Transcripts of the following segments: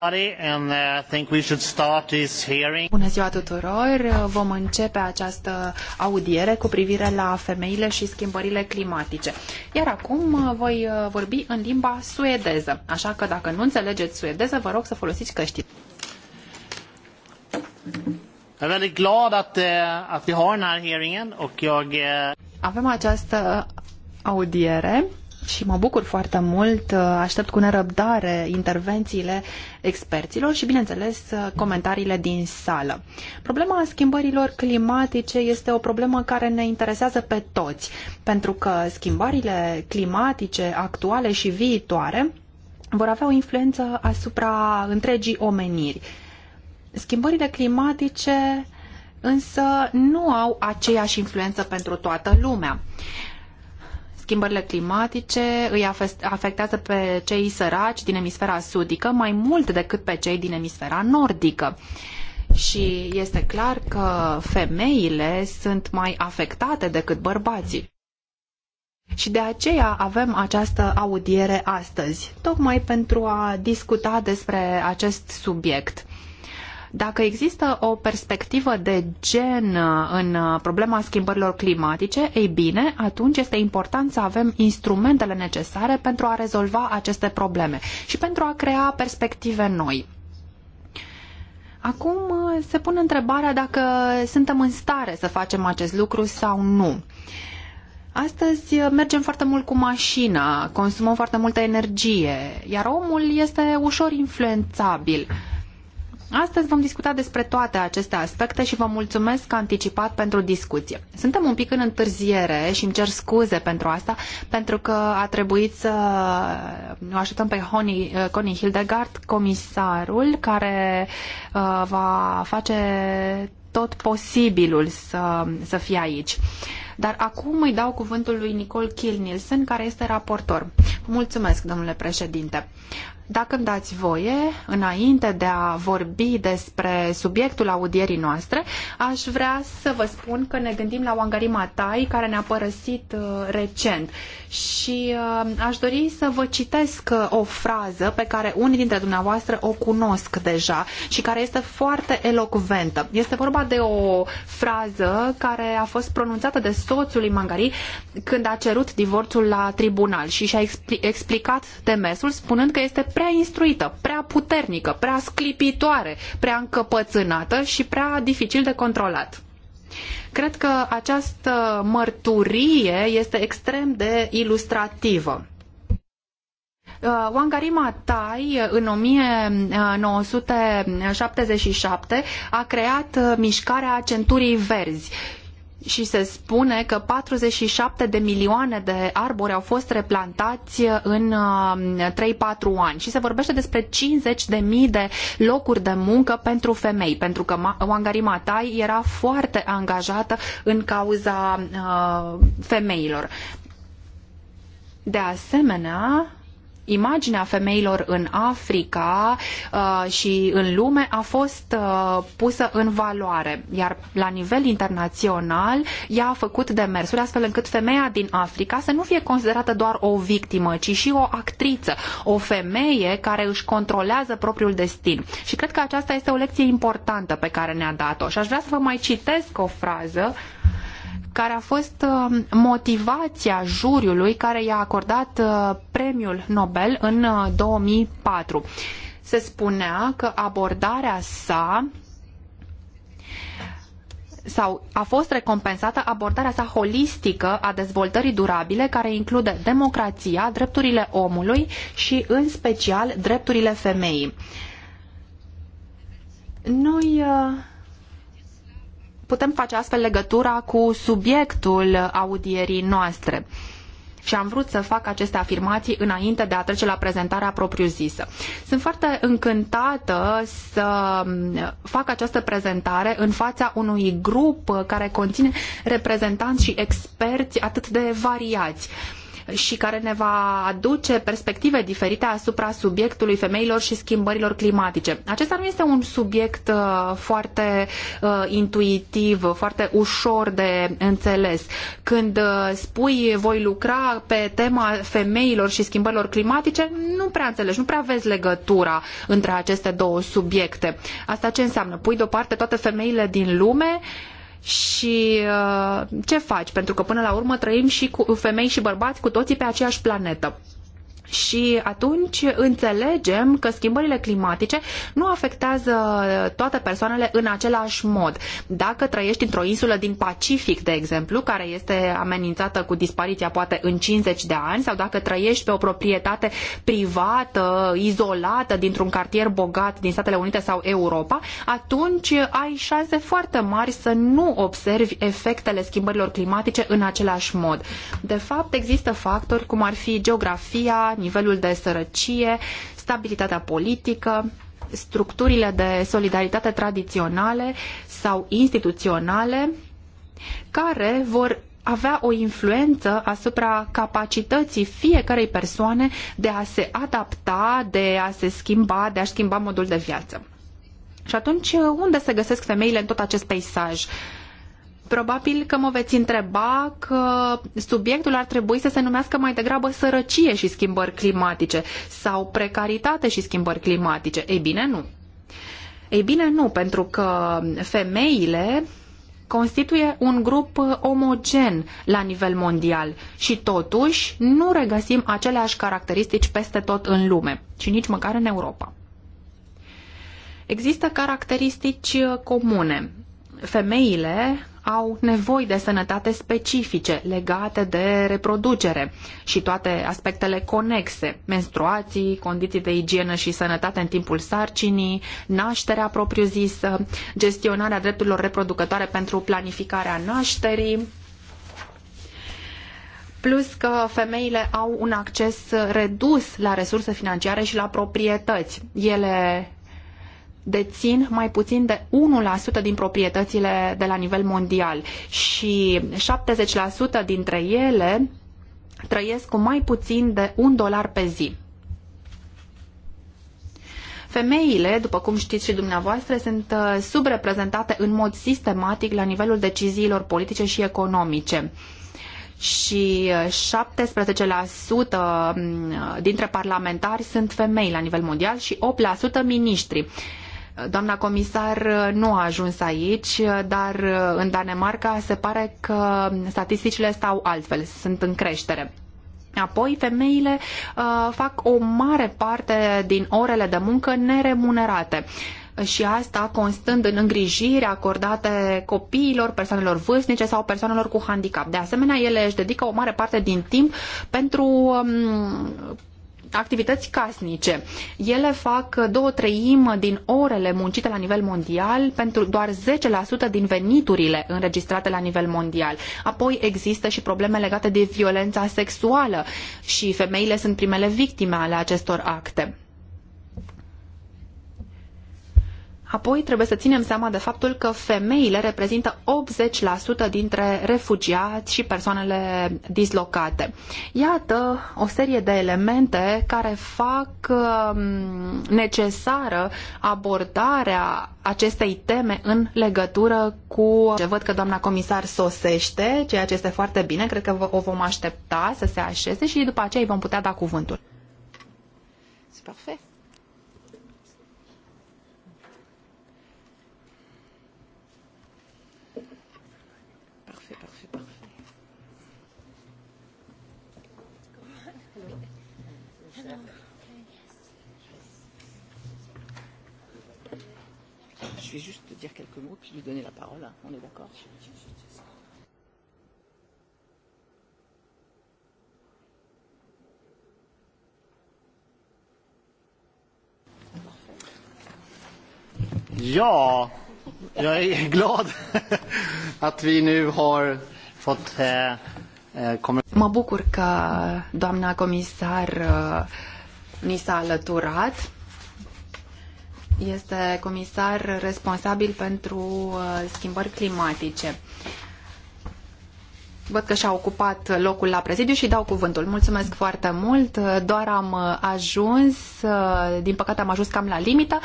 Uh, Bună ziua tuturor! Vom începe această audiere cu privire la femeile și schimbările climatice. Iar acum uh, voi uh, vorbi în limba suedeză, așa că dacă nu înțelegeți suedeză, vă rog să folosiți căștile. Avem această audiere și mă bucur foarte mult, uh, aștept cu nerăbdare intervențiile experților și, bineînțeles, uh, comentariile din sală. Problema schimbărilor climatice este o problemă care ne interesează pe toți, pentru că schimbările climatice actuale și viitoare vor avea o influență asupra întregii omeniri. Schimbările climatice însă nu au aceeași influență pentru toată lumea schimbările climatice îi afectează pe cei săraci din emisfera sudică mai mult decât pe cei din emisfera nordică. Și este clar că femeile sunt mai afectate decât bărbații. Și de aceea avem această audiere astăzi, tocmai pentru a discuta despre acest subiect dacă există o perspectivă de gen uh, în uh, problema schimbărilor climatice, ei bine, atunci este important să avem instrumentele necesare pentru a rezolva aceste probleme și pentru a crea perspective noi. Acum uh, se pune întrebarea dacă suntem în stare să facem acest lucru sau nu. Astăzi mergem foarte mult cu mașina, consumăm foarte multă energie, iar omul este ușor influențabil. Astăzi vom discuta despre toate aceste aspecte și vă mulțumesc anticipat pentru discuție. Suntem un pic în întârziere și îmi cer scuze pentru asta, pentru că a trebuit să așteptăm pe Honi, eh, Connie Hildegard, comisarul, care eh, va face tot posibilul să, să fie aici. Dar acum îi dau cuvântul lui Nicol Nielsen, care este raportor. Mulțumesc, domnule președinte. Dacă îmi dați voie, înainte de a vorbi despre subiectul audierii noastre, aș vrea să vă spun că ne gândim la Wangari Matai, care ne-a părăsit uh, recent. Și uh, aș dori să vă citesc uh, o frază pe care unii dintre dumneavoastră o cunosc deja și care este foarte elocventă. Este vorba de o frază care a fost pronunțată de soțul lui Mangari când a cerut divorțul la tribunal și și-a explicat demersul spunând că este prea instruită, prea puternică, prea sclipitoare, prea încăpățânată și prea dificil de controlat. Cred că această mărturie este extrem de ilustrativă. Uh, Wangarima Tai în 1977 a creat uh, mișcarea Centurii Verzi și se spune că 47 de milioane de arbori au fost replantați în 3-4 uh, ani și se vorbește despre 50 de mii de locuri de muncă pentru femei, pentru că Wangari Matai era foarte angajată în cauza uh, femeilor. De asemenea, imaginea femeilor în Africa uh, și în lume a fost uh, pusă în valoare, iar la nivel internațional ea a făcut demersuri astfel încât femeia din Africa să nu fie considerată doar o victimă, ci și o actriță, o femeie care își controlează propriul destin. Și cred că aceasta este o lecție importantă pe care ne-a dat-o. Și aș vrea să vă mai citesc o frază care a fost uh, motivația juriului care i-a acordat uh, premiul Nobel în 2004. Uh, Se spunea că abordarea sa sau a fost recompensată abordarea sa holistică a dezvoltării durabile, care include democrația, drepturile omului și, în special, drepturile femeii. Noi uh, putem face astfel legătura cu subiectul audierii noastre și am vrut să fac aceste afirmații înainte de a trece la prezentarea propriu-zisă. Sunt foarte încântată să fac această prezentare în fața unui grup care conține reprezentanți și experți atât de variați. Uh, și care ne va aduce perspective diferite asupra subiectului femeilor și schimbărilor climatice. Acesta nu este un subiect uh, foarte uh, intuitiv, foarte ușor de înțeles. Când uh, spui voi lucra pe tema femeilor și schimbărilor climatice, nu prea înțelegi, nu prea vezi legătura între aceste două subiecte. Asta ce înseamnă? Pui deoparte toate femeile din lume, și uh, ce faci? Pentru că până la urmă trăim și cu femei și bărbați cu toții pe aceeași planetă. Și atunci înțelegem că schimbările climatice nu afectează toate persoanele în același mod. Dacă trăiești într-o insulă din Pacific, de exemplu, care este amenințată cu dispariția poate în 50 de ani, sau dacă trăiești pe o proprietate privată, izolată, dintr-un cartier bogat din Statele Unite sau Europa, atunci ai șanse foarte mari să nu observi efectele schimbărilor climatice în același mod. De fapt, există factori cum ar fi geografia, nivelul de sărăcie, stabilitatea politică, structurile de solidaritate tradiționale sau instituționale care vor avea o influență asupra capacității fiecarei persoane de a se adapta, de a se schimba, de a-și schimba modul de viață. Și atunci, unde se găsesc femeile în tot acest peisaj? Uh, Probabil că mă veți întreba că subiectul ar trebui să se numească mai degrabă sărăcie și schimbări climatice sau precaritate și schimbări climatice. Ei bine, nu. Ei bine, nu, pentru că femeile constituie un grup omogen la nivel mondial și totuși nu regăsim aceleași caracteristici peste tot în lume și nici măcar în Europa. Există caracteristici comune. Femeile au nevoi de sănătate specifice legate de reproducere și toate aspectele conexe, menstruații, condiții de igienă și sănătate în timpul sarcinii, nașterea propriu-zisă, gestionarea drepturilor reproducătoare pentru planificarea nașterii, plus că femeile au un acces redus la resurse financiare și la proprietăți. Ele dețin mai puțin de 1% din proprietățile de la nivel mondial și 70% dintre ele trăiesc cu mai puțin de un dolar pe zi. Femeile, după cum știți și dumneavoastră, sunt uh, subreprezentate în mod sistematic la nivelul deciziilor politice și economice și 17% mm, dintre parlamentari sunt femei la nivel mondial și 8% miniștri. Doamna comisar uh, nu a ajuns aici, uh, dar uh, în Danemarca se pare că statisticile stau altfel, sunt în creștere. Apoi, femeile uh, fac o mare parte din orele de muncă neremunerate și asta constând în îngrijiri acordate copiilor, persoanelor vârstnice sau persoanelor cu handicap. De asemenea, ele își dedică o mare parte din timp pentru um, activități casnice. Ele fac uh, două treimi din orele muncite la nivel mondial pentru doar 10% din veniturile înregistrate la nivel mondial. Apoi există și probleme legate de violența sexuală și femeile sunt primele victime ale acestor acte. Apoi trebuie să ținem seama de faptul că femeile reprezintă 80% dintre refugiați și persoanele dislocate. Iată o serie de elemente care fac um, necesară abordarea acestei teme în legătură cu ce văd că doamna comisar sosește, ceea ce este foarte bine, cred că o vom aștepta să se așeze și după aceea îi vom putea da cuvântul. Perfect. je vais juste dire quelques mots, puis lui donner la parole. Hein. On est d'accord Ja, jag är glad att vi nu har fått... Eh, eh mă bucur că doamna comisar eh, ni s-a alăturat este comisar responsabil pentru uh, schimbări climatice. Văd că și-a ocupat locul la prezidiu și dau cuvântul. Mulțumesc foarte mult. Doar am uh, ajuns, uh, din păcate am ajuns cam la limită,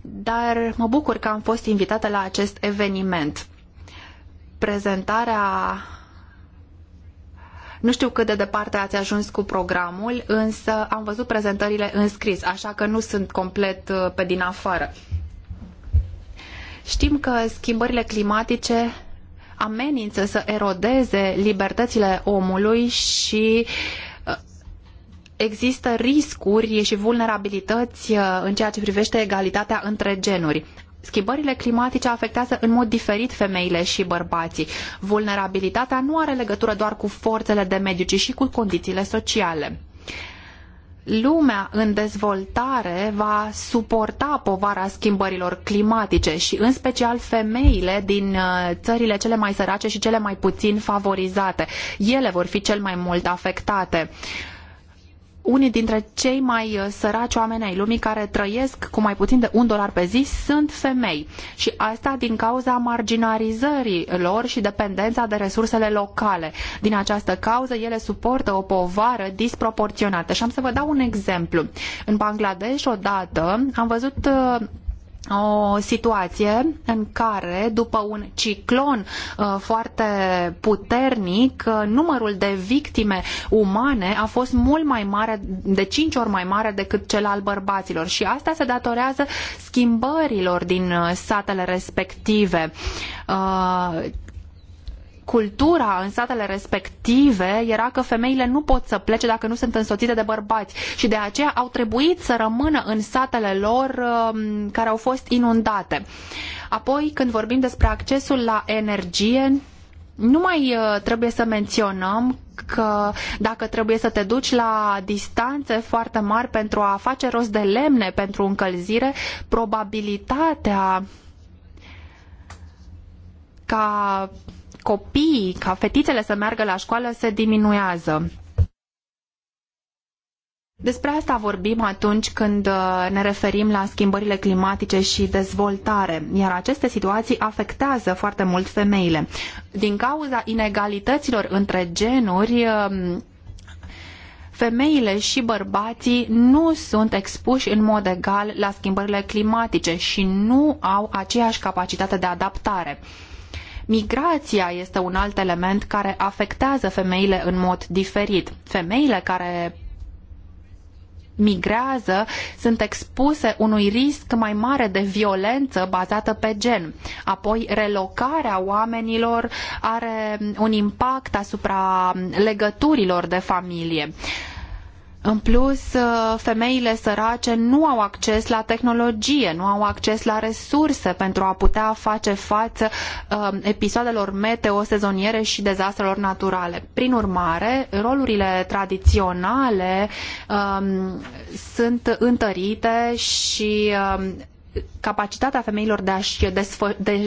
dar mă bucur că am fost invitată la acest eveniment. Prezentarea nu știu cât de departe ați ajuns cu programul, însă am văzut prezentările în scris, așa că nu sunt complet uh, pe din afară. Știm că schimbările climatice amenință să erodeze libertățile omului și uh, există riscuri și vulnerabilități uh, în ceea ce privește egalitatea între genuri. Schimbările climatice afectează în mod diferit femeile și bărbații. Vulnerabilitatea nu are legătură doar cu forțele de mediu, ci și cu condițiile sociale lumea în dezvoltare va suporta povara schimbărilor climatice și în special femeile din uh, țările cele mai sărace și cele mai puțin favorizate. Ele vor fi cel mai mult afectate unii dintre cei mai uh, săraci oameni ai lumii care trăiesc cu mai puțin de un dolar pe zi sunt femei și asta din cauza marginalizării lor și dependența de resursele locale. Din această cauză ele suportă o povară disproporționată și am să vă dau un exemplu. În Bangladesh odată am văzut uh, o situație în care, după un ciclon uh, foarte puternic, uh, numărul de victime umane a fost mult mai mare, de cinci ori mai mare decât cel al bărbaților. Și asta se datorează schimbărilor din uh, satele respective cultura în statele respective era că femeile nu pot să plece dacă nu sunt însoțite de bărbați și de aceea au trebuit să rămână în satele lor um, care au fost inundate. Apoi, când vorbim despre accesul la energie, nu mai uh, trebuie să menționăm că dacă trebuie să te duci la distanțe foarte mari pentru a face rost de lemne pentru încălzire, probabilitatea ca copiii, ca fetițele să meargă la școală, se diminuează. Despre asta vorbim atunci când uh, ne referim la schimbările climatice și dezvoltare, iar aceste situații afectează foarte mult femeile. Din cauza inegalităților între genuri, um, femeile și bărbații nu sunt expuși în mod egal la schimbările climatice și nu au aceeași capacitate de adaptare. Migrația este un alt element care afectează femeile în mod diferit. Femeile care migrează sunt expuse unui risc mai mare de violență bazată pe gen. Apoi, relocarea oamenilor are un impact asupra legăturilor de familie. Uh, în plus, uh, femeile sărace nu au acces la tehnologie, nu au acces la resurse pentru a putea face față uh, episoadelor meteo sezoniere și dezastrelor naturale. Prin urmare, rolurile tradiționale um, sunt întărite și um, capacitatea femeilor de a-și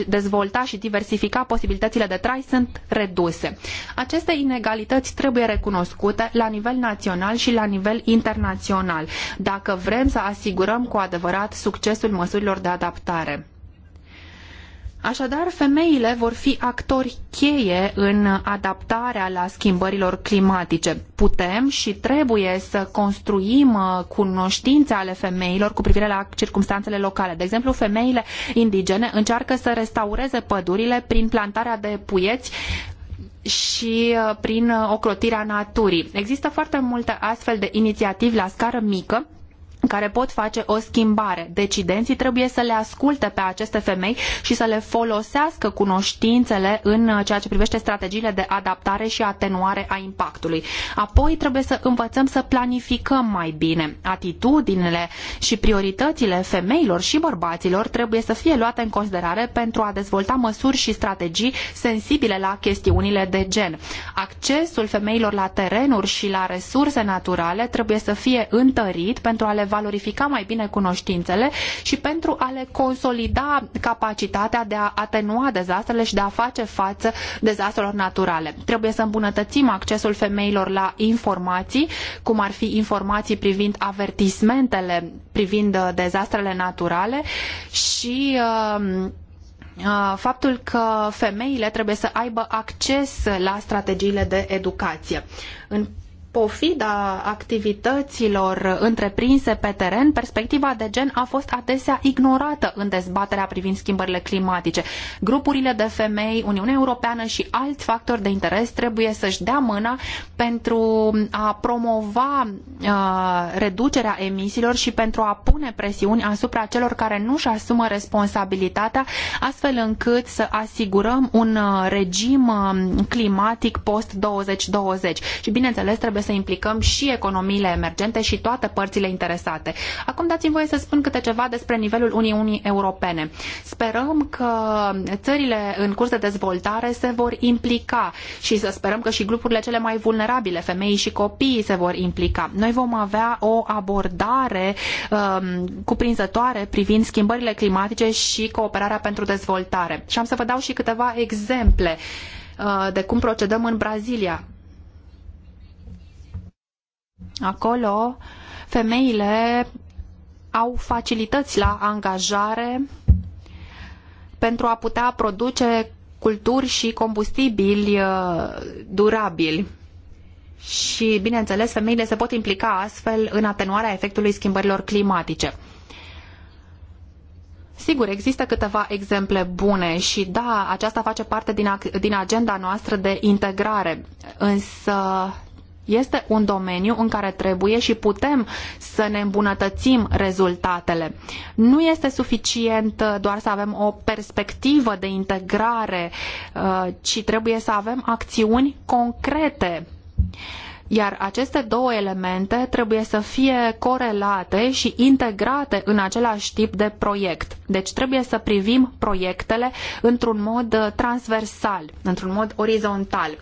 dezvolta și diversifica posibilitățile de trai sunt reduse. Aceste inegalități trebuie recunoscute la nivel național și la nivel internațional, dacă vrem să asigurăm cu adevărat succesul măsurilor de adaptare. Așadar, femeile vor fi actori cheie în adaptarea la schimbărilor climatice. Putem și trebuie să construim uh, cunoștințe ale femeilor cu privire la circumstanțele locale. De exemplu, femeile indigene încearcă să restaureze pădurile prin plantarea de puieți și uh, prin uh, ocrotirea naturii. Există foarte multe astfel de inițiativi la scară mică care pot face o schimbare. Decidenții trebuie să le asculte pe aceste femei și să le folosească cunoștințele în ceea ce privește strategiile de adaptare și atenuare a impactului. Apoi trebuie să învățăm să planificăm mai bine. Atitudinile și prioritățile femeilor și bărbaților trebuie să fie luate în considerare pentru a dezvolta măsuri și strategii sensibile la chestiunile de gen. Accesul femeilor la terenuri și la resurse naturale trebuie să fie întărit pentru a le valorifica valorifica mai bine cunoștințele și pentru a le consolida capacitatea de a atenua dezastrele și de a face față dezastrelor naturale. Trebuie să îmbunătățim accesul femeilor la informații, cum ar fi informații privind avertismentele, privind uh, dezastrele naturale și um, uh, faptul că femeile trebuie să aibă acces la strategiile de educație. În pofida activităților întreprinse pe teren, perspectiva de gen a fost adesea ignorată în dezbaterea privind schimbările climatice. Grupurile de femei, Uniunea Europeană și alți factori de interes trebuie să-și dea mâna pentru a promova uh, reducerea emisiilor și pentru a pune presiuni asupra celor care nu-și asumă responsabilitatea, astfel încât să asigurăm un uh, regim um, climatic post-2020. Și bineînțeles, trebuie trebuie să implicăm și economiile emergente și toate părțile interesate. Acum dați-mi voie să spun câte ceva despre nivelul Uniunii Europene. Sperăm că țările în curs de dezvoltare se vor implica și să sperăm că și grupurile cele mai vulnerabile, femei și copiii, se vor implica. Noi vom avea o abordare um, cuprinzătoare privind schimbările climatice și cooperarea pentru dezvoltare. Și am să vă dau și câteva exemple uh, de cum procedăm în Brazilia Acolo femeile au facilități la angajare pentru a putea produce culturi și combustibili uh, durabili. Și, bineînțeles, femeile se pot implica astfel în atenuarea efectului schimbărilor climatice. Sigur, există câteva exemple bune și da, aceasta face parte din, din agenda noastră de integrare, însă este un domeniu în care trebuie și putem să ne îmbunătățim rezultatele. Nu este suficient uh, doar să avem o perspectivă de integrare, uh, ci trebuie să avem acțiuni concrete. Iar aceste două elemente trebuie să fie corelate și integrate în același tip de proiect. Deci trebuie să privim proiectele într-un mod uh, transversal, într-un mod orizontal. Uh,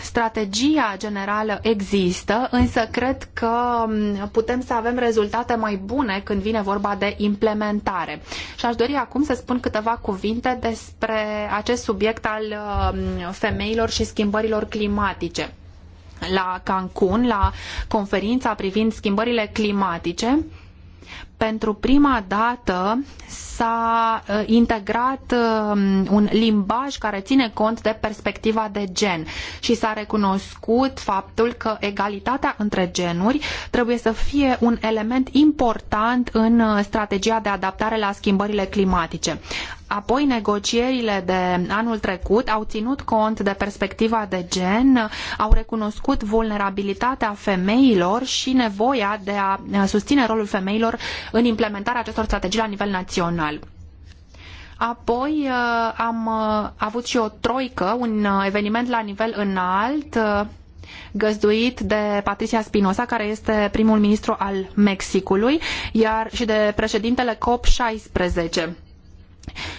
Strategia generală există, însă cred că putem să avem rezultate mai bune când vine vorba de implementare. Și aș dori acum să spun câteva cuvinte despre acest subiect al femeilor și schimbărilor climatice. La Cancun, la conferința privind schimbările climatice, pentru prima dată s-a uh, integrat um, un limbaj care ține cont de perspectiva de gen și s-a recunoscut faptul că egalitatea între genuri trebuie să fie un element important în uh, strategia de adaptare la schimbările climatice. Apoi, negocierile de anul trecut au ținut cont de perspectiva de gen, au recunoscut vulnerabilitatea femeilor și nevoia de a uh, susține rolul femeilor în implementarea acestor strategii la nivel național. Apoi uh, am uh, avut și o troică, un uh, eveniment la nivel înalt, găzduit de Patricia Spinoza, care este primul ministru al Mexicului, iar și de președintele COP16.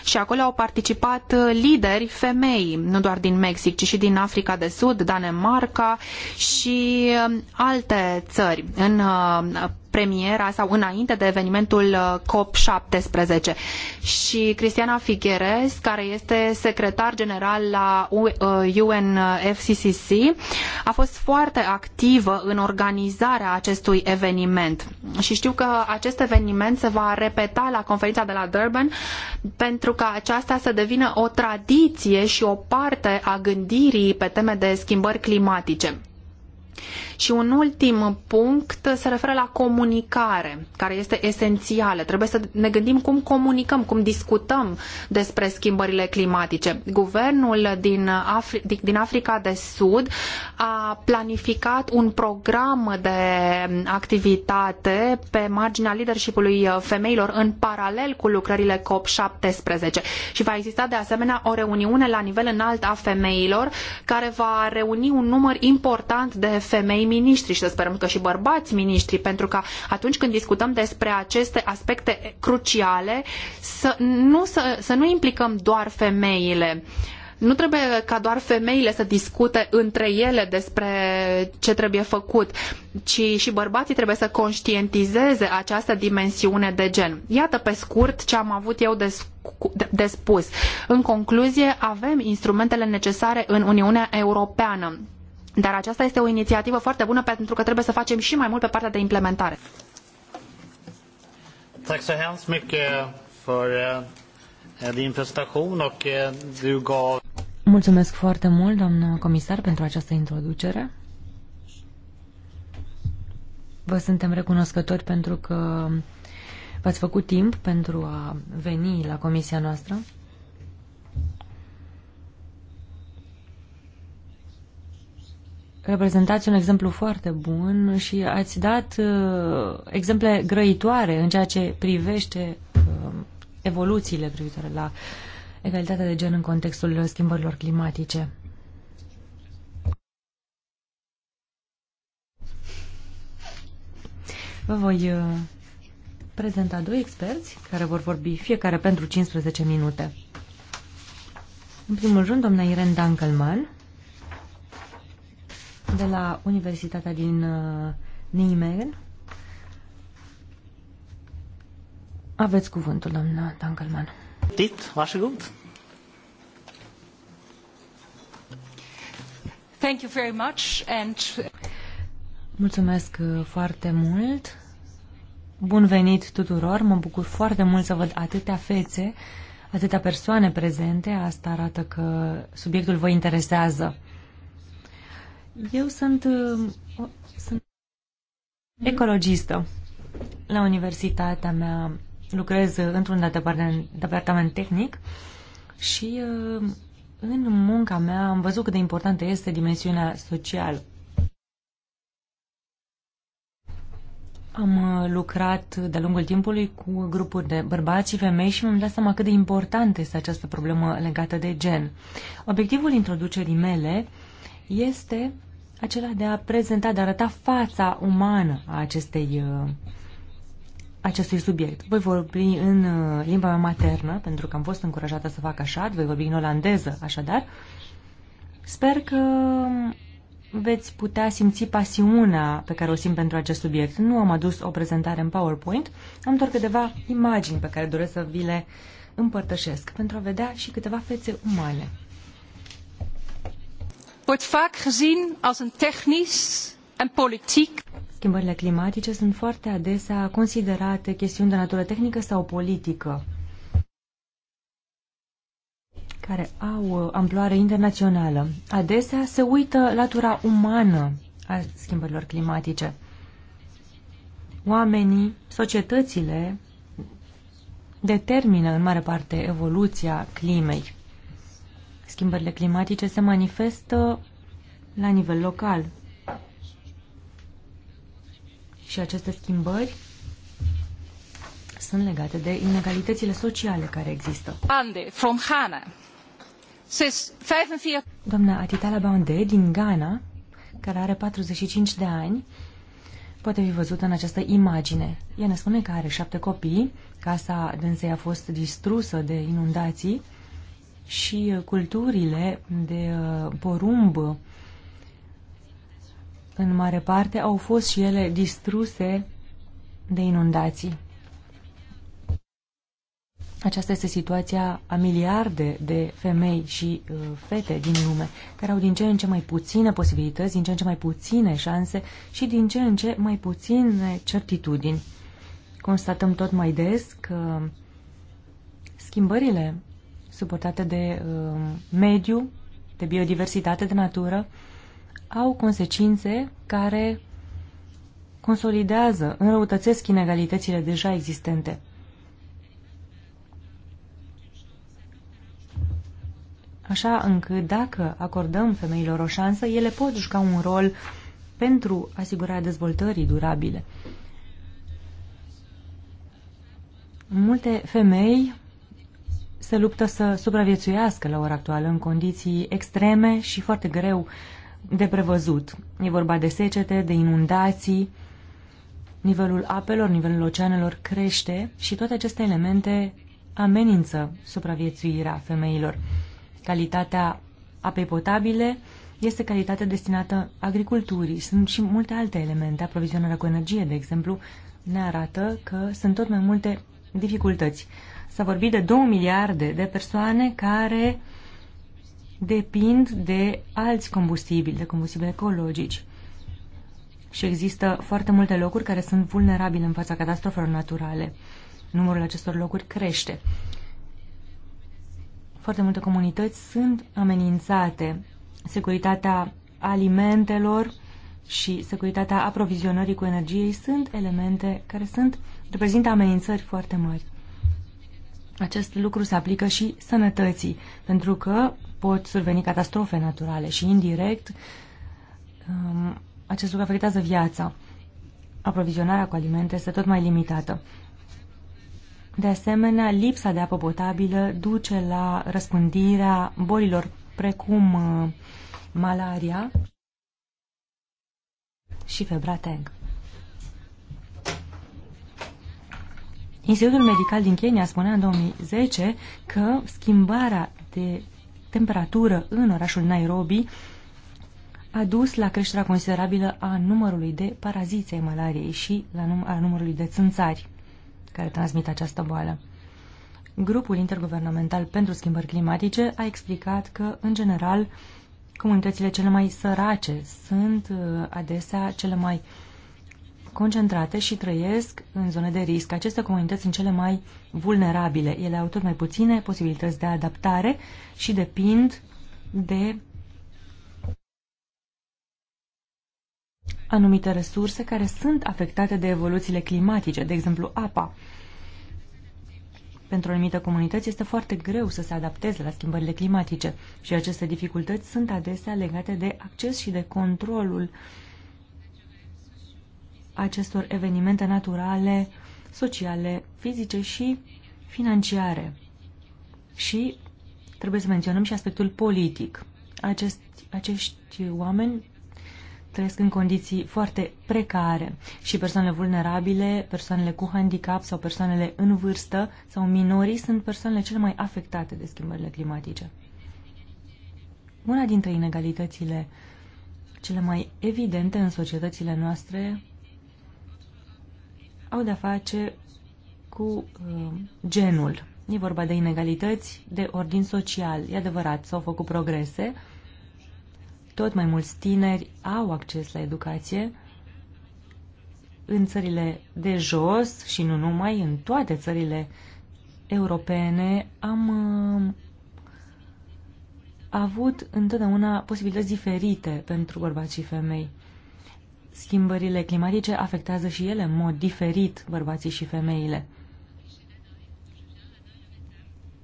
Și acolo au participat lideri femei, nu doar din Mexic, ci și din Africa de Sud, Danemarca și um, alte țări. În premiera sau înainte de evenimentul uh, COP17. Și Cristiana Figueres, care este secretar general la UNFCCC, uh, a fost foarte activă în organizarea acestui eveniment. Și știu că acest eveniment se va repeta la conferința de la Durban pentru ca aceasta să devină o tradiție și o parte a gândirii pe teme de schimbări climatice. Și un ultim punct se referă la comunicare, care este esențială. Trebuie să ne gândim cum comunicăm, cum discutăm despre schimbările climatice. Guvernul din, Afri- din Africa de Sud a planificat un program de activitate pe marginea leadershipului femeilor în paralel cu lucrările COP17 și va exista de asemenea o reuniune la nivel înalt a femeilor care va reuni un număr important de femei miniștri și să sperăm că și bărbați miniștri, pentru că atunci când discutăm despre aceste aspecte cruciale, să nu, să, să nu implicăm doar femeile. Nu trebuie ca doar femeile să discute între ele despre ce trebuie făcut, ci și bărbații trebuie să conștientizeze această dimensiune de gen. Iată pe scurt ce am avut eu de, de spus. În concluzie, avem instrumentele necesare în Uniunea Europeană dar aceasta este o inițiativă foarte bună pentru că trebuie să facem și mai mult pe partea de implementare. Tack så hemskt mycket för eh, din presentation och eh, du gav... Mulțumesc foarte mult, doamnă comisar, pentru această introducere. Vă suntem recunoscători pentru că v-ați făcut timp pentru a veni la comisia noastră. reprezentați un exemplu foarte bun și ați dat uh, exemple grăitoare în ceea ce privește uh, evoluțiile privitoare la egalitatea de gen în contextul schimbărilor climatice. Vă voi uh, prezenta doi experți care vor vorbi fiecare pentru 15 minute. În primul rând, doamna Irene Dankelman, de la Universitatea din uh, Nijmegen. Aveți cuvântul, doamna Dankelman. Tit, vașe gut. Thank you very much and... Mulțumesc uh, foarte mult. Bun venit tuturor. Mă bucur foarte mult să văd atâtea fețe, atâtea persoane prezente. Asta arată că subiectul vă interesează. Eu sunt, uh, sunt ecologistă. La universitatea mea lucrez într-un departament tehnic și uh, în munca mea am văzut cât de importantă este dimensiunea socială. Am uh, lucrat de-a lungul timpului cu grupuri de bărbați și femei și mi-am dat seama cât de importantă este această problemă legată de gen. Obiectivul introducerii mele este acela de a prezenta, de a arăta fața umană a acestei, uh, acestui subiect. Voi vorbi în uh, limba mea maternă, pentru că am fost încurajată să fac așa, voi vorbi în olandeză, așadar. Sper că veți putea simți pasiunea pe care o simt pentru acest subiect. Nu am adus o prezentare în PowerPoint, am doar câteva imagini pe care doresc să vi le împărtășesc pentru a vedea și câteva fețe umane wordt vaak gezien als een technisch en politiek. Schimbările climatice sunt foarte adesea considerate chestiuni de natură tehnică sau politică care au uh, amploare internațională. Adesea se uită latura umană a schimbărilor climatice. Oamenii, societățile determină în mare parte evoluția climei schimbările climatice se manifestă la nivel local. Și aceste schimbări sunt legate de inegalitățile sociale care există. Ande, from Ghana. Says 45... Doamna Atitala Bande din Ghana, care are 45 de ani, poate fi văzută în această imagine. Ea ne spune că are șapte copii, casa dânsei a fost distrusă de inundații și uh, culturile de uh, porumb în mare parte au fost și ele distruse de inundații. Aceasta este situația a miliarde de femei și uh, fete din lume, care au din ce în ce mai puține posibilități, din ce în ce mai puține șanse și din ce în ce mai puține certitudini. Constatăm tot mai des că schimbările suportate de uh, mediu, de biodiversitate, de natură, au consecințe care consolidează, înrăutățesc inegalitățile deja existente. Așa încât dacă acordăm femeilor o șansă, ele pot juca un rol pentru asigurarea dezvoltării durabile. Multe femei se luptă să supraviețuiască la ora actuală în condiții extreme și foarte greu de prevăzut. E vorba de secete, de inundații, nivelul apelor, nivelul oceanelor crește și toate aceste elemente amenință supraviețuirea femeilor. Calitatea apei potabile este calitatea destinată agriculturii. Sunt și multe alte elemente. Aprovizionarea cu energie, de exemplu, ne arată că sunt tot mai multe dificultăți. S-a vorbit de 2 miliarde de persoane care depind de alți combustibili, de combustibili ecologici. Și există foarte multe locuri care sunt vulnerabile în fața catastrofelor naturale. Numărul acestor locuri crește. Foarte multe comunități sunt amenințate. Securitatea alimentelor și securitatea aprovizionării cu energie sunt elemente care sunt reprezintă amenințări foarte mari. Acest lucru se aplică și sănătății, pentru că pot surveni catastrofe naturale și indirect um, acest lucru afectează viața. Aprovizionarea cu alimente este tot mai limitată. De asemenea, lipsa de apă potabilă duce la răspândirea bolilor precum uh, malaria și febra teng. Institutul Medical din Kenya spunea în 2010 că schimbarea de temperatură în orașul Nairobi a dus la creșterea considerabilă a numărului de paraziții ai malariei și la num a numărului de țânțari care transmit această boală. Grupul interguvernamental pentru schimbări climatice a explicat că, în general, comunitățile cele mai sărace sunt uh, adesea cele mai uh, concentrate și trăiesc în zone de risc. Aceste comunități sunt cele mai vulnerabile. Ele au tot mai puține posibilități de adaptare și depind de anumite resurse care sunt afectate de evoluțiile climatice, de exemplu apa. Pentru anumite comunități este foarte greu să se adapteze la schimbările climatice și aceste dificultăți sunt adesea legate de acces și de controlul uh, acestor evenimente naturale, sociale, fizice și financiare. Și trebuie să menționăm și aspectul politic. Acest, acești oameni trăiesc în condiții foarte precare și persoanele vulnerabile, persoanele cu handicap sau persoanele în vârstă sau minorii sunt persoanele cele mai afectate de schimbările climatice. Una dintre inegalitățile cele mai evidente în societățile noastre au de-a face cu uh, genul. E vorba de inegalități de ordin social. E adevărat, s-au făcut progrese. Tot mai mulți tineri au acces la educație în țările de jos și nu numai, în toate țările europene am uh, avut întotdeauna posibilități diferite pentru bărbați și femei schimbările climatice afectează și ele în mod diferit bărbații și femeile.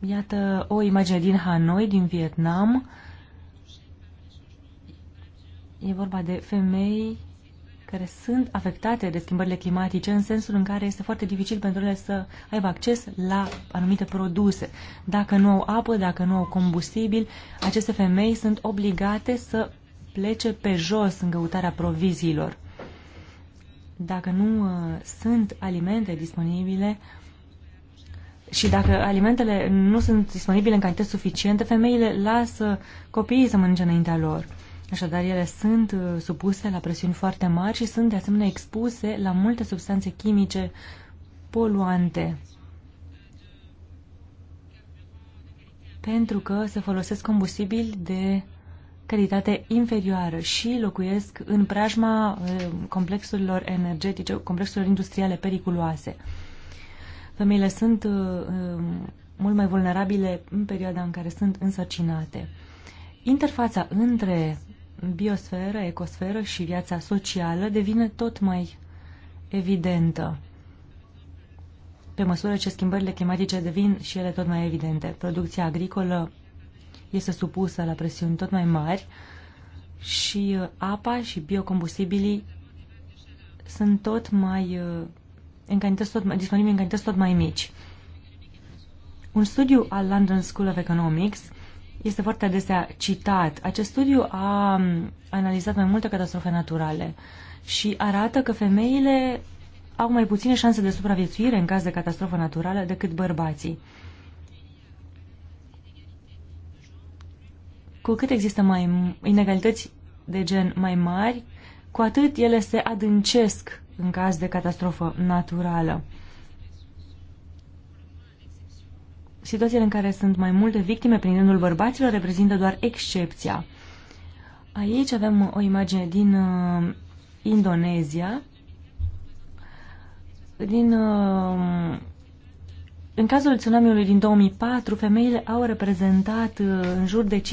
Iată o imagine din Hanoi, din Vietnam. E vorba de femei care sunt afectate de schimbările climatice în sensul în care este foarte dificil pentru ele să aibă acces la anumite produse. Dacă nu au apă, dacă nu au combustibil, aceste femei sunt obligate să plece pe jos în căutarea proviziilor. Dacă nu uh, sunt alimente disponibile și dacă alimentele nu sunt disponibile în cantități suficiente, femeile lasă copiii să mănânce înaintea lor. Așadar, ele sunt uh, supuse la presiuni foarte mari și sunt de asemenea expuse la multe substanțe chimice poluante. Pentru că se folosesc combustibili de calitate inferioară și locuiesc în preajma eh, complexurilor energetice, complexurilor industriale periculoase. Femeile sunt eh, eh, mult mai vulnerabile în perioada în care sunt însărcinate. Interfața între biosferă, ecosferă și viața socială devine tot mai evidentă pe măsură ce schimbările climatice devin și ele tot mai evidente. Producția agricolă este supusă la presiuni tot mai mari și uh, apa și biocombustibilii sunt tot mai, uh, în cantități tot mai disponibili în cantități tot mai mici. Un studiu al London School of Economics este foarte adesea citat. Acest studiu a um, analizat mai multe catastrofe naturale și arată că femeile au mai puține șanse de supraviețuire în caz de catastrofă naturală decât bărbații. Cu cât există mai inegalități de gen mai mari, cu atât ele se adâncesc în caz de catastrofă naturală. Situațiile în care sunt mai multe victime prin rândul bărbaților reprezintă doar excepția. Aici avem o imagine din uh, Indonezia, din uh, în cazul tsunamiului din 2004, femeile au reprezentat uh, în jur de 55-70%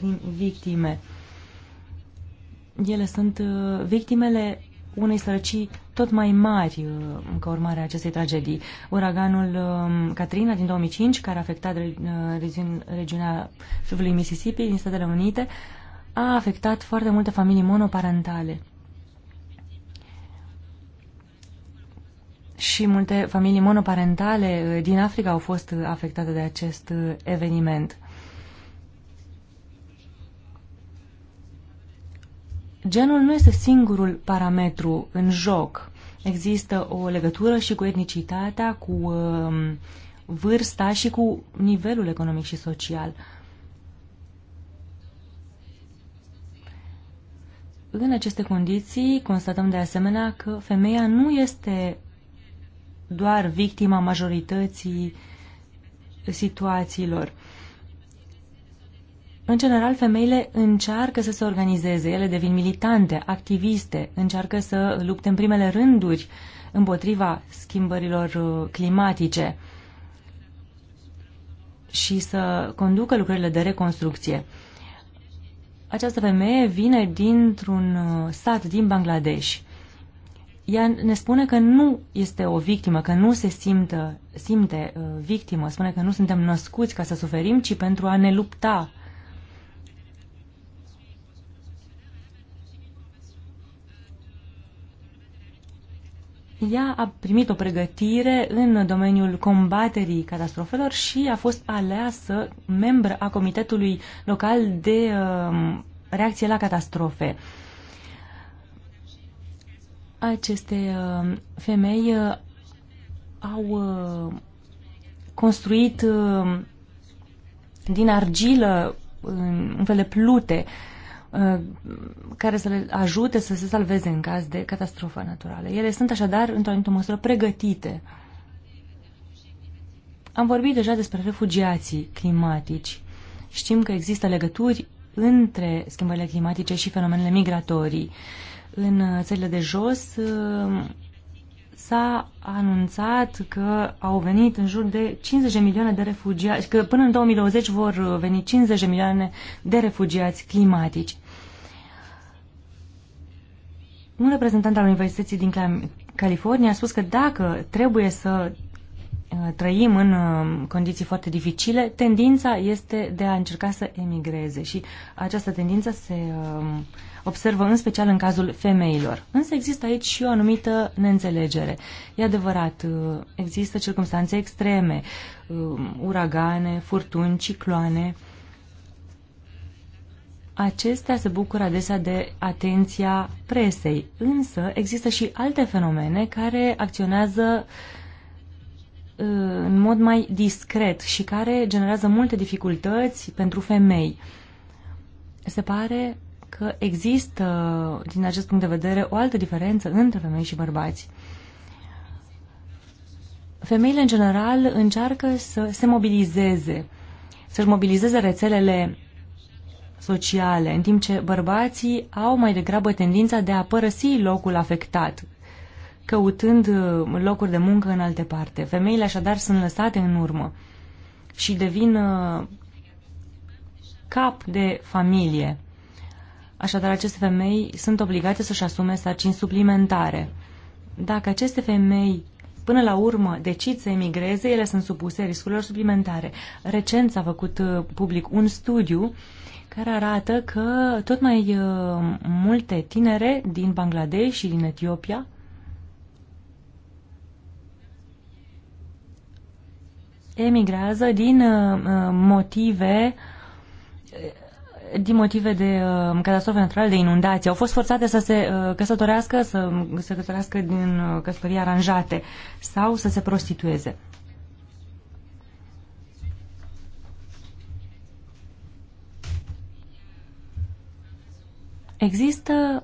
din victime. Ele sunt uh, victimele unei sărăcii tot mai mari uh, ca urmare a acestei tragedii. Uraganul um, Katrina din 2005, care a afectat regiunea fluviului Mississippi din Statele Unite, a afectat foarte multe familii monoparentale. și multe familii monoparentale eh, din Africa au fost eh, afectate de acest eh, eveniment. Genul nu este singurul parametru în joc. Există o legătură și cu etnicitatea, cu ehm, vârsta și cu nivelul economic și social. În aceste condiții, constatăm de asemenea că femeia nu este doar victima majorității situațiilor. În general, femeile încearcă să se organizeze, ele devin militante, activiste, încearcă să lupte în primele rânduri împotriva schimbărilor uh, climatice și să conducă lucrările de reconstrucție. Această femeie vine dintr-un uh, sat din Bangladesh ea ne spune că nu este o victimă, că nu se simtă, simte uh, victimă, spune că nu suntem născuți ca să suferim, ci pentru a ne lupta. Ea a primit o pregătire în domeniul combaterii catastrofelor și a fost aleasă membră a Comitetului Local de uh, Reacție la Catastrofe. Uh, aceste uh, femei uh, au uh, construit din argilă un fel de plute care să le ajute să se salveze în caz de catastrofă naturală. Ele sunt așadar, într-o anumită măsură, pregătite. Am vorbit deja despre refugiații climatici. Știm că există legături între schimbările climatice și fenomenele migratorii în țările de jos uh, s-a anunțat că au venit în jur de 50 de milioane de refugiați, că până în 2020 vor veni 50 de milioane de refugiați climatici. Un reprezentant al Universității din California a spus că dacă trebuie să Uh, trăim în uh, condiții foarte dificile, tendința este de a încerca să emigreze și această tendință se um, observă în special în cazul femeilor. Însă există aici și o anumită neînțelegere. E adevărat, uh, există circunstanțe extreme, um, uragane, furtuni, cicloane. Acestea se bucură adesea de atenția presei, însă există și alte fenomene care acționează uh, Uh, în mod mai discret și care generează multe dificultăți pentru femei. Se pare că există, din acest punct de vedere, o altă diferență între femei și bărbați. Femeile, în general, încearcă să se mobilizeze, să-și mobilizeze rețelele sociale, în timp ce bărbații au mai degrabă tendința de a părăsi locul afectat căutând uh, locuri de muncă în alte parte. Femeile așadar sunt lăsate în urmă și devin uh, cap de familie. Așadar, aceste femei sunt obligate să-și asume sarcini suplimentare. Dacă aceste femei până la urmă decid să emigreze, ele sunt supuse riscurilor suplimentare. Recent s-a făcut uh, public un studiu care arată că tot mai multe tinere din Bangladesh și din Etiopia emigrează din uh, uh, motive eh, din motive de uh, catastrofe naturale, de inundații. Au fost forțate să se uh, căsătorească, să se căsătorească din uh, căsătorii aranjate sau să se prostitueze. Există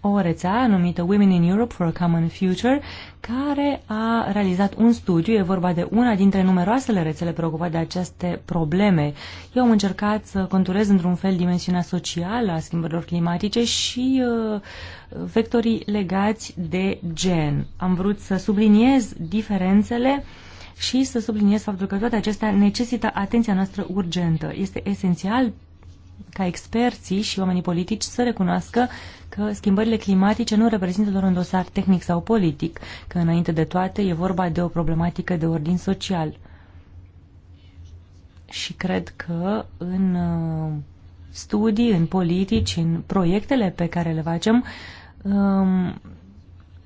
o rețea numită Women in Europe for a Common Future care a realizat un studiu, e vorba de una dintre numeroasele rețele preocupate de aceste probleme. Eu am încercat să conturez într-un fel dimensiunea socială a schimbărilor climatice și uh, vectorii legați de gen. Am vrut să subliniez diferențele și să subliniez faptul că toate acestea necesită atenția noastră urgentă. Este esențial ca experții și oamenii politici să recunoască uh, că schimbările climatice nu reprezintă doar un dosar tehnic sau politic, că înainte de toate e vorba de o problematică de ordin social. Și cred că în uh, studii, în politici, în proiectele pe care le facem, um,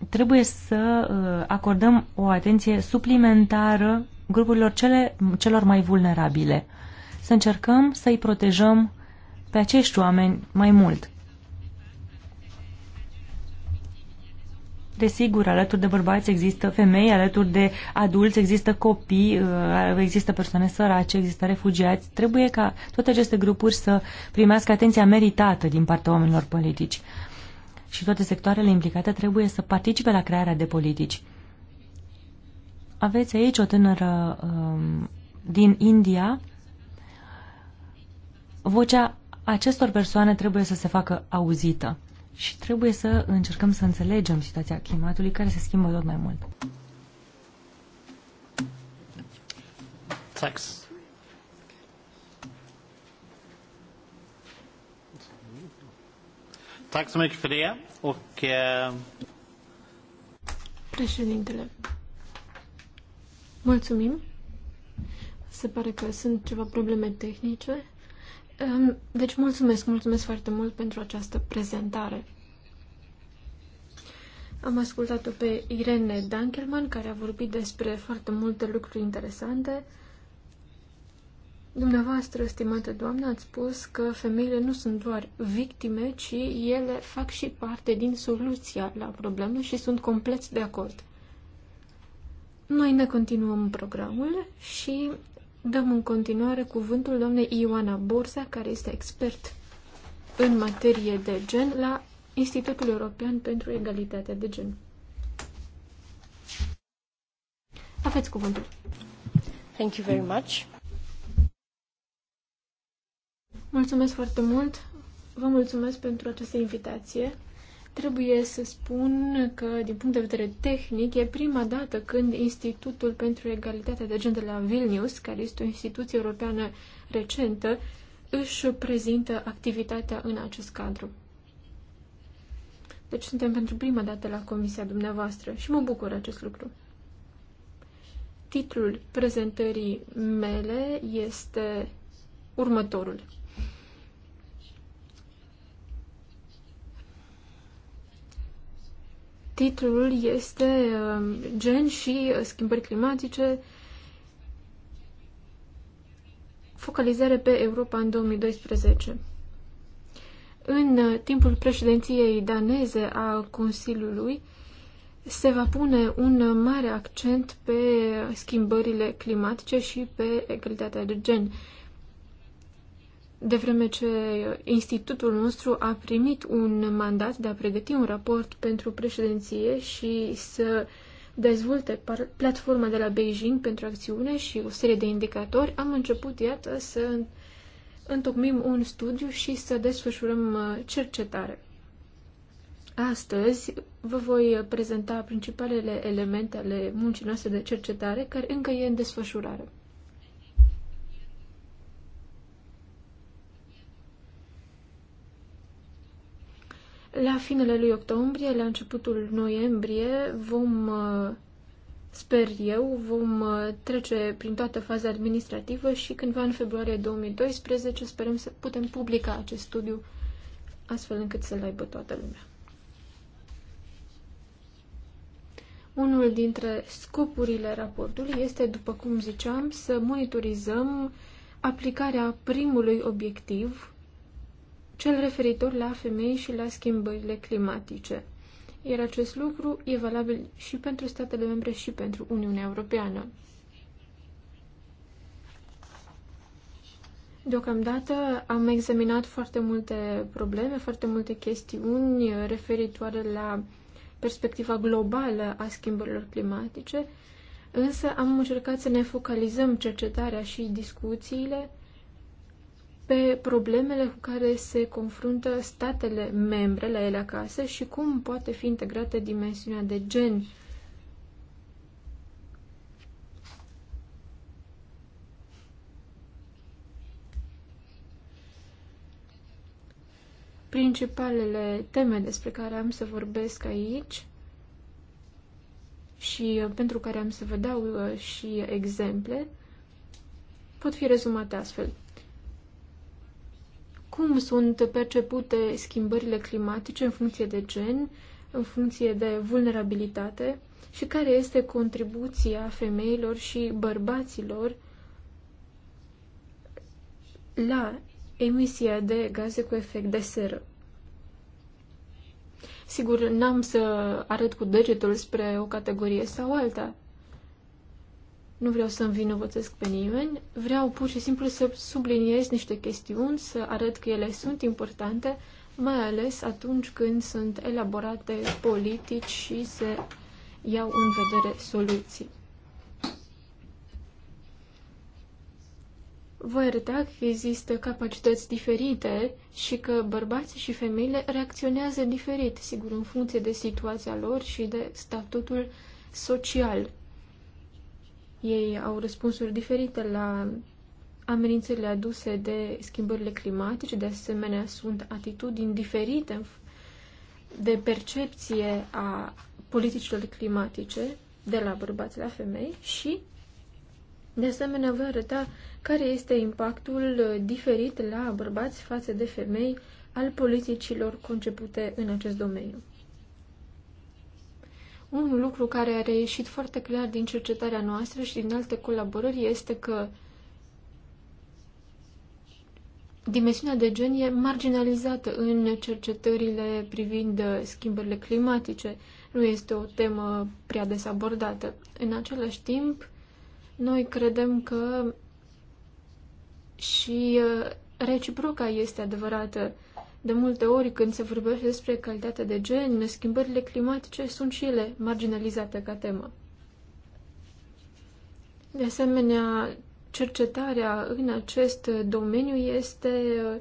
trebuie să uh, acordăm o atenție suplimentară grupurilor cele, celor mai vulnerabile. Să încercăm să-i protejăm pe acești oameni mai mult. Desigur, alături de bărbați există femei, alături de adulți există copii, uh, există persoane sărace, există refugiați. Trebuie ca toate aceste grupuri să primească atenția meritată din partea oamenilor politici. Și toate sectoarele implicate trebuie să participe la crearea de politici. Aveți aici o tânără um, din India. Vocea acestor persoane trebuie să se facă auzită și trebuie să încercăm să înțelegem situația climatului care se schimbă tot mai mult. Tax. Tack så mycket för det. Och, eh... Președintele, mulțumim. Se pare că sunt ceva probleme tehnice. Ehm, deci mulțumesc, mulțumesc foarte mult pentru această prezentare. Am ascultat-o pe Irene Dankelman, care a vorbit despre foarte multe lucruri interesante. Dumneavoastră, stimată doamnă, ați spus că femeile nu sunt doar victime, ci ele fac și parte din soluția la problemă și sunt complet de acord. Noi ne continuăm programul și Dăm în continuare cuvântul doamnei Ioana Borsa, care este expert în materie de gen la Institutul European pentru Egalitatea de Gen. Aveți cuvântul. Thank you very much. Mulțumesc foarte mult. Vă mulțumesc pentru această invitație. Trebuie să spun că, din punct de vedere tehnic, e prima dată când Institutul pentru Egalitatea de Gen de la Vilnius, care este o instituție europeană recentă, își prezintă activitatea în acest cadru. Deci suntem pentru prima dată la comisia dumneavoastră și mă bucur acest lucru. Titlul prezentării mele este următorul. titlul este um, Gen și uh, schimbări climatice, focalizare pe Europa în 2012. În uh, timpul președinției daneze a Consiliului se va pune un uh, mare accent pe schimbările climatice și pe egalitatea de gen de vreme ce institutul nostru a primit un mandat de a pregăti un raport pentru președinție și să dezvolte platforma de la Beijing pentru acțiune și o serie de indicatori, am început, iată, să întocmim un studiu și să desfășurăm uh, cercetare. Astăzi vă voi prezenta principalele elemente ale muncii noastre de cercetare care încă e în desfășurare. La finele lui octombrie, la începutul noiembrie, vom, uh, sper eu, vom uh, trece prin toată faza administrativă și cândva în februarie 2012 sperăm să putem publica acest studiu astfel încât să-l aibă toată lumea. Unul dintre scopurile raportului este, după cum ziceam, să monitorizăm aplicarea primului obiectiv cel referitor la femei și la schimbările climatice. Iar acest lucru e valabil și pentru statele membre și pentru Uniunea Europeană. Deocamdată am examinat foarte multe probleme, foarte multe chestiuni referitoare la perspectiva globală a schimbărilor climatice, însă am încercat să ne focalizăm cercetarea și discuțiile pe problemele cu care se confruntă statele membre la ele acasă și cum poate fi integrată dimensiunea de gen. Principalele teme despre care am să vorbesc aici și uh, pentru care am să vă dau uh, și exemple pot fi rezumate astfel cum sunt percepute schimbările climatice în funcție de gen, în funcție de vulnerabilitate și care este contribuția femeilor și bărbaților la emisia de gaze cu efect de seră. Sigur, n-am să arăt cu degetul spre o categorie sau alta, nu vreau să vinovățesc pe nimeni, vreau pur și simplu să subliniez niște chestiuni, să arăt că ele sunt importante, mai ales atunci când sunt elaborate politici și se iau în vedere soluții. Voi arăta că există capacități diferite și că bărbații și femeile reacționează diferit, sigur, în funcție de situația lor și de statutul social ei au răspunsuri diferite la amenințările aduse de schimbările climatice, de asemenea sunt atitudini diferite de percepție a politicilor climatice de la bărbați la femei și de asemenea vă arăta care este impactul diferit la bărbați față de femei al politicilor concepute în acest domeniu. Un lucru care a reieșit foarte clar din cercetarea noastră și din alte colaborări este că dimensiunea de gen e marginalizată în cercetările privind schimbările climatice. Nu este o temă prea des abordată. În același timp, noi credem că și uh, reciproca este adevărată. De multe ori, când se vorbește despre calitatea de gen, schimbările climatice sunt și ele marginalizate ca temă. De asemenea, cercetarea în acest domeniu este uh,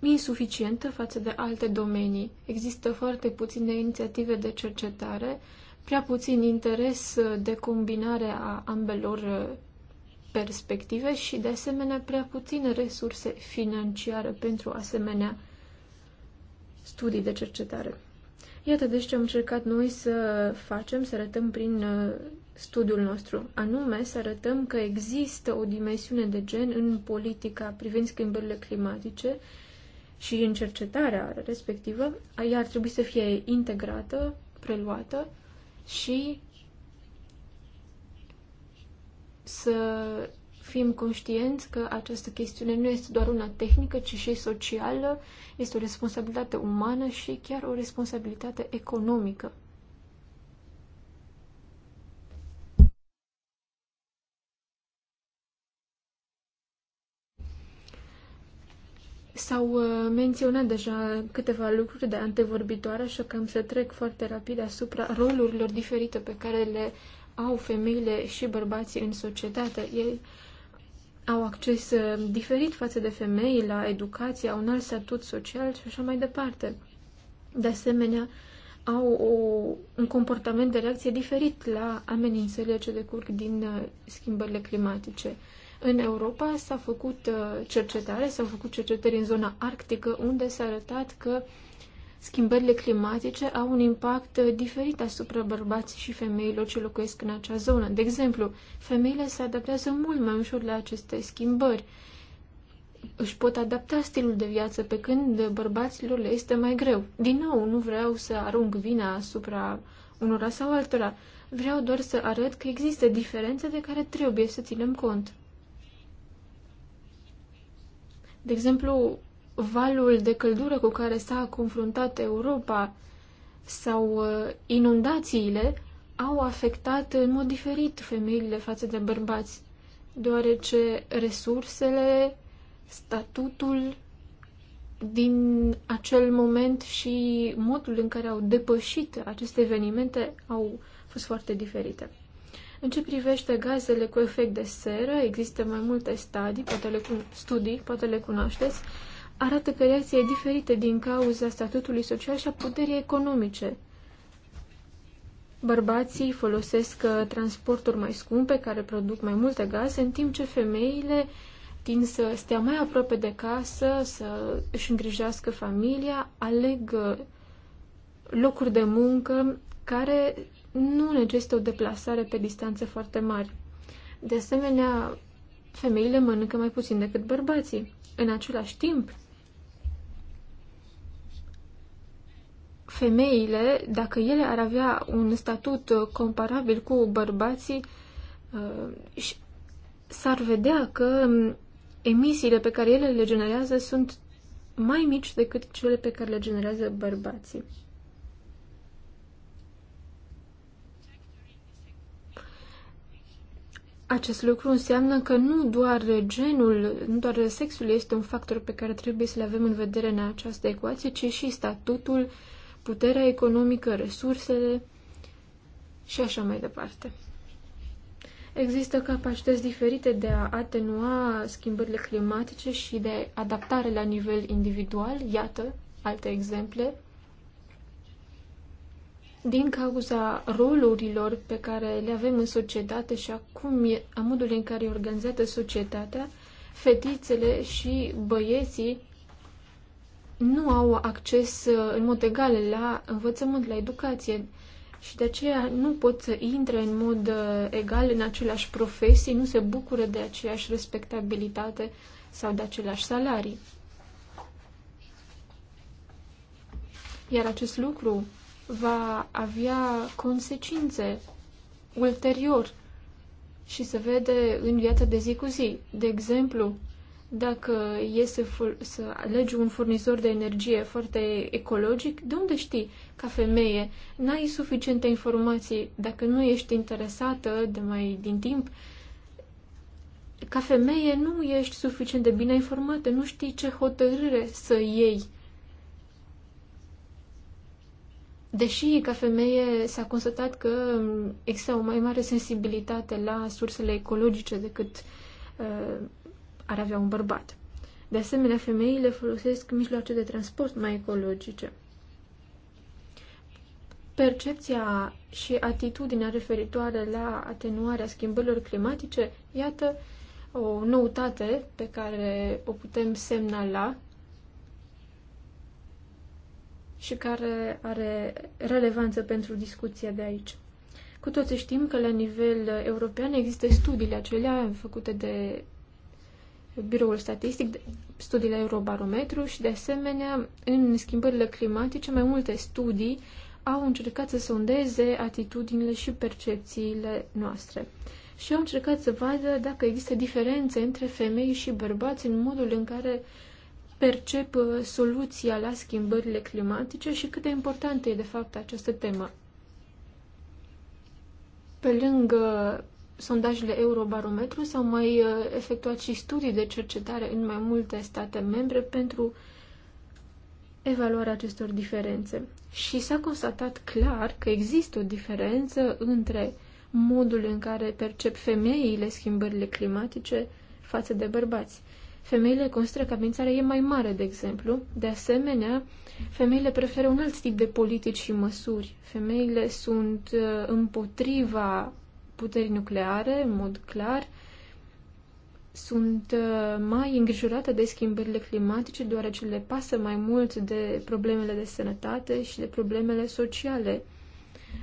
insuficientă față de alte domenii. Există foarte puține inițiative de cercetare, prea puțin interes uh, de combinare a ambelor uh, perspective și, de asemenea, prea puține resurse financiare pentru asemenea studii de cercetare. Iată deci ce am încercat noi să facem, să arătăm prin uh, studiul nostru, anume să arătăm că există o dimensiune de gen în politica privind schimbările climatice și în cercetarea respectivă, ea ar trebui să fie integrată, preluată și să fim conștienți că această chestiune nu este doar una tehnică, ci și socială, este o responsabilitate umană și chiar o responsabilitate economică. S-au uh, menționat deja câteva lucruri de antevorbitoare, așa că am să trec foarte rapid asupra rolurilor diferite pe care le au femeile și bărbații în societate. Ei au acces uh, diferit față de femei la educație, au un alt statut social și așa mai departe. De asemenea, au o, un comportament de reacție diferit la amenințările ce decurg din uh, schimbările climatice. În Europa s-a făcut uh, cercetare, s-au făcut cercetări în zona arctică, unde s-a arătat că uh, Schimbările climatice au un impact diferit asupra bărbații și femeilor ce locuiesc în acea zonă. De exemplu, femeile se adaptează mult mai ușor la aceste schimbări. Își pot adapta stilul de viață, pe când bărbaților le este mai greu. Din nou, nu vreau să arunc vina asupra unora sau altora. Vreau doar să arăt că există diferențe de care trebuie să ținem cont. De exemplu, valul de căldură cu care s-a confruntat Europa sau uh, inundațiile au afectat în mod diferit femeile față de bărbați, deoarece resursele, statutul din acel moment și modul în care au depășit aceste evenimente au fost foarte diferite. În ce privește gazele cu efect de seră, există mai multe stadii, poate le, studii, poate le cunoașteți arată că reacția e diferită din cauza statutului social și a puterii economice. Bărbații folosesc uh, transporturi mai scumpe care produc mai multe gaze, în timp ce femeile tind să stea mai aproape de casă, să își îngrijească familia, aleg uh, locuri de muncă care nu necesită o deplasare pe distanțe foarte mari. De asemenea, femeile mănâncă mai puțin decât bărbații. În același timp, femeile, dacă ele ar avea un statut uh, comparabil cu bărbații, uh, s-ar vedea că um, emisiile pe care ele le generează sunt mai mici decât cele pe care le generează bărbații. Acest lucru înseamnă că nu doar genul, nu doar sexul este un factor pe care trebuie să-l avem în vedere în această ecuație, ci și statutul uh, puterea economică, resursele și așa mai departe. Există capacități diferite de a atenua schimbările climatice și de adaptare la nivel individual. Iată alte exemple. Din cauza rolurilor pe care le avem în societate și acum a modului în care e organizată societatea, fetițele și băieții nu au acces uh, în mod egal la învățământ, la educație și de aceea nu pot să intre în mod uh, egal în aceleași profesii, nu se bucură de aceeași respectabilitate sau de aceleași salarii. Iar acest lucru va avea consecințe ulterior și se vede în viața de zi cu zi. De exemplu, dacă e să, să alegi un furnizor de energie foarte ecologic, de unde știi, ca femeie, n-ai suficiente informații dacă nu ești interesată de mai din timp? Ca femeie nu ești suficient de bine informată, nu știi ce hotărâre să iei. Deși ca femeie s-a constatat că există o mai mare sensibilitate la sursele ecologice decât uh, ar avea un bărbat. De asemenea, femeile folosesc mijloace de transport mai ecologice. Percepția și atitudinea referitoare la atenuarea schimbărilor climatice, iată o noutate pe care o putem semnala și care are relevanță pentru discuția de aici. Cu toții știm că la nivel european există studiile acelea făcute de Biroul Statistic, studiile Eurobarometru și, de asemenea, în schimbările climatice, mai multe studii au încercat să sondeze atitudinile și percepțiile noastre. Și au încercat să vadă dacă există diferențe între femei și bărbați în modul în care percep uh, soluția la schimbările climatice și cât de importantă e, de fapt, această temă. Pe lângă sondajele Eurobarometru s-au mai uh, efectuat și studii de cercetare în mai multe state membre pentru evaluarea acestor diferențe. Și s-a constatat clar că există o diferență între modul în care percep femeile schimbările climatice față de bărbați. Femeile consideră că amenințarea e mai mare, de exemplu. De asemenea, femeile preferă un alt tip de politici și măsuri. Femeile sunt uh, împotriva puteri nucleare, în mod clar. Sunt uh, mai îngrijorată de schimbările climatice, deoarece le pasă mai mult de problemele de sănătate și de problemele sociale,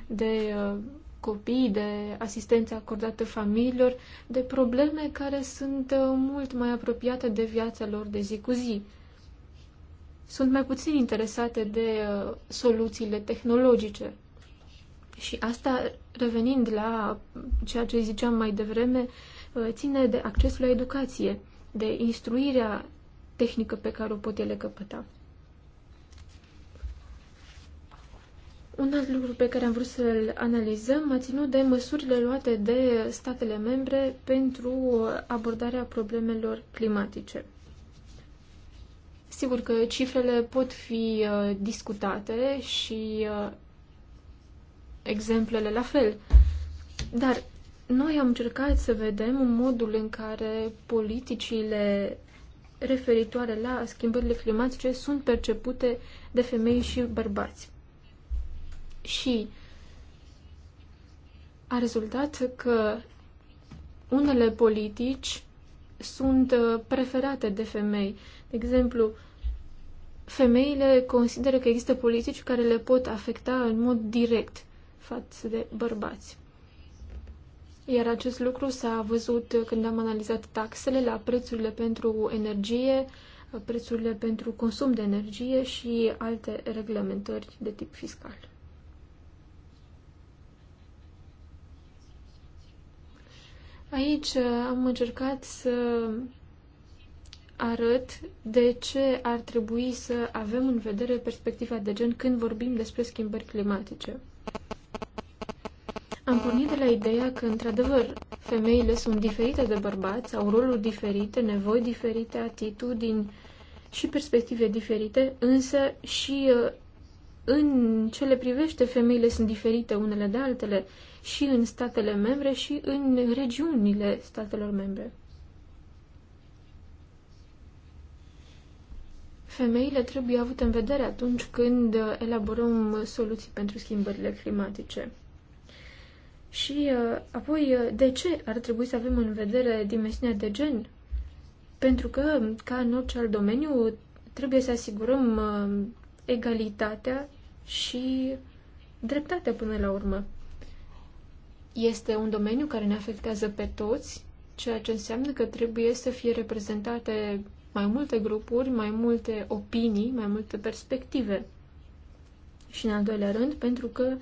de uh, copii, de asistență acordată familiilor, de probleme care sunt uh, mult mai apropiate de viața lor de zi cu zi sunt mai puțin interesate de soluțiile tehnologice. Și asta, revenind la ceea ce ziceam mai devreme, uh, ține de accesul la educație, de instruirea tehnică pe care o pot ele căpăta. Un alt lucru pe care am vrut să-l analizăm a ținut de măsurile luate de statele membre pentru abordarea problemelor climatice. Sigur că cifrele pot fi uh, discutate și uh, exemplele la fel. Dar noi am încercat să vedem modul în care politicile referitoare la schimbările climatice sunt percepute de femei și bărbați. Și a rezultat că unele politici sunt uh, preferate de femei. De exemplu, femeile consideră că există politici care le pot afecta în mod direct față de bărbați. Iar acest lucru s-a văzut când am analizat taxele la prețurile pentru energie, prețurile pentru consum de energie și alte reglementări de tip fiscal. Aici am încercat să arăt de ce ar trebui să avem în vedere perspectiva de gen când vorbim despre schimbări climatice. Am pornit de la ideea că, într-adevăr, femeile sunt diferite de bărbați, au roluri diferite, nevoi diferite, atitudini și perspective diferite, însă și uh, în ce le privește femeile sunt diferite unele de altele și în statele membre și în regiunile statelor membre. Femeile trebuie avute în vedere atunci când uh, elaborăm soluții pentru schimbările climatice. Și uh, apoi, uh, de ce ar trebui să avem în vedere dimensiunea de gen? Pentru că, ca în orice alt domeniu, trebuie să asigurăm uh, egalitatea și dreptatea până la urmă. Este un domeniu care ne afectează pe toți, ceea ce înseamnă că trebuie să fie reprezentate mai multe grupuri, mai multe opinii, mai multe perspective. Și în al doilea rând, pentru că uh,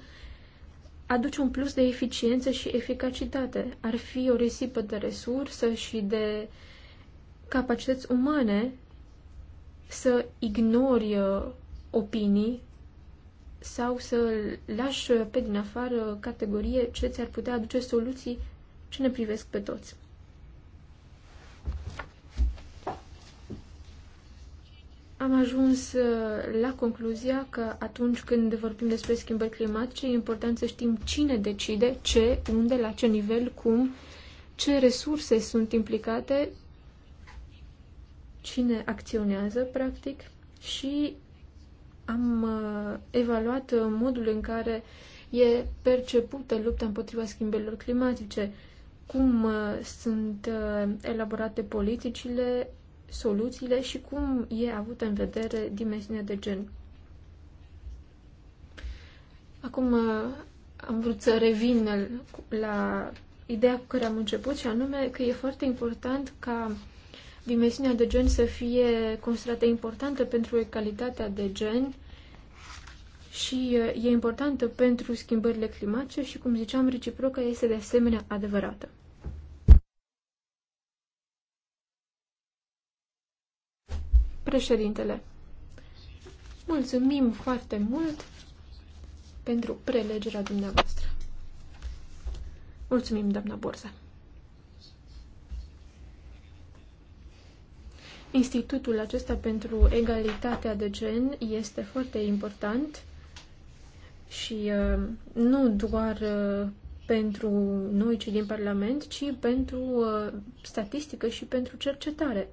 aduce un plus de eficiență și eficacitate. Ar fi o risipă de resursă și de capacități umane să ignori uh, opinii sau să lași pe din afară categorie ce ți-ar putea aduce soluții ce ne privesc pe toți. am ajuns uh, la concluzia că atunci când vorbim despre schimbări climatice, e important să știm cine decide, ce, unde, la ce nivel, cum, ce resurse sunt implicate, cine acționează, practic, și am uh, evaluat uh, modul în care e percepută lupta împotriva schimbărilor climatice, cum sunt elaborate politicile, soluțiile și cum e avut în vedere dimensiunea de gen. Acum uh, am vrut să revin la ideea cu care am început și anume că e foarte important ca dimensiunea de gen să fie considerată importantă pentru egalitatea de gen și uh, e importantă pentru schimbările climatice și, cum ziceam, reciproca este de asemenea adevărată. Președintele, mulțumim foarte mult pentru prelegerea dumneavoastră. Mulțumim, doamna Borza. Institutul acesta pentru egalitatea de gen este foarte important și uh, nu doar uh, pentru noi cei din Parlament, ci pentru uh, statistică și pentru cercetare.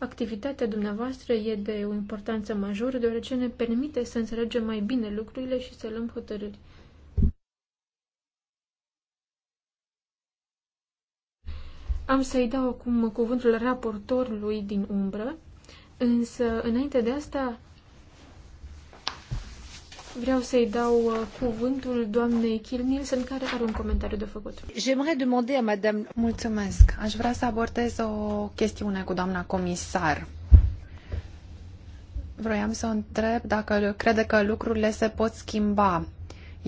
Activitatea dumneavoastră e de o importanță majoră, deoarece ne permite să înțelegem mai bine lucrurile și să luăm hotărâri. Am să-i dau acum cuvântul raportorului din umbră, însă înainte de asta Vreau să-i dau uh, cuvântul doamnei Kill Nielsen, care are un comentariu de făcut. J'aimerais demander à madame... Mulțumesc. Aș vrea să abordez o chestiune cu doamna comisar. Vroiam să o întreb dacă crede că lucrurile se pot schimba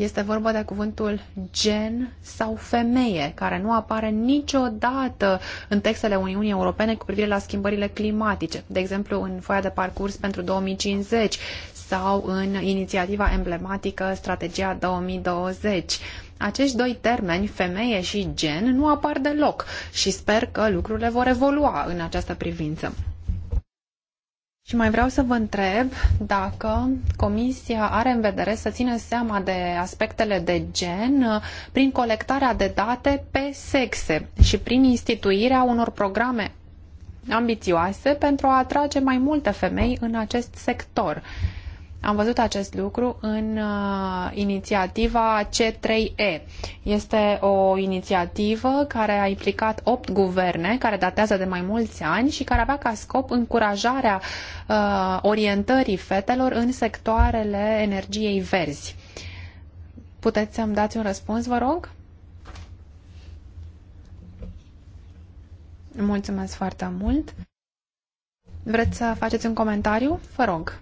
este vorba de cuvântul gen sau femeie, care nu apare niciodată în textele Uniunii Europene cu privire la schimbările climatice, de exemplu în foaia de parcurs pentru 2050 sau în inițiativa emblematică Strategia 2020. Acești doi termeni, femeie și gen, nu apar deloc și sper că lucrurile vor evolua în această privință. Și mai vreau să vă întreb dacă Comisia are în vedere să țină seama de aspectele de gen uh, prin colectarea de date pe sexe și prin instituirea unor programe ambițioase pentru a atrage mai multe femei în acest sector. Am văzut acest lucru în uh, inițiativa C3E. Este o inițiativă care a implicat opt guverne, care datează de mai mulți ani și care avea ca scop încurajarea uh, orientării fetelor în sectoarele energiei verzi. Puteți să-mi dați un răspuns, vă rog? Mulțumesc foarte mult. Vreți să faceți un comentariu? Vă rog.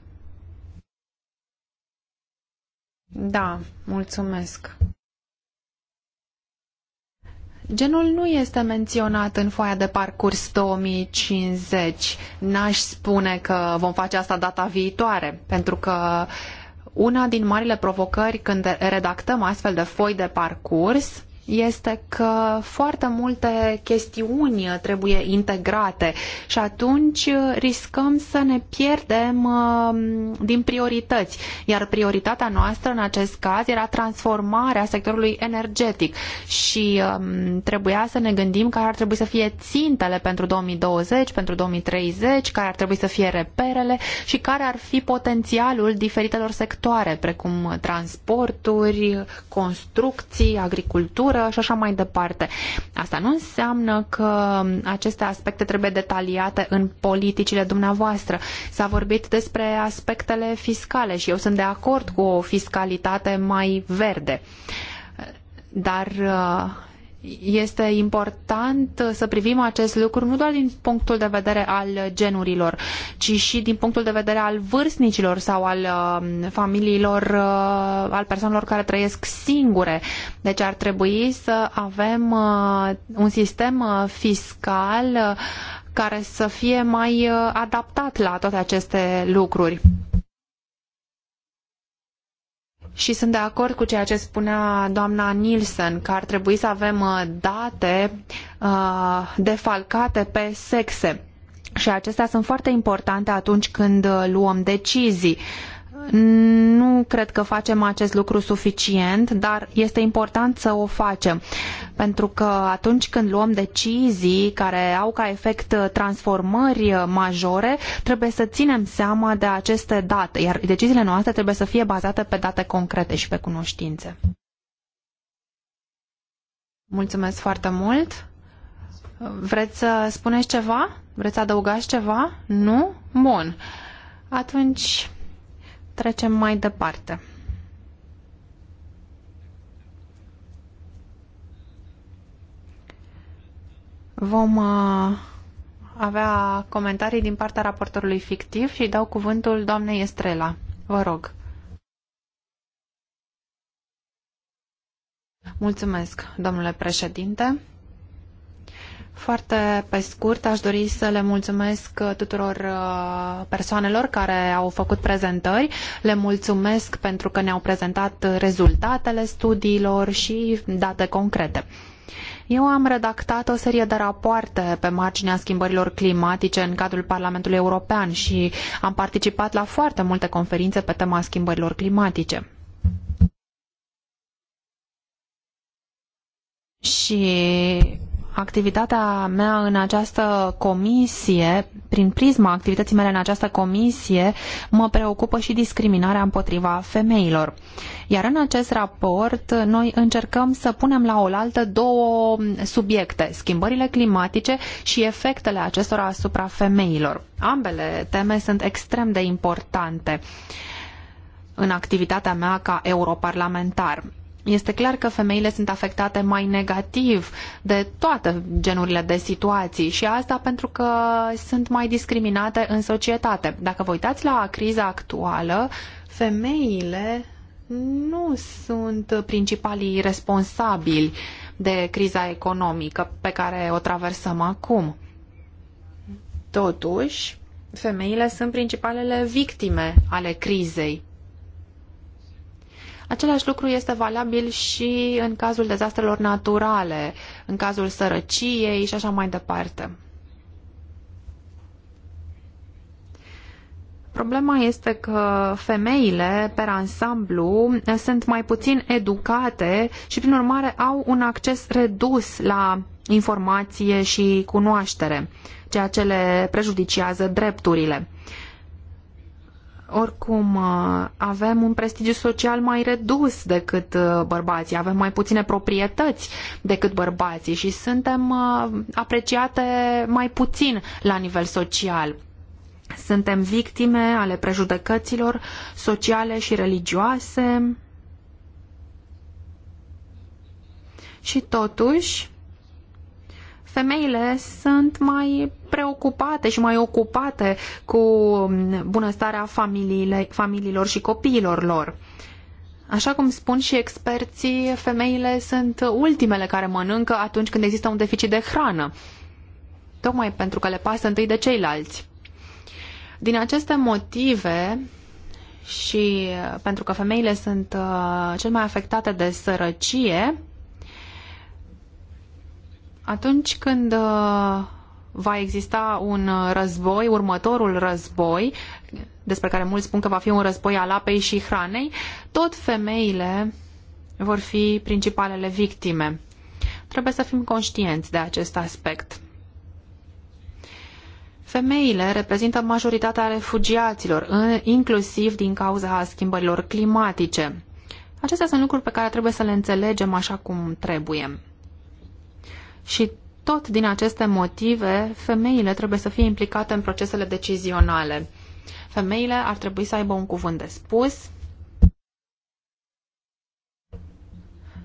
Da, mulțumesc. Genul nu este menționat în foaia de parcurs 2050. N-aș spune că vom face asta data viitoare, pentru că una din marile provocări când redactăm astfel de foi de parcurs este că foarte multe chestiuni trebuie integrate și atunci riscăm să ne pierdem uh, din priorități. Iar prioritatea noastră în acest caz era transformarea sectorului energetic și um, trebuia să ne gândim care ar trebui să fie țintele pentru 2020, pentru 2030, care ar trebui să fie reperele și care ar fi potențialul diferitelor sectoare, precum transporturi, construcții, agricultură țară și așa mai departe. Asta nu înseamnă că aceste aspecte trebuie detaliate în politicile dumneavoastră. S-a vorbit despre aspectele fiscale și eu sunt de acord cu o fiscalitate mai verde. Dar uh, este important să privim acest lucru nu doar din punctul de vedere al genurilor, ci și din punctul de vedere al vârstnicilor sau al um, familiilor, uh, al persoanelor care trăiesc singure. Deci ar trebui să avem uh, un sistem uh, fiscal care să fie mai adaptat la toate aceste lucruri și sunt de acord cu ceea ce spunea doamna Nielsen, că ar trebui să avem uh, date uh, defalcate pe sexe. Și acestea sunt foarte importante atunci când uh, luăm decizii. Uh, nu cred că facem acest lucru suficient, dar este important să o facem. Pentru că atunci când luăm decizii care au ca efect transformări majore, trebuie să ținem seama de aceste date, iar deciziile noastre trebuie să fie bazate pe date concrete și pe cunoștințe. Mulțumesc foarte mult! Vreți să spuneți ceva? Vreți să adăugați ceva? Nu? Bun. Atunci trecem mai departe. Vom uh, avea comentarii din partea raportorului fictiv și dau cuvântul doamnei Estrela. Vă rog. Mulțumesc, domnule președinte. Foarte pe scurt, aș dori să le mulțumesc uh, tuturor uh, persoanelor care au făcut prezentări. Le mulțumesc pentru că ne-au prezentat rezultatele studiilor și date concrete. Eu am redactat o serie de rapoarte pe marginea schimbărilor climatice în cadrul Parlamentului European și am participat la foarte multe conferințe pe tema schimbărilor climatice. Și activitatea mea în această comisie, prin prisma activității mele în această comisie, mă preocupă și discriminarea împotriva femeilor. Iar în acest raport noi încercăm să punem la oaltă două subiecte, schimbările climatice și efectele acestora asupra femeilor. Ambele teme sunt extrem de importante în activitatea mea ca europarlamentar. Este clar că femeile sunt afectate mai negativ de toate genurile de situații și asta pentru că sunt mai discriminate în societate. Dacă vă uitați la criza actuală, femeile nu sunt principalii responsabili de criza economică pe care o traversăm acum. Totuși, femeile sunt principalele victime ale crizei Același lucru este valabil și în cazul dezastrelor naturale, în cazul sărăciei și așa mai departe. Problema este că femeile, per ansamblu, sunt mai puțin educate și, prin urmare, au un acces redus la informație și cunoaștere, ceea ce le prejudiciază drepturile. Oricum, uh, avem un prestigiu social mai redus decât uh, bărbații, avem mai puține proprietăți decât bărbații și suntem uh, apreciate mai puțin la nivel social. Suntem victime ale prejudecăților sociale și religioase. Și totuși, femeile sunt mai preocupate și mai ocupate cu bunăstarea familiilor și copiilor lor. Așa cum spun și experții, femeile sunt ultimele care mănâncă atunci când există un deficit de hrană, tocmai pentru că le pasă întâi de ceilalți. Din aceste motive și pentru că femeile sunt uh, cel mai afectate de sărăcie, atunci când uh, va exista un uh, război, următorul război, despre care mulți spun că va fi un război al apei și hranei, tot femeile vor fi principalele victime. Trebuie să fim conștienți de acest aspect. Femeile reprezintă majoritatea refugiaților, inclusiv din cauza schimbărilor climatice. Acestea sunt lucruri pe care trebuie să le înțelegem așa cum trebuie. Și tot din aceste motive, femeile trebuie să fie implicate în procesele decizionale. Femeile ar trebui să aibă un cuvânt de spus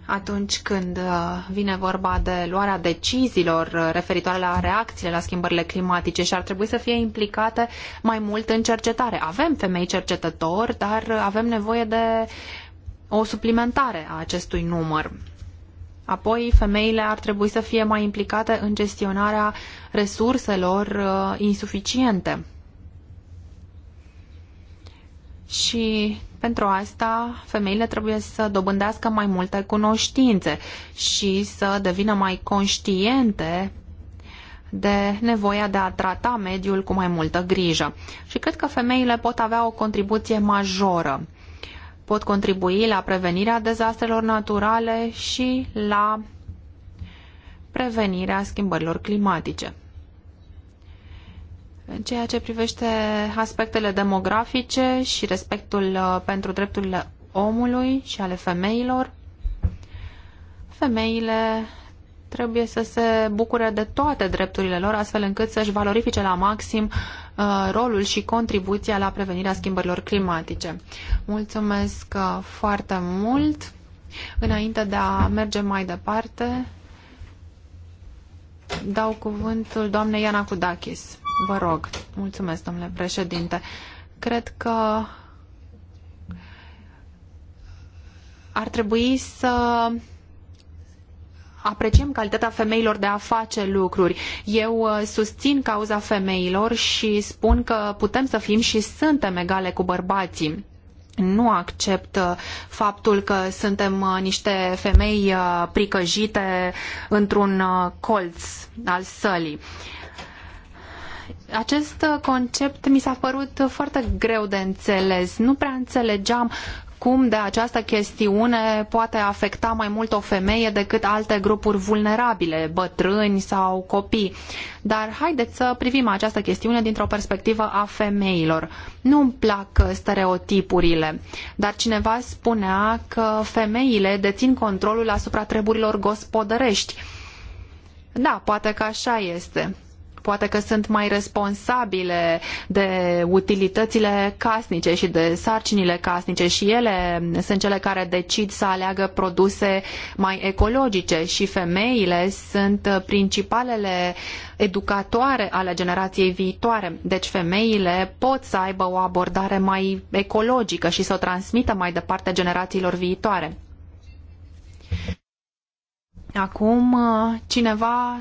atunci când uh, vine vorba de luarea deciziilor uh, referitoare la reacțiile la schimbările climatice și ar trebui să fie implicate mai mult în cercetare. Avem femei cercetători, dar uh, avem nevoie de o suplimentare a acestui număr. Apoi, femeile ar trebui să fie mai implicate în gestionarea resurselor uh, insuficiente. Și pentru asta, femeile trebuie să dobândească mai multe cunoștințe și să devină mai conștiente de nevoia de a trata mediul cu mai multă grijă. Și cred că femeile pot avea o contribuție majoră pot contribui la prevenirea dezastrelor naturale și la prevenirea schimbărilor climatice. În ceea ce privește aspectele demografice și respectul uh, pentru drepturile omului și ale femeilor, femeile trebuie să se bucure de toate drepturile lor, astfel încât să-și valorifice la maxim Uh, rolul și contribuția la prevenirea schimbărilor climatice. Mulțumesc uh, foarte mult! Înainte de a merge mai departe, dau cuvântul doamnei Iana Kudakis. Vă rog. Mulțumesc, domnule președinte. Cred că ar trebui să apreciem calitatea femeilor de a face lucruri. Eu uh, susțin cauza femeilor și spun că putem să fim și suntem egale cu bărbații nu accept uh, faptul că suntem uh, niște femei pricăjite într-un colț al sălii. Acest concept mi s-a părut foarte greu de înțeles. Nu prea înțelegeam cum de această chestiune poate afecta mai mult o femeie decât alte grupuri vulnerabile, bătrâni sau copii. Dar haideți să privim această chestiune dintr-o perspectivă a femeilor. Nu mi plac stereotipurile, dar cineva spunea că femeile dețin controlul asupra treburilor gospodărești. Da, poate că așa este. Poate că sunt mai responsabile de utilitățile casnice și de sarcinile casnice și ele sunt cele care decid să aleagă produse mai ecologice și femeile sunt principalele educatoare ale generației viitoare. Deci femeile pot să aibă o abordare mai ecologică și să o transmită mai departe generațiilor viitoare. Acum cineva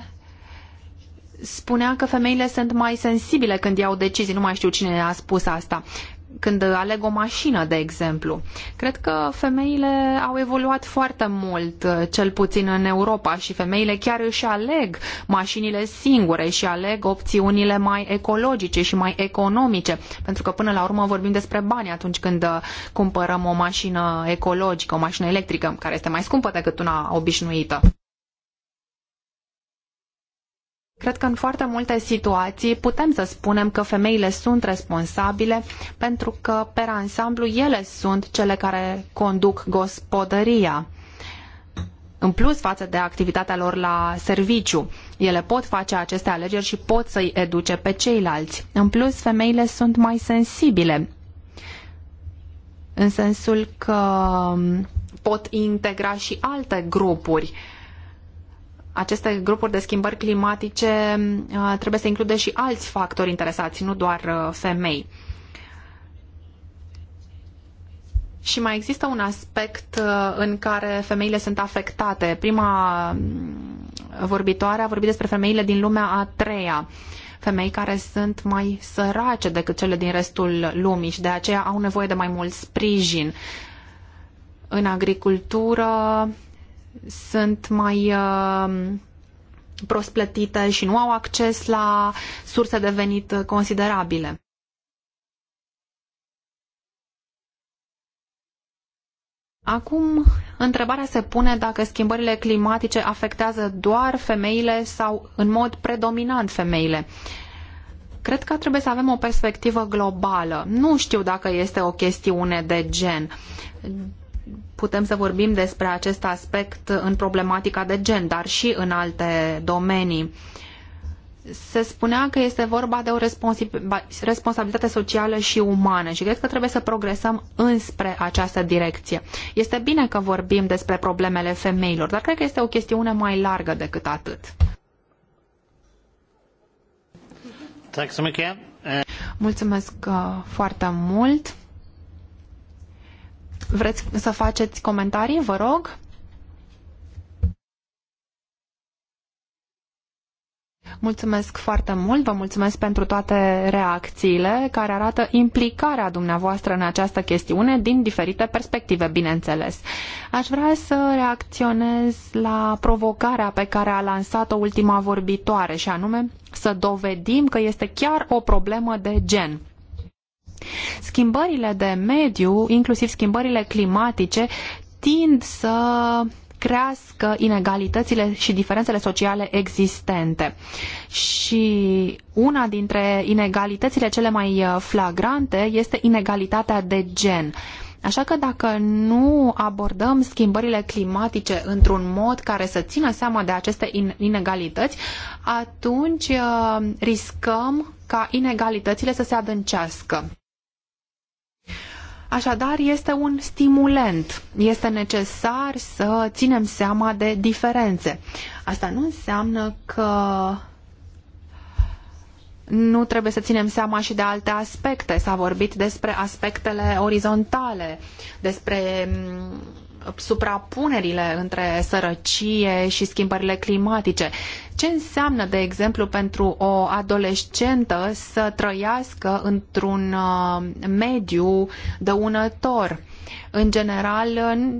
spunea că femeile sunt mai sensibile când iau decizii, nu mai știu cine a spus asta, când aleg o mașină, de exemplu. Cred că femeile au evoluat foarte mult, cel puțin în Europa, și femeile chiar își aleg mașinile singure și aleg opțiunile mai ecologice și mai economice, pentru că până la urmă vorbim despre bani atunci când cumpărăm o mașină ecologică, o mașină electrică, care este mai scumpă decât una obișnuită. Cred că în foarte multe situații putem să spunem că femeile sunt responsabile pentru că, pe ansamblu, ele sunt cele care conduc gospodăria. În plus față de activitatea lor la serviciu, ele pot face aceste alegeri și pot să-i educe pe ceilalți. În plus, femeile sunt mai sensibile, în sensul că pot integra și alte grupuri aceste grupuri de schimbări climatice uh, trebuie să includă și alți factori interesați, nu doar uh, femei. Și mai există un aspect uh, în care femeile sunt afectate. Prima mm, vorbitoare a vorbit despre femeile din lumea a treia. Femei care sunt mai sărace decât cele din restul lumii și de aceea au nevoie de mai mult sprijin. În agricultură, sunt mai uh, prost plătite și nu au acces la surse de venit considerabile. Acum, întrebarea se pune dacă schimbările climatice afectează doar femeile sau în mod predominant femeile. Cred că trebuie să avem o perspectivă globală. Nu știu dacă este o chestiune de gen putem să vorbim despre acest aspect în problematica de gen, dar și în alte domenii. Se spunea că este vorba de o responsabilitate socială și umană și cred că trebuie să progresăm înspre această direcție. Este bine că vorbim despre problemele femeilor, dar cred că este o chestiune mai largă decât atât. Mulțumesc uh, foarte mult. Vreți să faceți comentarii, vă rog? Mulțumesc foarte mult, vă mulțumesc pentru toate reacțiile care arată implicarea dumneavoastră în această chestiune din diferite perspective, bineînțeles. Aș vrea să reacționez la provocarea pe care a lansat-o ultima vorbitoare și anume să dovedim că este chiar o problemă de gen. Schimbările de mediu, inclusiv schimbările climatice, tind să crească inegalitățile și diferențele sociale existente. Și una dintre inegalitățile cele mai uh, flagrante este inegalitatea de gen. Așa că dacă nu abordăm schimbările climatice într-un mod care să țină seama de aceste inegalități, atunci uh, riscăm ca inegalitățile să se adâncească. Așadar, este un stimulent. Este necesar să ținem seama de diferențe. Asta nu înseamnă că nu trebuie să ținem seama și de alte aspecte. S-a vorbit despre aspectele orizontale, despre suprapunerile între sărăcie și schimbările climatice. Ce înseamnă, de exemplu, pentru o adolescentă să trăiască într-un uh, mediu dăunător? În general,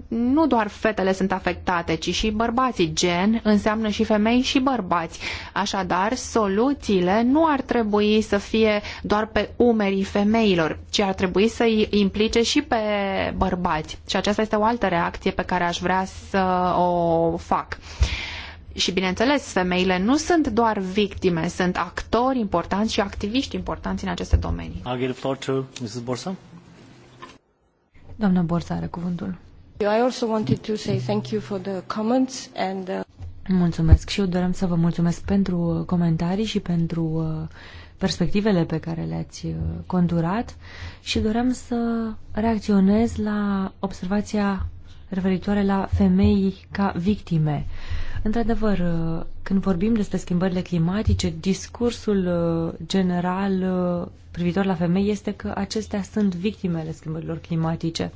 nu doar fetele sunt afectate, ci și bărbații. Gen înseamnă și femei și bărbați. Așadar, soluțiile nu ar trebui să fie doar pe umerii femeilor, ci ar trebui să îi implice și pe bărbați. Și aceasta este o altă reacție pe care aș vrea să o fac. Și bineînțeles, femeile nu sunt doar victime, sunt actori importanți și activiști importanți în aceste domenii. I'll give the floor to Mrs. Doamna Borsa are cuvântul. I also wanted to say thank you for the comments and uh, Mulțumesc și eu doream să vă mulțumesc pentru comentarii și pentru uh, perspectivele pe care le-ați uh, conturat și doream să reacționez la observația referitoare la femei ca victime. Uh, Într-adevăr, uh, când vorbim despre schimbările climatice, discursul uh, general uh, privitor la femei este că acestea sunt victimele schimbărilor climatice,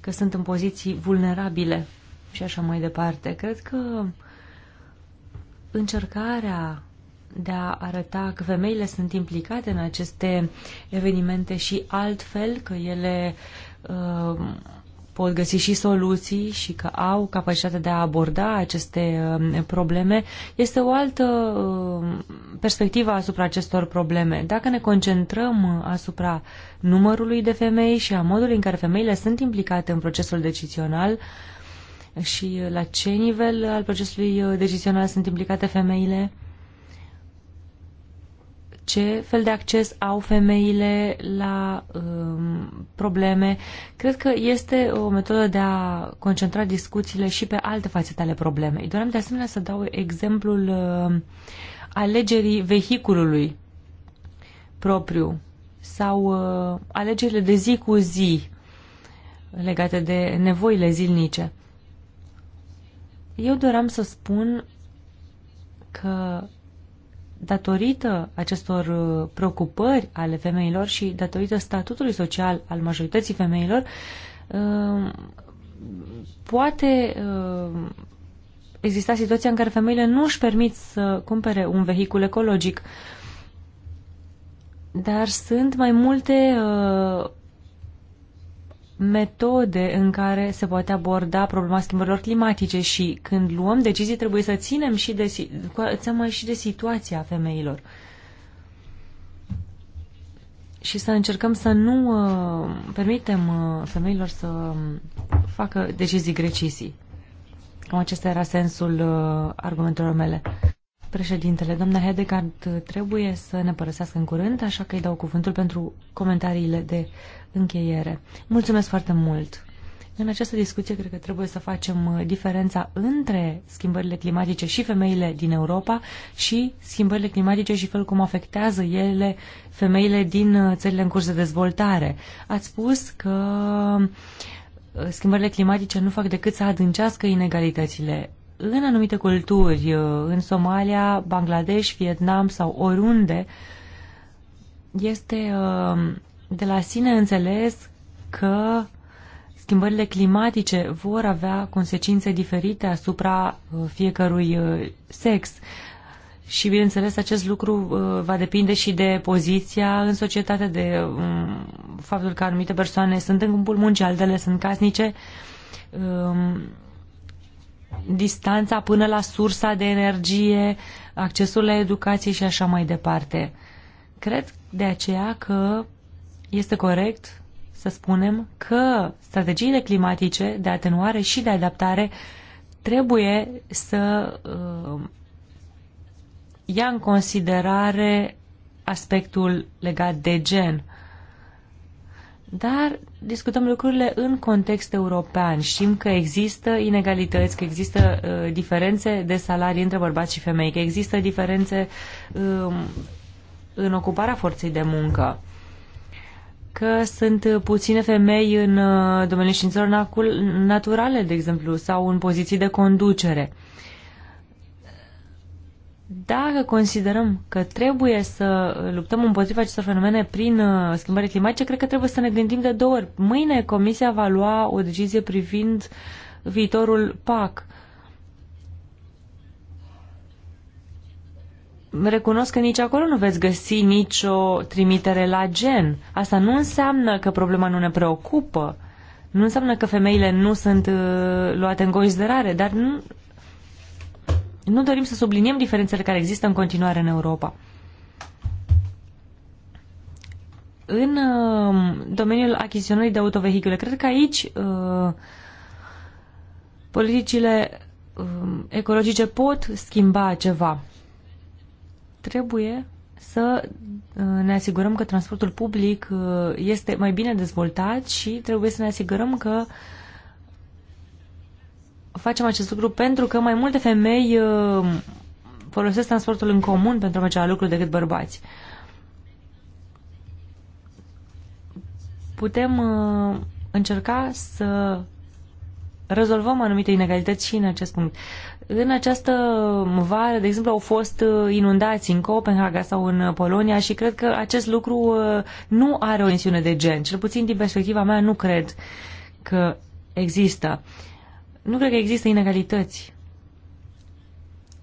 că sunt în poziții vulnerabile și așa mai departe. Cred că încercarea de a arăta că femeile sunt implicate în aceste evenimente și altfel, că ele uh, pot găsi și soluții și că au capacitatea de a aborda aceste um, probleme, este o altă um, perspectivă asupra acestor probleme. Dacă ne concentrăm asupra numărului de femei și a modului în care femeile sunt implicate în procesul decizional și la ce nivel al procesului uh, decizional sunt implicate femeile, ce fel de acces au femeile la um, probleme. Cred că este o metodă de a concentra discuțiile și pe alte fațete ale problemei. Doream de asemenea să dau exemplul uh, alegerii vehiculului propriu sau uh, alegerile de zi cu zi legate de nevoile zilnice. Eu doream să spun că datorită acestor uh, preocupări ale femeilor și datorită statutului social al majorității femeilor, uh, poate uh, exista situația în care femeile nu își permit să cumpere un vehicul ecologic, dar sunt mai multe uh, metode în care se poate aborda problema schimbărilor climatice și când luăm decizii trebuie să ținem și de, seama și de situația femeilor și să încercăm să nu uh, permitem uh, femeilor să um, facă decizii grecisii. Cam acesta era sensul uh, argumentelor mele. Președintele, doamna Hedegaard trebuie să ne părăsească în curând, așa că îi dau cuvântul pentru comentariile de încheiere. Mulțumesc foarte mult! În această discuție cred că trebuie să facem uh, diferența între schimbările climatice și femeile din Europa și schimbările climatice și felul cum afectează ele femeile din uh, țările în curs de dezvoltare. Ați spus că uh, schimbările climatice nu fac decât să adâncească inegalitățile. În anumite culturi, în Somalia, Bangladesh, Vietnam sau oriunde, este de la sine înțeles că schimbările climatice vor avea consecințe diferite asupra uh, fiecărui uh, sex. Și, bineînțeles, acest lucru uh, va depinde și de poziția în societate, de um, faptul că anumite persoane sunt în câmpul muncii, altele sunt casnice, um, distanța până la sursa de energie, accesul la educație și așa mai departe. Cred de aceea că este corect să spunem că strategiile climatice de atenuare și de adaptare trebuie să uh, ia în considerare aspectul legat de gen. Dar discutăm lucrurile în context european. Știm că există inegalități, că există uh, diferențe de salarii între bărbați și femei, că există diferențe uh, în ocuparea forței de muncă că sunt puține femei în uh, domeniul științelor naturale, de exemplu, sau în poziții de conducere. Dacă considerăm că trebuie să luptăm împotriva acestor fenomene prin uh, schimbare climatice, cred că trebuie să ne gândim de două ori. Mâine Comisia va lua o decizie privind viitorul PAC recunosc că nici acolo nu veți găsi nicio trimitere la gen. Asta nu înseamnă că problema nu ne preocupă, nu înseamnă că femeile nu sunt uh, luate în considerare, dar nu, nu dorim să subliniem diferențele care există în continuare în Europa. În uh, domeniul achiziționării de autovehicule, cred că aici uh, politicile uh, ecologice pot schimba ceva. Trebuie să uh, ne asigurăm că transportul public uh, este mai bine dezvoltat și trebuie să ne asigurăm că facem acest lucru pentru că mai multe femei uh, folosesc transportul în comun pentru a merge la lucru decât bărbați. Putem încerca să rezolvăm anumite inegalități și în acest punct. În această vară, de exemplu, au fost uh, inundații în Copenhaga sau în uh, Polonia și cred că acest lucru uh, nu are o insiune de gen. Cel puțin din perspectiva mea nu cred că există. Nu cred că există inegalități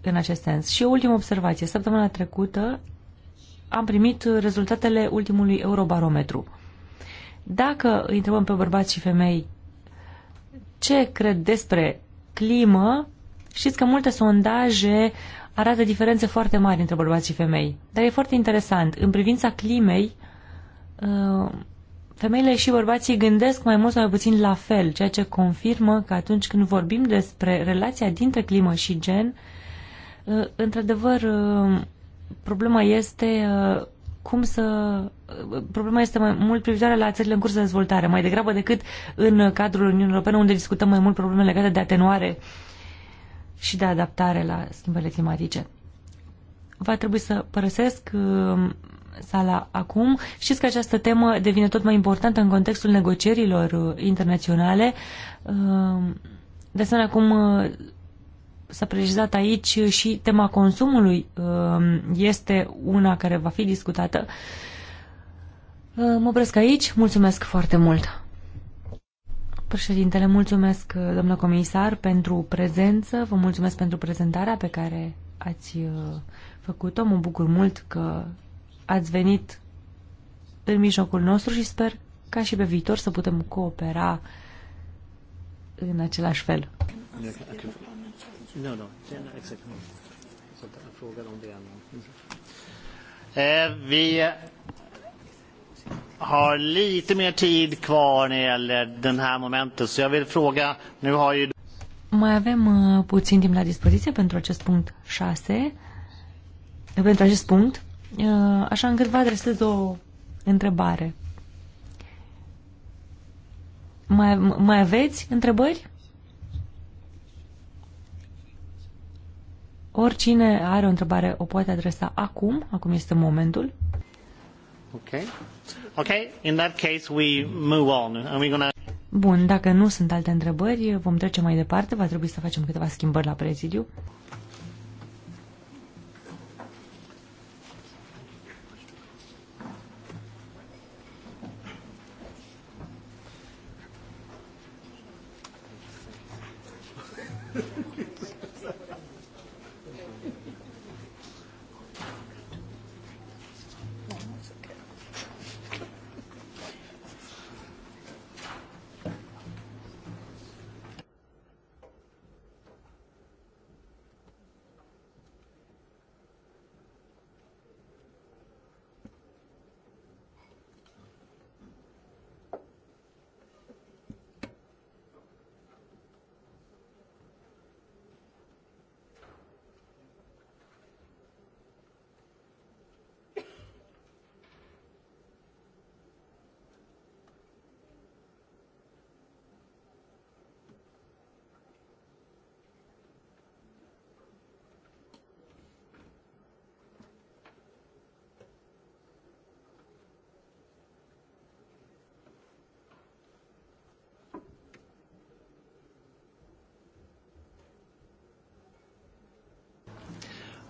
în acest sens. Și o ultimă observație. Săptămâna trecută am primit rezultatele ultimului Eurobarometru. Dacă îi întrebăm pe bărbați și femei ce cred despre climă, Știți că multe sondaje arată diferențe foarte mari între bărbați și femei. Dar e foarte interesant. În privința climei, uh, femeile și bărbații gândesc mai mult sau mai puțin la fel, ceea ce confirmă că atunci când vorbim despre relația dintre climă și gen, uh, într-adevăr, uh, problema este cum să... Problema este mai mult privitoare la țările în curs de dezvoltare, mai degrabă decât în cadrul Uniunii Europene, unde discutăm mai mult probleme legate de atenuare uh, și de adaptare la schimbările climatice. Va trebui să părăsesc um, sala acum. Știți că această temă devine tot mai importantă în contextul negocierilor uh, internaționale. Um, de asemenea, cum uh, s-a precizat aici uh, și tema consumului um, este una care va fi discutată. Mă opresc aici. Mulțumesc foarte mult! Președintele, mulțumesc, domnule comisar, pentru prezență. Vă mulțumesc pentru prezentarea pe care ați uh, făcut-o. Mă bucur mult că ați venit în mijlocul nostru și sper ca și pe viitor să putem coopera în același fel. No, no, exact. Eh, har lite mer tid kvar när det gäller den här momentet, så jag vill fråga, nu har ju... Mai avem uh, puțin timp la dispoziție pentru acest punct 6, pentru acest punct, uh, așa încât vă adresez o întrebare. Mai, mai aveți întrebări? Oricine are o întrebare o poate adresa acum, acum este momentul. Okay. Okay, in that case we move on. And we're gonna... Bun, dacă nu sunt alte întrebări, vom trece mai departe. Va trebui să facem câteva schimbări la prezidiu.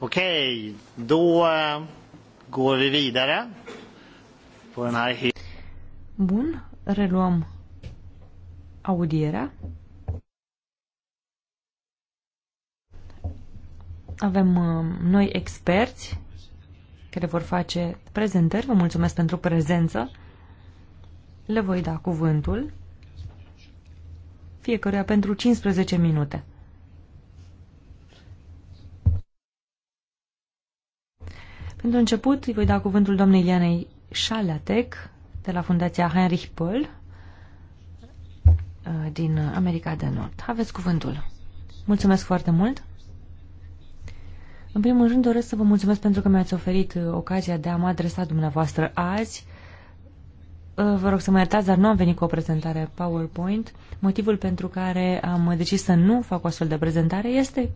Okej, då eh, går vi vidare på den här... Bun, reluăm audierea. Avem eh, noi experți care vor face prezentări. Vă mulțumesc pentru prezență. Le voi da cuvântul fiecăruia pentru 15 minute. Pentru început îi voi da cuvântul doamnei Ilianei Șalatec de la Fundația Heinrich Paul uh, din America de Nord. Aveți cuvântul. Mulțumesc foarte mult! În primul rând doresc să vă mulțumesc pentru că mi-ați oferit uh, ocazia de a mă adresa dumneavoastră azi. Uh, vă rog să mă iertați, dar nu am venit cu o prezentare PowerPoint. Motivul pentru care am decis să nu fac o astfel de prezentare este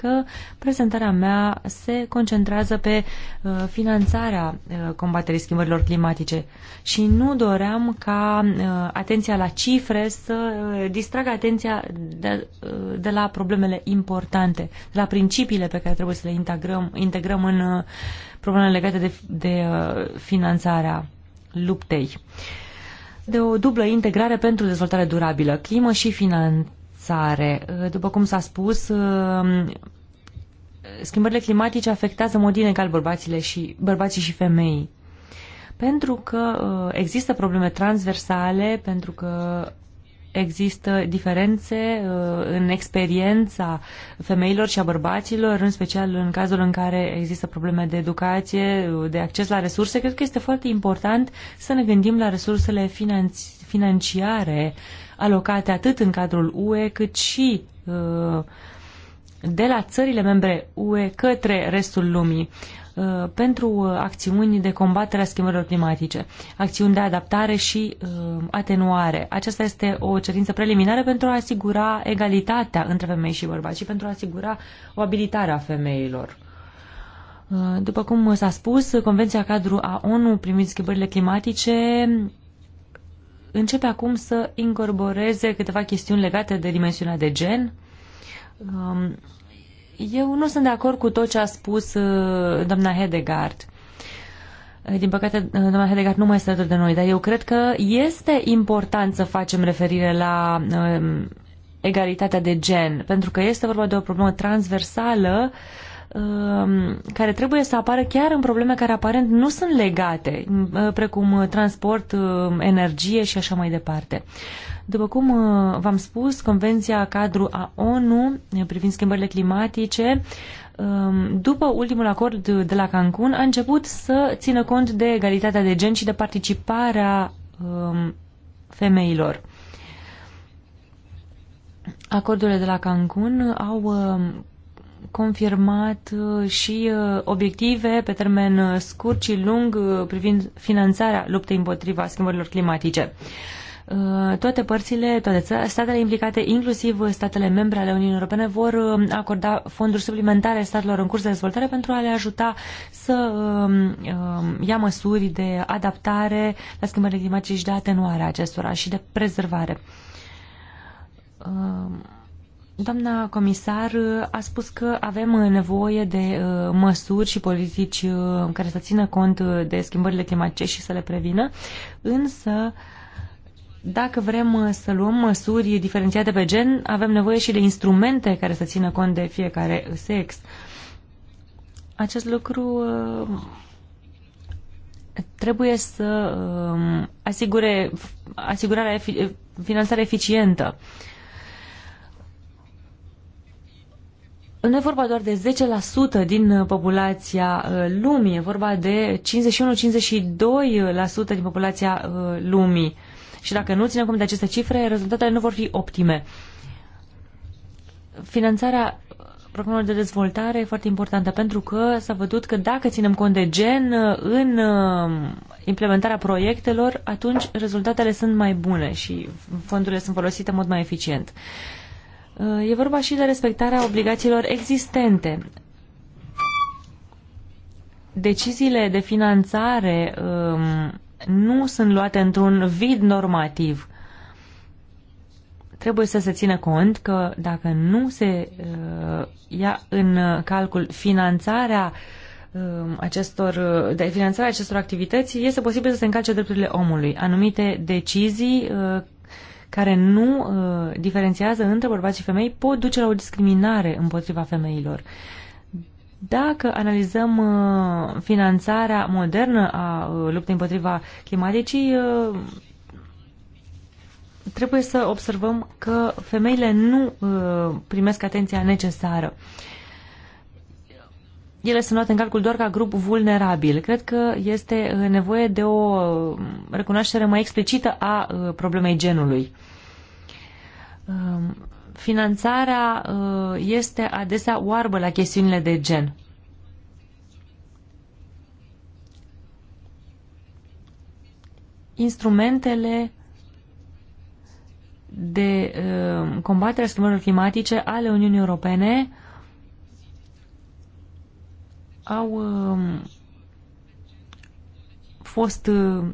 că prezentarea mea se concentrează pe uh, finanțarea uh, combaterii schimbărilor climatice și nu doream ca uh, atenția la cifre să distragă atenția de, de la problemele importante, de la principiile pe care trebuie să le integrăm, integrăm în problemele legate de, de finanțarea luptei de o dublă integrare pentru dezvoltare durabilă, climă și finanță necesare. După cum s-a spus, uh, schimbările climatice afectează în mod inegal bărbații și, bărbații și femeii. Pentru că uh, există probleme transversale, pentru că există diferențe uh, în experiența femeilor și a bărbaților, în special în cazul în care există probleme de educație, de acces la resurse. Cred că este foarte important să ne gândim la resursele financiare alocate atât în cadrul UE cât și uh, de la țările membre UE către restul lumii uh, pentru uh, acțiuni de combatere a schimbărilor climatice, acțiuni de adaptare și atenuare. Aceasta este o cerință preliminară pentru a asigura egalitatea între femei și bărbați și pentru a asigura o abilitare a femeilor. După cum s-a spus, Convenția Cadru a ONU privind schimbările climatice începe acum să incorporeze câteva chestiuni legate de dimensiunea de gen. Um, eu nu sunt de acord cu tot ce a spus uh, doamna Hedegaard. Uh, din păcate, uh, doamna Hedegaard nu mai este alături de noi, dar eu cred că este important să facem referire la um, egalitatea de gen, pentru că este vorba de o problemă transversală uh, Um, care trebuie să apară chiar în probleme care aparent nu sunt legate, um, uh, precum uh, transport, um, energie și așa mai departe. După cum uh, v-am spus, Convenția Cadru a ONU privind schimbările climatice după ultimul acord de la Cancun a început să țină cont de egalitatea de gen și de participarea femeilor. Acordurile de la Cancun au confirmat uh, și uh, obiective pe termen uh, scurt și lung privind finanțarea luptei împotriva schimbărilor climatice. Toate părțile, toate statele implicate, inclusiv statele membre ale Uniunii Europene, vor acorda fonduri suplimentare statelor în curs de dezvoltare pentru a le ajuta să um, um, ia măsuri de adaptare la schimbările climatice și de atenuare a acestora și de prezervare. Um Doamna comisar a spus că avem nevoie de uh, măsuri și politici uh, care să țină cont de schimbările climatice și să le prevină, însă dacă vrem uh, să luăm măsuri diferențiate pe gen, avem nevoie și de instrumente care să țină cont de fiecare sex. Acest lucru trebuie să um, asigure asigurarea finanțare eficientă. nu e vorba doar de 10% din uh, populația uh, lumii, e vorba de 51-52% din populația uh, lumii. Și dacă nu ținem cont de aceste cifre, rezultatele nu vor fi optime. Finanțarea programelor de dezvoltare e foarte importantă pentru că s-a văzut că dacă ținem cont de gen în implementarea proiectelor, atunci rezultatele sunt mai bune și fondurile sunt folosite în mod mai eficient. Uh, e vorba și de respectarea obligațiilor existente. Deciziile de finanțare um, nu sunt luate într-un vid normativ. Trebuie să se țină cont că dacă nu se uh, ia în calcul finanțarea um, uh, acestor, de finanțarea acestor activități, este posibil să se încalce drepturile omului. Anumite decizii uh, care nu uh, diferențiază între bărbați și femei pot duce la o discriminare împotriva femeilor. Dacă analizăm uh, finanțarea modernă a uh, luptei împotriva climaticii, uh, trebuie să observăm că femeile nu uh, primesc atenția necesară. Uh, ele sunt luate în calcul doar ca grup vulnerabil. Cred că este uh, nevoie de o mm, recunoaștere mai explicită a uh, problemei genului. Um, finanțarea uh, este adesea oarbă la chestiunile de gen. Instrumentele de combatere a schimbărilor climatice ale Uniunii Europene au um, fost uh,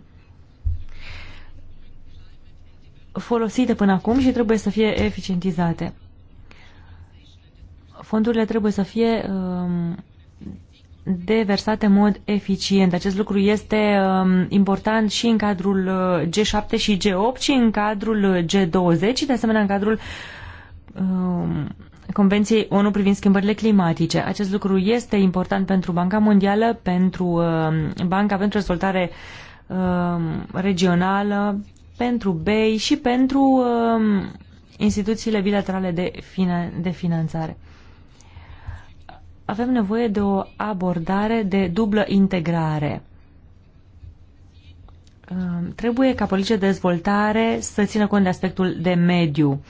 folosite până acum și trebuie să fie eficientizate. Fondurile trebuie să fie um, deversate în mod eficient. Acest lucru este um, important și în cadrul uh, G7 și G8 și în cadrul uh, G20 și de asemenea în cadrul Convenției ONU privind schimbările climatice. Acest lucru este important pentru Banca Mondială, pentru uh, Banca pentru Dezvoltare uh, Regională, pentru BEI și pentru uh, instituțiile bilaterale de, finan- de finanțare. Avem nevoie de o abordare de dublă integrare. Trebuie ca politica de dezvoltare să țină cont de aspectul de mediu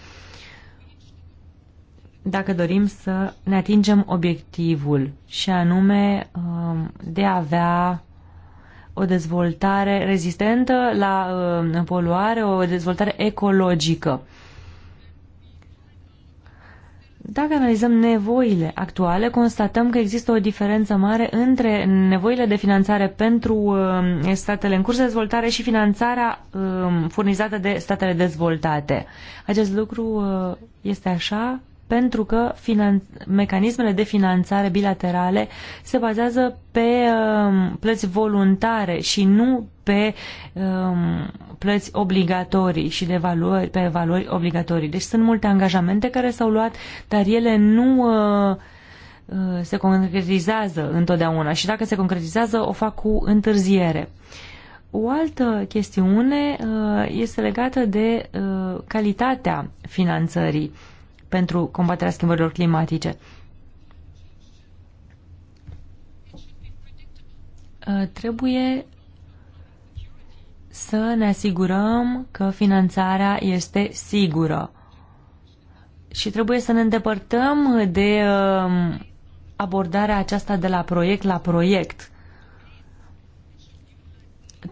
dacă dorim să ne atingem obiectivul și anume um, de a avea o dezvoltare rezistentă la um, poluare, o dezvoltare ecologică. Dacă analizăm nevoile actuale, constatăm că există o diferență mare între nevoile de finanțare pentru um, statele în curs de dezvoltare și finanțarea furnizată de statele dezvoltate. Acest lucru uh, este așa pentru că mecanismele de finanțare bilaterale se bazează pe um, plăți voluntare și nu pe um, plăți obligatorii și de valori, pe valori obligatorii. Deci sunt multe angajamente care s-au luat, dar ele nu uh, uh, se concretizează întotdeauna și dacă se concretizează, o fac cu întârziere. O altă chestiune uh, este legată de uh, calitatea finanțării pentru combaterea schimbărilor climatice. Uh, trebuie să ne asigurăm că finanțarea este sigură și trebuie să ne îndepărtăm de uh, abordarea aceasta de la proiect la proiect.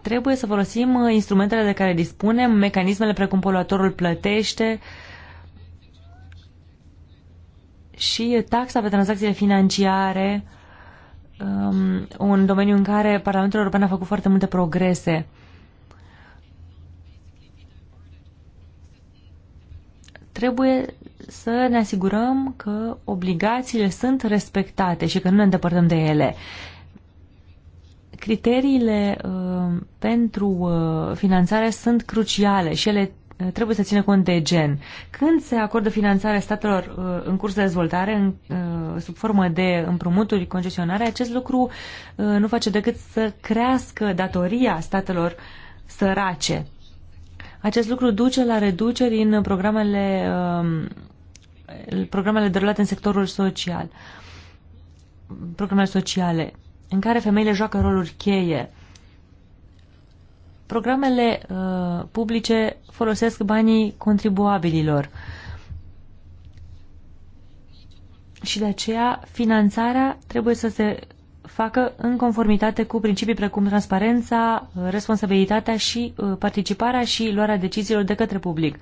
Trebuie să folosim uh, instrumentele de care dispunem, mecanismele precum poluatorul plătește, uh, și taxa pe tranzacțiile financiare, um, un domeniu în care Parlamentul European a făcut foarte multe progrese. Trebuie să ne asigurăm că obligațiile sunt respectate și că nu ne îndepărtăm de ele. Criteriile uh, pentru uh, finanțare sunt cruciale și ele Eh, trebuie să țină cont de gen. Când se acordă finanțare statelor eh, în curs de dezvoltare, în, eh, sub formă de împrumuturi concesionare, acest lucru nu face decât să crească datoria statelor sărace. Acest lucru duce la reduceri în programele, programele derulate în sectorul social, programele sociale, în care femeile joacă roluri cheie programele uh, publice folosesc banii contribuabililor. Și de aceea finanțarea trebuie să se facă în conformitate cu principii precum transparența, responsabilitatea și uh, participarea și luarea deciziilor de către public.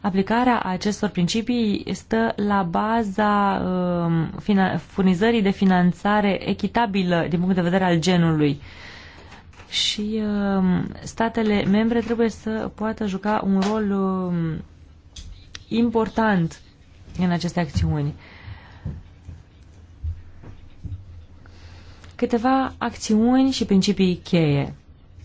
Aplicarea acestor principii stă la baza uh, furnizării de finanțare echitabilă din punct de vedere al genului. Uh, și um, statele membre trebuie să poată juca un rol um, important în aceste acțiuni. Câteva acțiuni și principii cheie.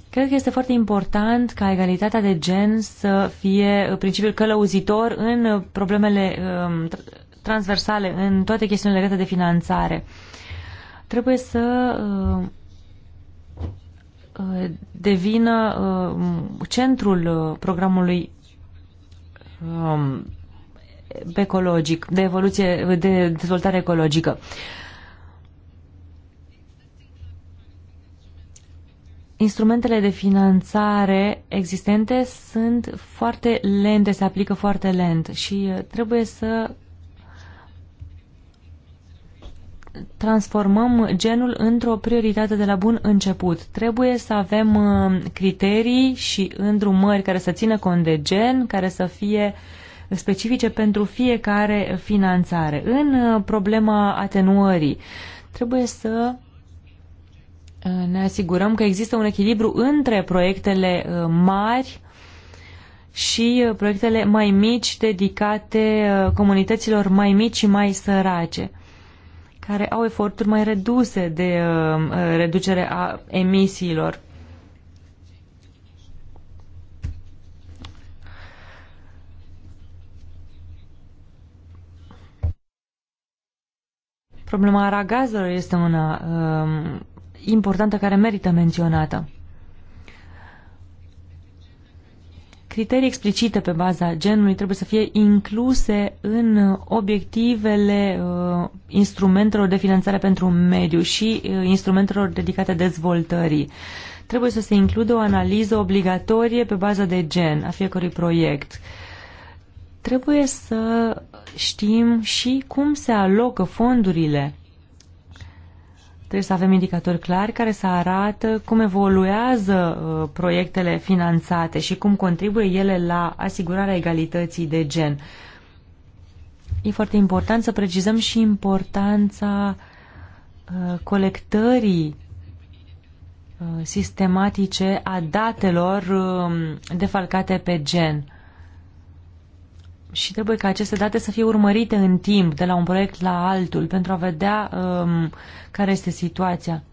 Cred că este foarte important ca egalitatea de gen să fie principiul călăuzitor în problemele um, transversale, în toate chestiunile legate de finanțare. Trebuie să Uh, devină uh, centrul uh, programului um, ecologic, de evoluție, de dezvoltare ecologică. Instrumentele de finanțare existente sunt foarte lente, se aplică foarte lent și trebuie să transformăm genul într-o prioritate de la bun început. Trebuie să avem uh, criterii și îndrumări care să țină cont de gen, care să fie specifice pentru fiecare finanțare. În uh, problema atenuării, trebuie să uh, ne asigurăm că există un echilibru între proiectele mari și proiectele mai mici dedicate comunităților mai mici și mai sărace care au eforturi mai reduse de uh, uh reducere a emisiilor. Problema aragazelor este una uh, importantă care merită menționată. criterii explicite pe baza genului trebuie să fie incluse în obiectivele uh, instrumentelor de finanțare pentru mediu și uh, instrumentelor dedicate dezvoltării. Trebuie să se includă o analiză obligatorie pe baza de gen a fiecărui proiect. Trebuie să știm și cum se alocă fondurile Trebuie să avem indicatori clari care să arată cum evoluează uh, proiectele finanțate și cum contribuie ele la asigurarea egalității de gen. E foarte important să precizăm și importanța uh, colectării uh, sistematice a datelor um, defalcate pe gen și trebuie ca aceste date să fie urmărite în timp, de la un proiect la altul, pentru a vedea um, care este situația.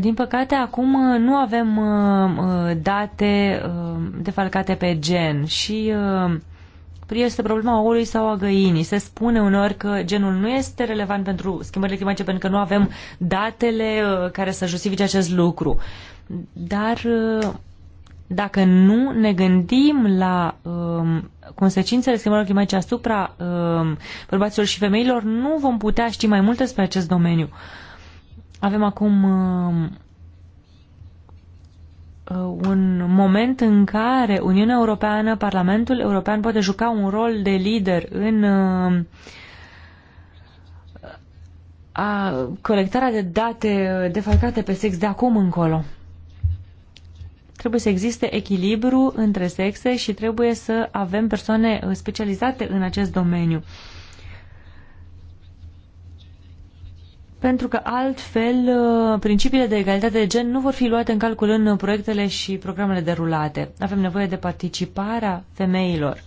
Din păcate, acum uh, nu avem uh, uh date uh, defalcate pe gen și uh, este problema oului sau a găinii. Se spune uneori că genul nu este relevant pentru schimbările climatice pentru că nu avem datele uh, care să justifice acest lucru. Dar uh, dacă nu ne gândim la um, consecințele schimbărilor climatice asupra um, bărbaților și femeilor, nu vom putea ști mai multe despre acest domeniu. Avem acum um, uh, un moment în care Uniunea Europeană, Parlamentul European poate juca un rol de lider în um, a colectarea de date defalcate pe sex de acum încolo. Trebuie să existe echilibru între sexe și trebuie să avem persoane uh, specializate în acest domeniu. Pentru că altfel uh, principiile de egalitate de gen nu vor fi luate în calcul în proiectele și programele derulate. Avem nevoie de participarea femeilor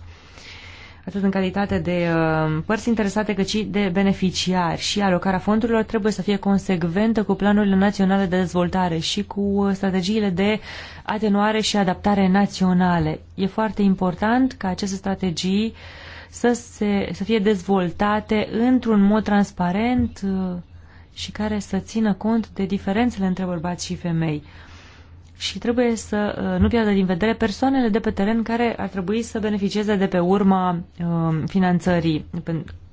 atât în calitate de uh, părți interesate, cât și de beneficiari și alocarea fondurilor trebuie să fie consecventă cu planurile naționale de dezvoltare și cu uh, strategiile de atenuare și adaptare naționale. E foarte important ca aceste strategii să, se, să fie dezvoltate într-un mod transparent uh, și care să țină cont de diferențele între bărbați și femei și trebuie să uh, nu piardă din vedere persoanele de pe teren care ar trebui să beneficieze de pe urma um, finanțării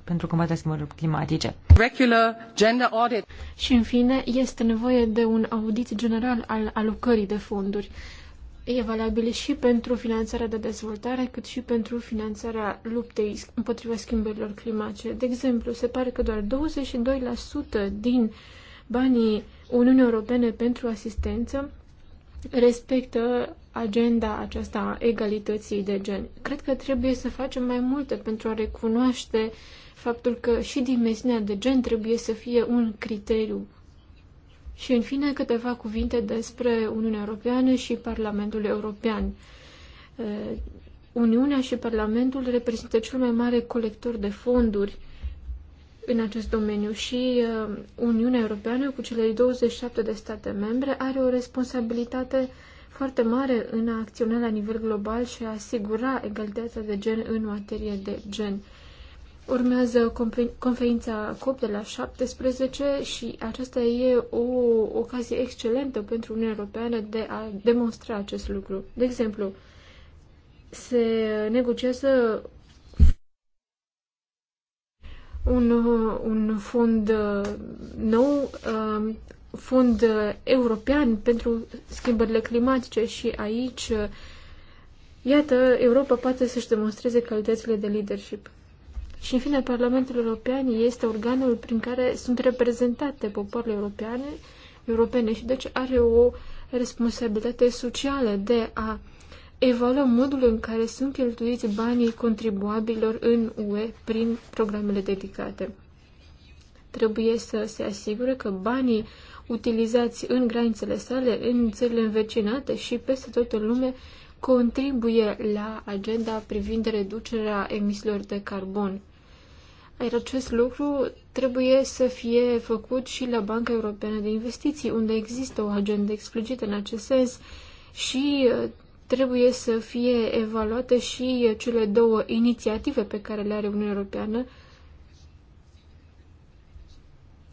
pentru combaterea schimbărilor climatice. Regular gender audit. Și în fine, este nevoie de un audit general al alocării de fonduri. E valabil și pentru finanțarea de dezvoltare, cât și pentru finanțarea luptei împotriva schimbărilor climatice. De exemplu, se pare că doar 22% din banii Uniunii Europene pentru asistență respectă agenda aceasta a egalității de gen. Cred că trebuie să facem mai multe pentru a recunoaște faptul că și dimensiunea de gen trebuie să fie un criteriu. Și în fine câteva cuvinte despre Uniunea Europeană și Parlamentul European. Eh, Uniunea și Parlamentul reprezintă cel mai mare colector de fonduri în acest domeniu și uh, Uniunea Europeană cu cele 27 de state membre are o responsabilitate foarte mare în a acționa la nivel global și a asigura egalitatea de gen în materie de gen. Urmează conferința COP de la 17 și aceasta e o ocazie excelentă pentru Uniunea Europeană de a demonstra acest lucru. De exemplu, se negociază un, un fond uh, nou, uh, fond uh, european pentru schimbările climatice și aici, iată, Europa poate să-și demonstreze calitățile de leadership. Și, în fine, Parlamentul European este organul prin care sunt reprezentate popoarele europeane, europene și deci are o responsabilitate socială de a uh, evaluăm modul în care sunt cheltuiți banii contribuabilor în UE prin programele dedicate. Trebuie să se asigure că banii utilizați în granițele sale, în țările învecinate și peste tot în lume, contribuie la agenda privind reducerea emisiilor de carbon. Iar acest lucru trebuie să fie făcut și la Banca Europeană de Investiții, unde există o agendă explicită în acest sens și trebuie să fie evaluate și cele două inițiative pe care le are Uniunea Europeană,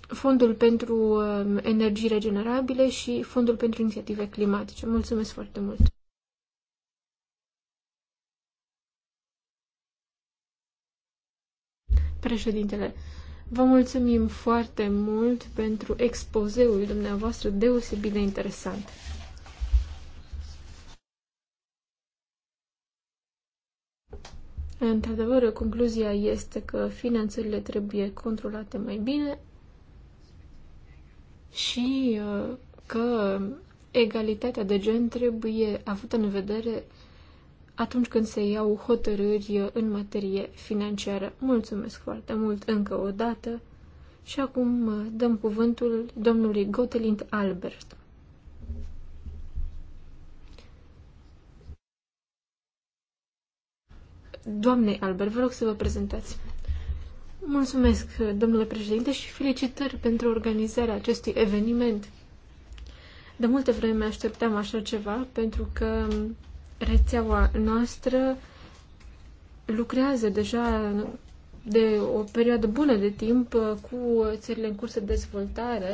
Fondul pentru um, Energii Regenerabile și Fondul pentru Inițiative Climatice. Mulțumesc foarte mult! Președintele, vă mulțumim foarte mult pentru expozeul dumneavoastră deosebit de interesant. Într-adevăr, concluzia este că finanțările trebuie controlate mai bine și uh, că egalitatea de gen trebuie avută în vedere atunci când se iau hotărâri în materie financiară. Mulțumesc foarte mult încă o dată și acum uh, dăm cuvântul domnului Gotelind Albert. Doamne Albert, vă rog să vă prezentați. Mulțumesc, domnule președinte, și felicitări pentru organizarea acestui eveniment. De multe vreme așteptam așa ceva, pentru că rețeaua noastră lucrează deja de o perioadă bună de timp uh, cu țările în curs de dezvoltare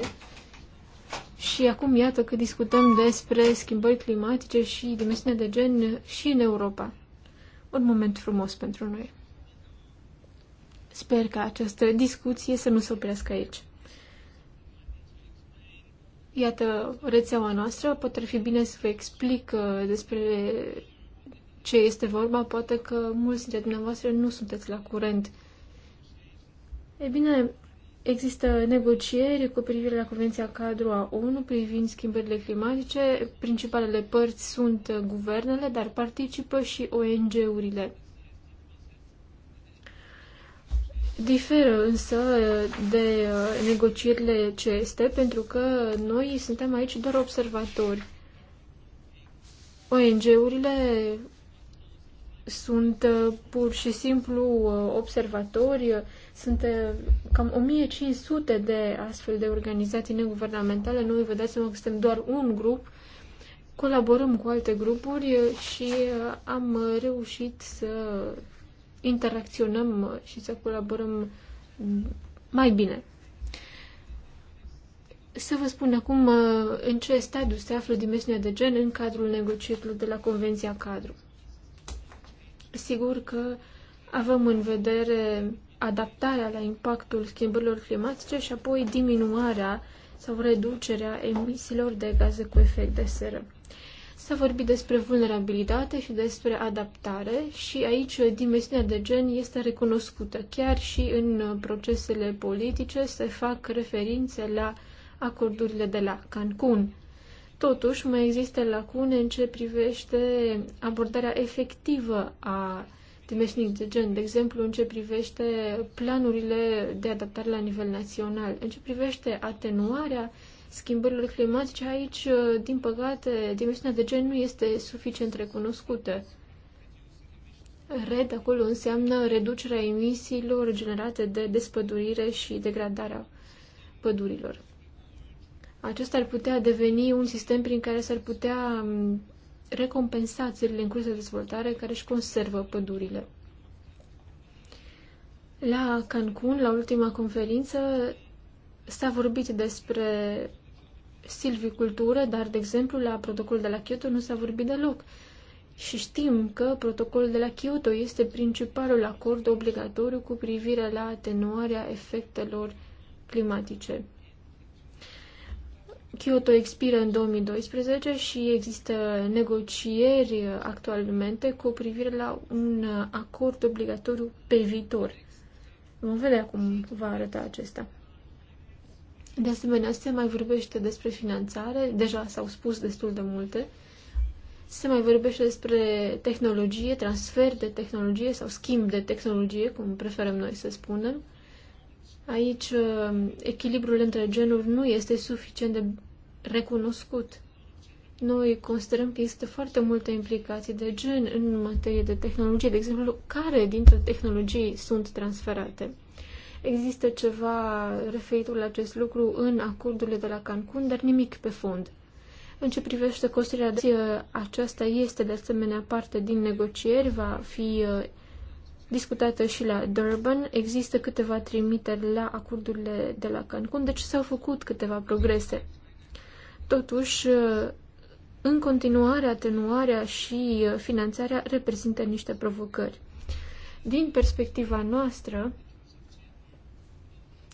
și acum iată că discutăm despre schimbări climatice și dimensiunea de gen și în Europa un moment frumos pentru noi. Sper că această discuție să nu se oprească aici. Iată rețeaua noastră, poate ar fi bine să vă explic uh, despre ce este vorba, poate că mulți dintre dumneavoastră nu sunteți la curent. E bine, Există negocieri cu privire la Convenția Cadru a ONU privind schimbările climatice. Principalele părți sunt guvernele, dar participă și ONG-urile. Diferă însă de uh, negocierile ce este, pentru că noi suntem aici doar observatori. ONG-urile sunt uh, pur și simplu uh, observatori sunt eh, cam 1500 de astfel de organizații neguvernamentale. Noi vă dați seama că suntem doar un grup. Colaborăm cu alte grupuri eh, și eh, am reușit să interacționăm și să colaborăm mm, mai bine. Să vă spun acum în ce stadiu se află dimensiunea de gen în cadrul negocierilor de la Convenția Cadru. Sigur că avem în vedere adaptarea la impactul schimbărilor climatice și apoi diminuarea sau reducerea emisiilor de gaze cu efect de seră. S-a vorbit despre vulnerabilitate și despre adaptare și aici dimensiunea de gen este recunoscută. Chiar și în procesele politice se fac referințe la acordurile de la Cancun. Totuși, mai există lacune în ce privește abordarea efectivă a temesnic de gen, de exemplu, în ce privește planurile de adaptare la nivel național, în ce privește atenuarea schimbărilor climatice, aici, uh, din păcate, dimensiunea de gen nu este suficient recunoscută. RED acolo înseamnă reducerea emisiilor generate de despădurire și degradarea pădurilor. Acesta ar putea deveni un sistem prin care s-ar putea mm, recompensa țările în curs de dezvoltare care își conservă pădurile. La Cancun, la ultima conferință, s-a vorbit despre silvicultură, dar, de exemplu, la protocolul de la Kyoto nu s-a vorbit deloc. Și știm că protocolul de la Kyoto este principalul acord obligatoriu cu privire la atenuarea efectelor climatice. Kyoto expiră în 2012 și există negocieri actualmente cu privire la un acord obligatoriu pe viitor. Vom vedea cum va arăta acesta. De asemenea, se mai vorbește despre finanțare, deja s-au spus destul de multe. Se mai vorbește despre tehnologie, transfer de tehnologie sau schimb de tehnologie, cum preferăm noi să spunem. Aici uh, echilibrul între genuri nu este suficient de recunoscut. Noi considerăm că există foarte multe implicații de gen în materie de tehnologie, de exemplu, care dintre tehnologii sunt transferate. Există ceva referitor la acest lucru în acordurile de la Cancun, dar nimic pe fond. În ce privește costurile, aceasta este de asemenea parte din negocieri, va fi uh, discutată și la Durban. Există câteva trimiteri la acordurile de la Cancun, deci s-au făcut câteva progrese. Totuși, în continuare, atenuarea și finanțarea reprezintă niște provocări. Din perspectiva noastră,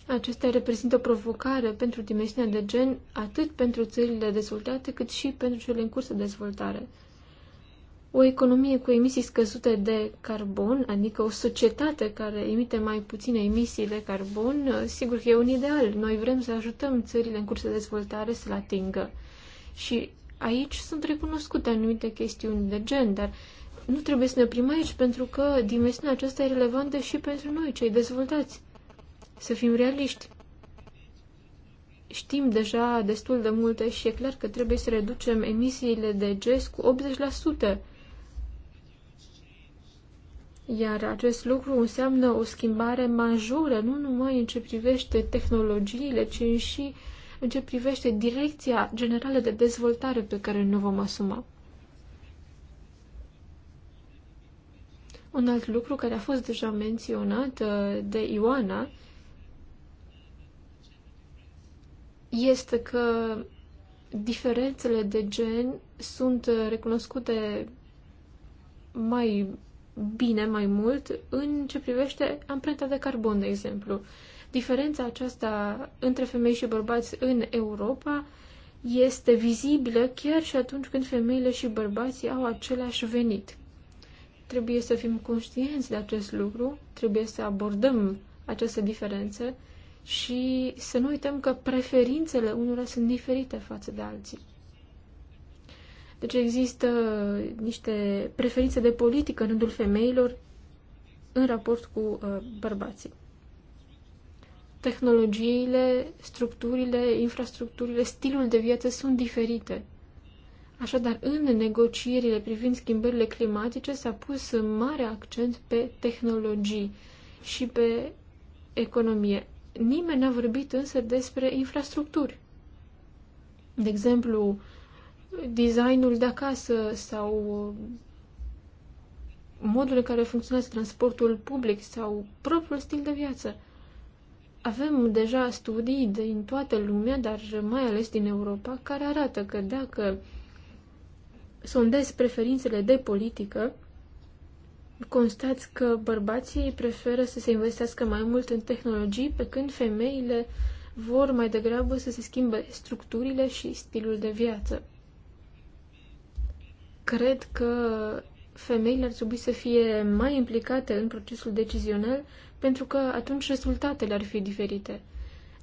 acestea reprezintă o provocare pentru dimensiunea de gen atât pentru țările dezvoltate cât și pentru cele în curs de dezvoltare o economie cu emisii scăzute de carbon, adică o societate care emite mai puține emisii de carbon, uh, sigur că e un ideal. Noi vrem să ajutăm țările în curs de dezvoltare să-l atingă. Și aici sunt recunoscute anumite chestiuni de gen, dar nu trebuie să ne oprim aici, pentru că dimensiunea aceasta e relevantă și pentru noi, cei dezvoltați. Să fim realiști. Știm deja destul de multe și e clar că trebuie să reducem emisiile de GES cu 80%. Iar acest lucru înseamnă o schimbare majoră, nu numai în ce privește tehnologiile, ci și în ce privește direcția generală de dezvoltare pe care nu vom asuma. Un alt lucru care a fost deja menționat uh, de Ioana este că diferențele de gen sunt recunoscute mai bine mai mult în ce privește amprenta de carbon, de exemplu. Diferența aceasta între femei și bărbați în Europa este vizibilă chiar și atunci când femeile și bărbații au același venit. Trebuie să fim conștienți de acest lucru, trebuie să abordăm această diferență și să nu uităm că preferințele unora sunt diferite față de alții. Deci există niște preferințe de politică în rândul femeilor în raport cu uh, bărbații. Tehnologiile, structurile, infrastructurile, stilul de viață sunt diferite. Așadar, în negocierile privind schimbările climatice s-a pus mare accent pe tehnologii și pe economie. Nimeni n-a vorbit însă despre infrastructuri. De exemplu, uh, designul de acasă sau modul în care funcționează transportul public sau propriul stil de viață. Avem deja studii din toată lumea, dar mai ales din Europa, care arată că dacă sondezi preferințele de politică, constați că bărbații preferă să se investească mai mult în tehnologii, pe când femeile vor mai degrabă să se schimbe structurile și stilul de viață. Cred că femeile ar trebui să fie mai implicate în procesul decizional, pentru că atunci rezultatele ar fi diferite.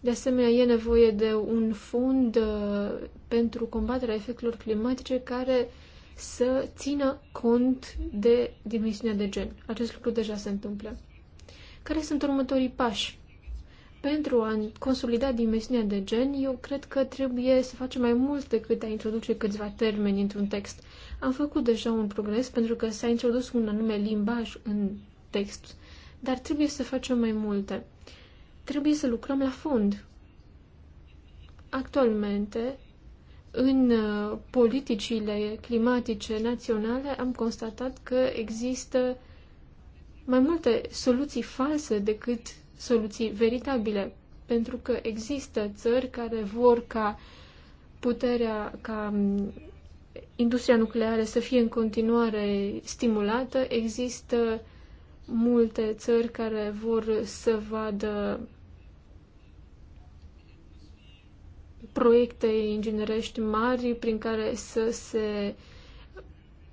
De asemenea, e nevoie de un fond uh, pentru combaterea efectelor climatice care să țină cont de dimensiunea de gen. Acest lucru deja se întâmplă. Care sunt următorii pași? Pentru a consolida dimensiunea de gen, eu cred că trebuie să facem mai mult decât a introduce câțiva termeni într-un text. Am făcut deja un progres pentru că s-a introdus un anume limbaj în text, dar trebuie să facem mai multe. Trebuie să lucrăm la fond. Actualmente, în uh, politicile climatice naționale am constatat că există mai multe soluții false decât soluții veritabile, pentru că există țări care vor ca puterea, ca industria nucleară să fie în continuare stimulată. Există multe țări care vor să vadă proiecte inginerești mari prin care să se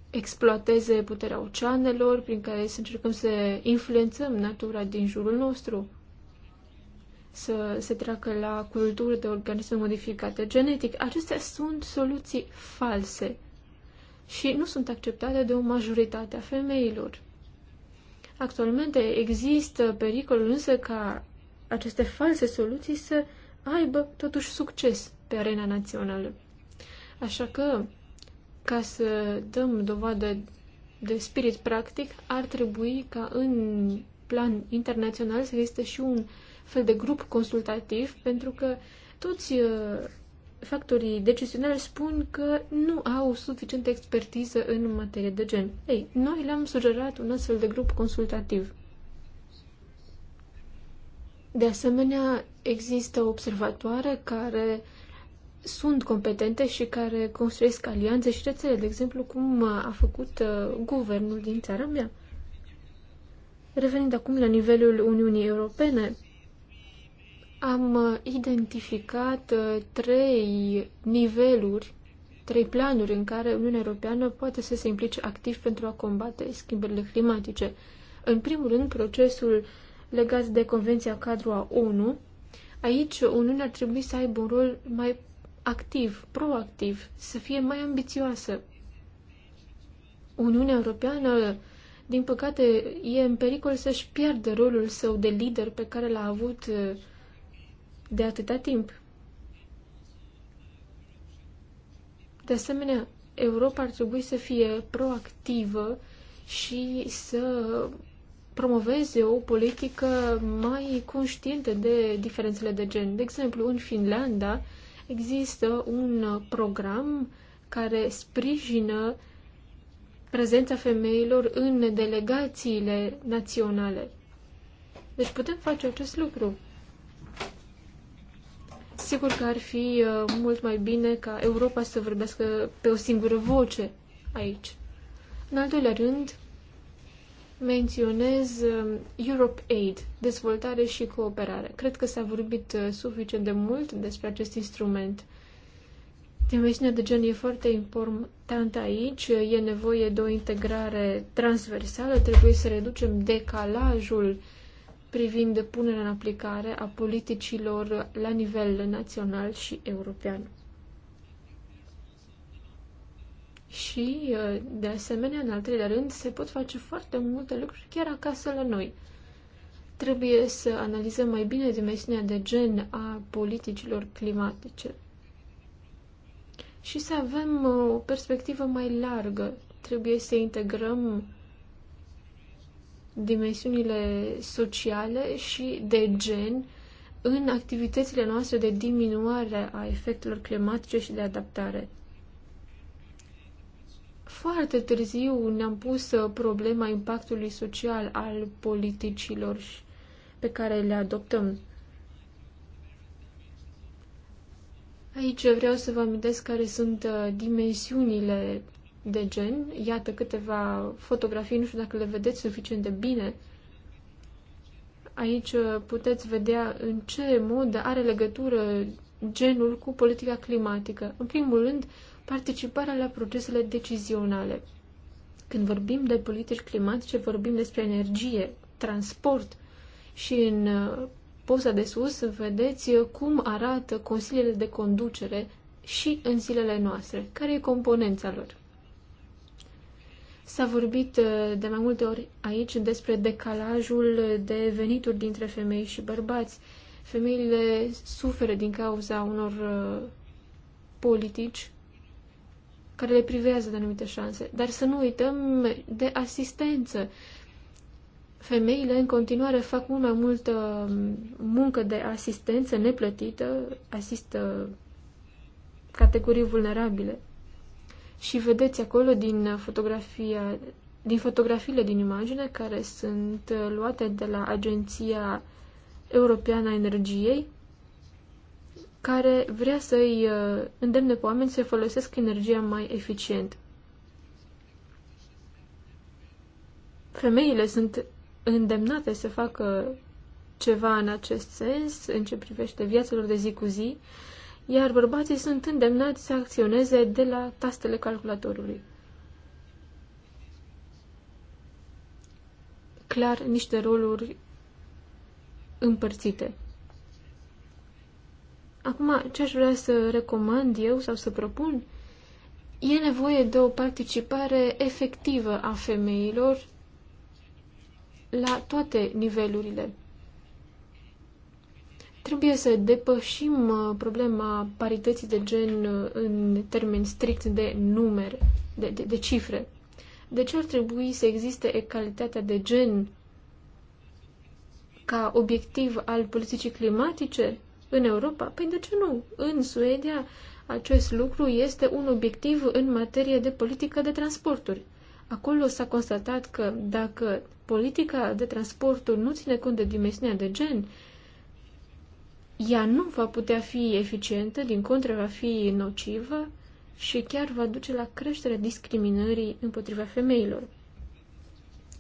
exploateze puterea oceanelor, prin care să încercăm să influențăm natura din jurul nostru, să se treacă la culturi de organisme modificate genetic. Acestea sunt soluții false și nu sunt acceptate de o majoritate a femeilor. Actualmente există pericolul însă ca aceste false soluții să aibă totuși succes pe arena națională. Așa că, ca să dăm dovadă de spirit practic, ar trebui ca în plan internațional să existe și un fel de grup consultativ, pentru că toți uh, factorii decisionale spun că nu au suficientă expertiză în materie de gen. Ei, noi le-am sugerat un astfel de grup consultativ. De asemenea, există observatoare care sunt competente și care construiesc alianțe și rețele, de exemplu, cum a făcut uh, guvernul din țara mea. Revenind acum la nivelul Uniunii Europene, am uh, identificat uh, trei niveluri, trei planuri în care Uniunea Europeană poate să se implice activ pentru a combate schimbările climatice. În primul rând, procesul legat de Convenția Cadru a ONU. Aici, Uniunea ar trebui să aibă un rol mai activ, proactiv, să fie mai ambițioasă. Uniunea Europeană, din păcate, e în pericol să-și piardă rolul său de lider pe care l-a avut uh, de atâta timp. De asemenea, Europa ar trebui să fie proactivă și să promoveze o politică mai conștientă de diferențele de gen. De exemplu, în Finlanda există un program care sprijină prezența femeilor în delegațiile naționale. Deci putem face acest lucru. Sigur că ar fi uh, mult mai bine ca Europa să vorbească pe o singură voce aici. În al doilea rând, menționez uh, Europe Aid, dezvoltare și cooperare. Cred că s-a vorbit uh, suficient de mult despre acest instrument. Dimensiunea de gen e foarte importantă aici, e nevoie de o integrare transversală, trebuie să reducem decalajul uh, privind depunerea în aplicare a politicilor la nivel național și european. Și, uh, de asemenea, în al treilea rând, se pot face foarte multe lucruri chiar acasă la noi. Trebuie să analizăm mai bine dimensiunea de gen a politicilor climatice și să avem uh, o perspectivă mai largă. Trebuie să integrăm dimensiunile sociale și de gen în activitățile noastre de diminuare a efectelor climatice și de adaptare. Foarte târziu ne-am pus uh, problema impactului social al politicilor pe care le adoptăm. Aici vreau să vă amintesc care sunt uh, dimensiunile de gen. Iată câteva fotografii, nu știu dacă le vedeți suficient de bine. Aici uh, puteți vedea în ce mod are legătură genul cu politica climatică. În primul rând, participarea la procesele decizionale. Când vorbim de politici climatice, vorbim despre energie, transport și în uh, poza de sus vedeți uh, cum arată consiliile de conducere și în zilele noastre, care e componența lor. S-a vorbit uh, de mai multe ori aici despre decalajul de venituri dintre femei și bărbați. Femeile suferă din cauza unor uh, politici care le privează de anumite șanse. Dar să nu uităm de asistență. Femeile în continuare fac mult mai multă um, muncă de asistență neplătită, asistă categorii vulnerabile. Și vedeți acolo din fotografia din fotografiile din imagine care sunt uh, luate de la Agenția Europeană a Energiei, care vrea să îi uh, îndemne pe oameni să folosească energia mai eficient. Femeile sunt îndemnate să facă ceva în acest sens, în ce privește viața lor de zi cu zi, iar bărbații sunt îndemnați să acționeze de la tastele calculatorului. Clar, niște roluri împărțite. Acum, ce aș vrea să recomand eu sau să propun? E nevoie de o participare efectivă a femeilor la toate nivelurile. Trebuie să depășim uh, problema parității de gen uh, în termeni strict de numere, de, de, de cifre. De ce ar trebui să existe egalitatea de gen ca obiectiv al politicii climatice în Europa? Păi de ce nu? În Suedia acest lucru este un obiectiv în materie de politică de transporturi. Acolo s-a constatat că dacă politica de transporturi nu ține cont de dimensiunea de gen, ea nu va putea fi eficientă, din contră va fi nocivă și chiar va duce la creșterea discriminării împotriva femeilor.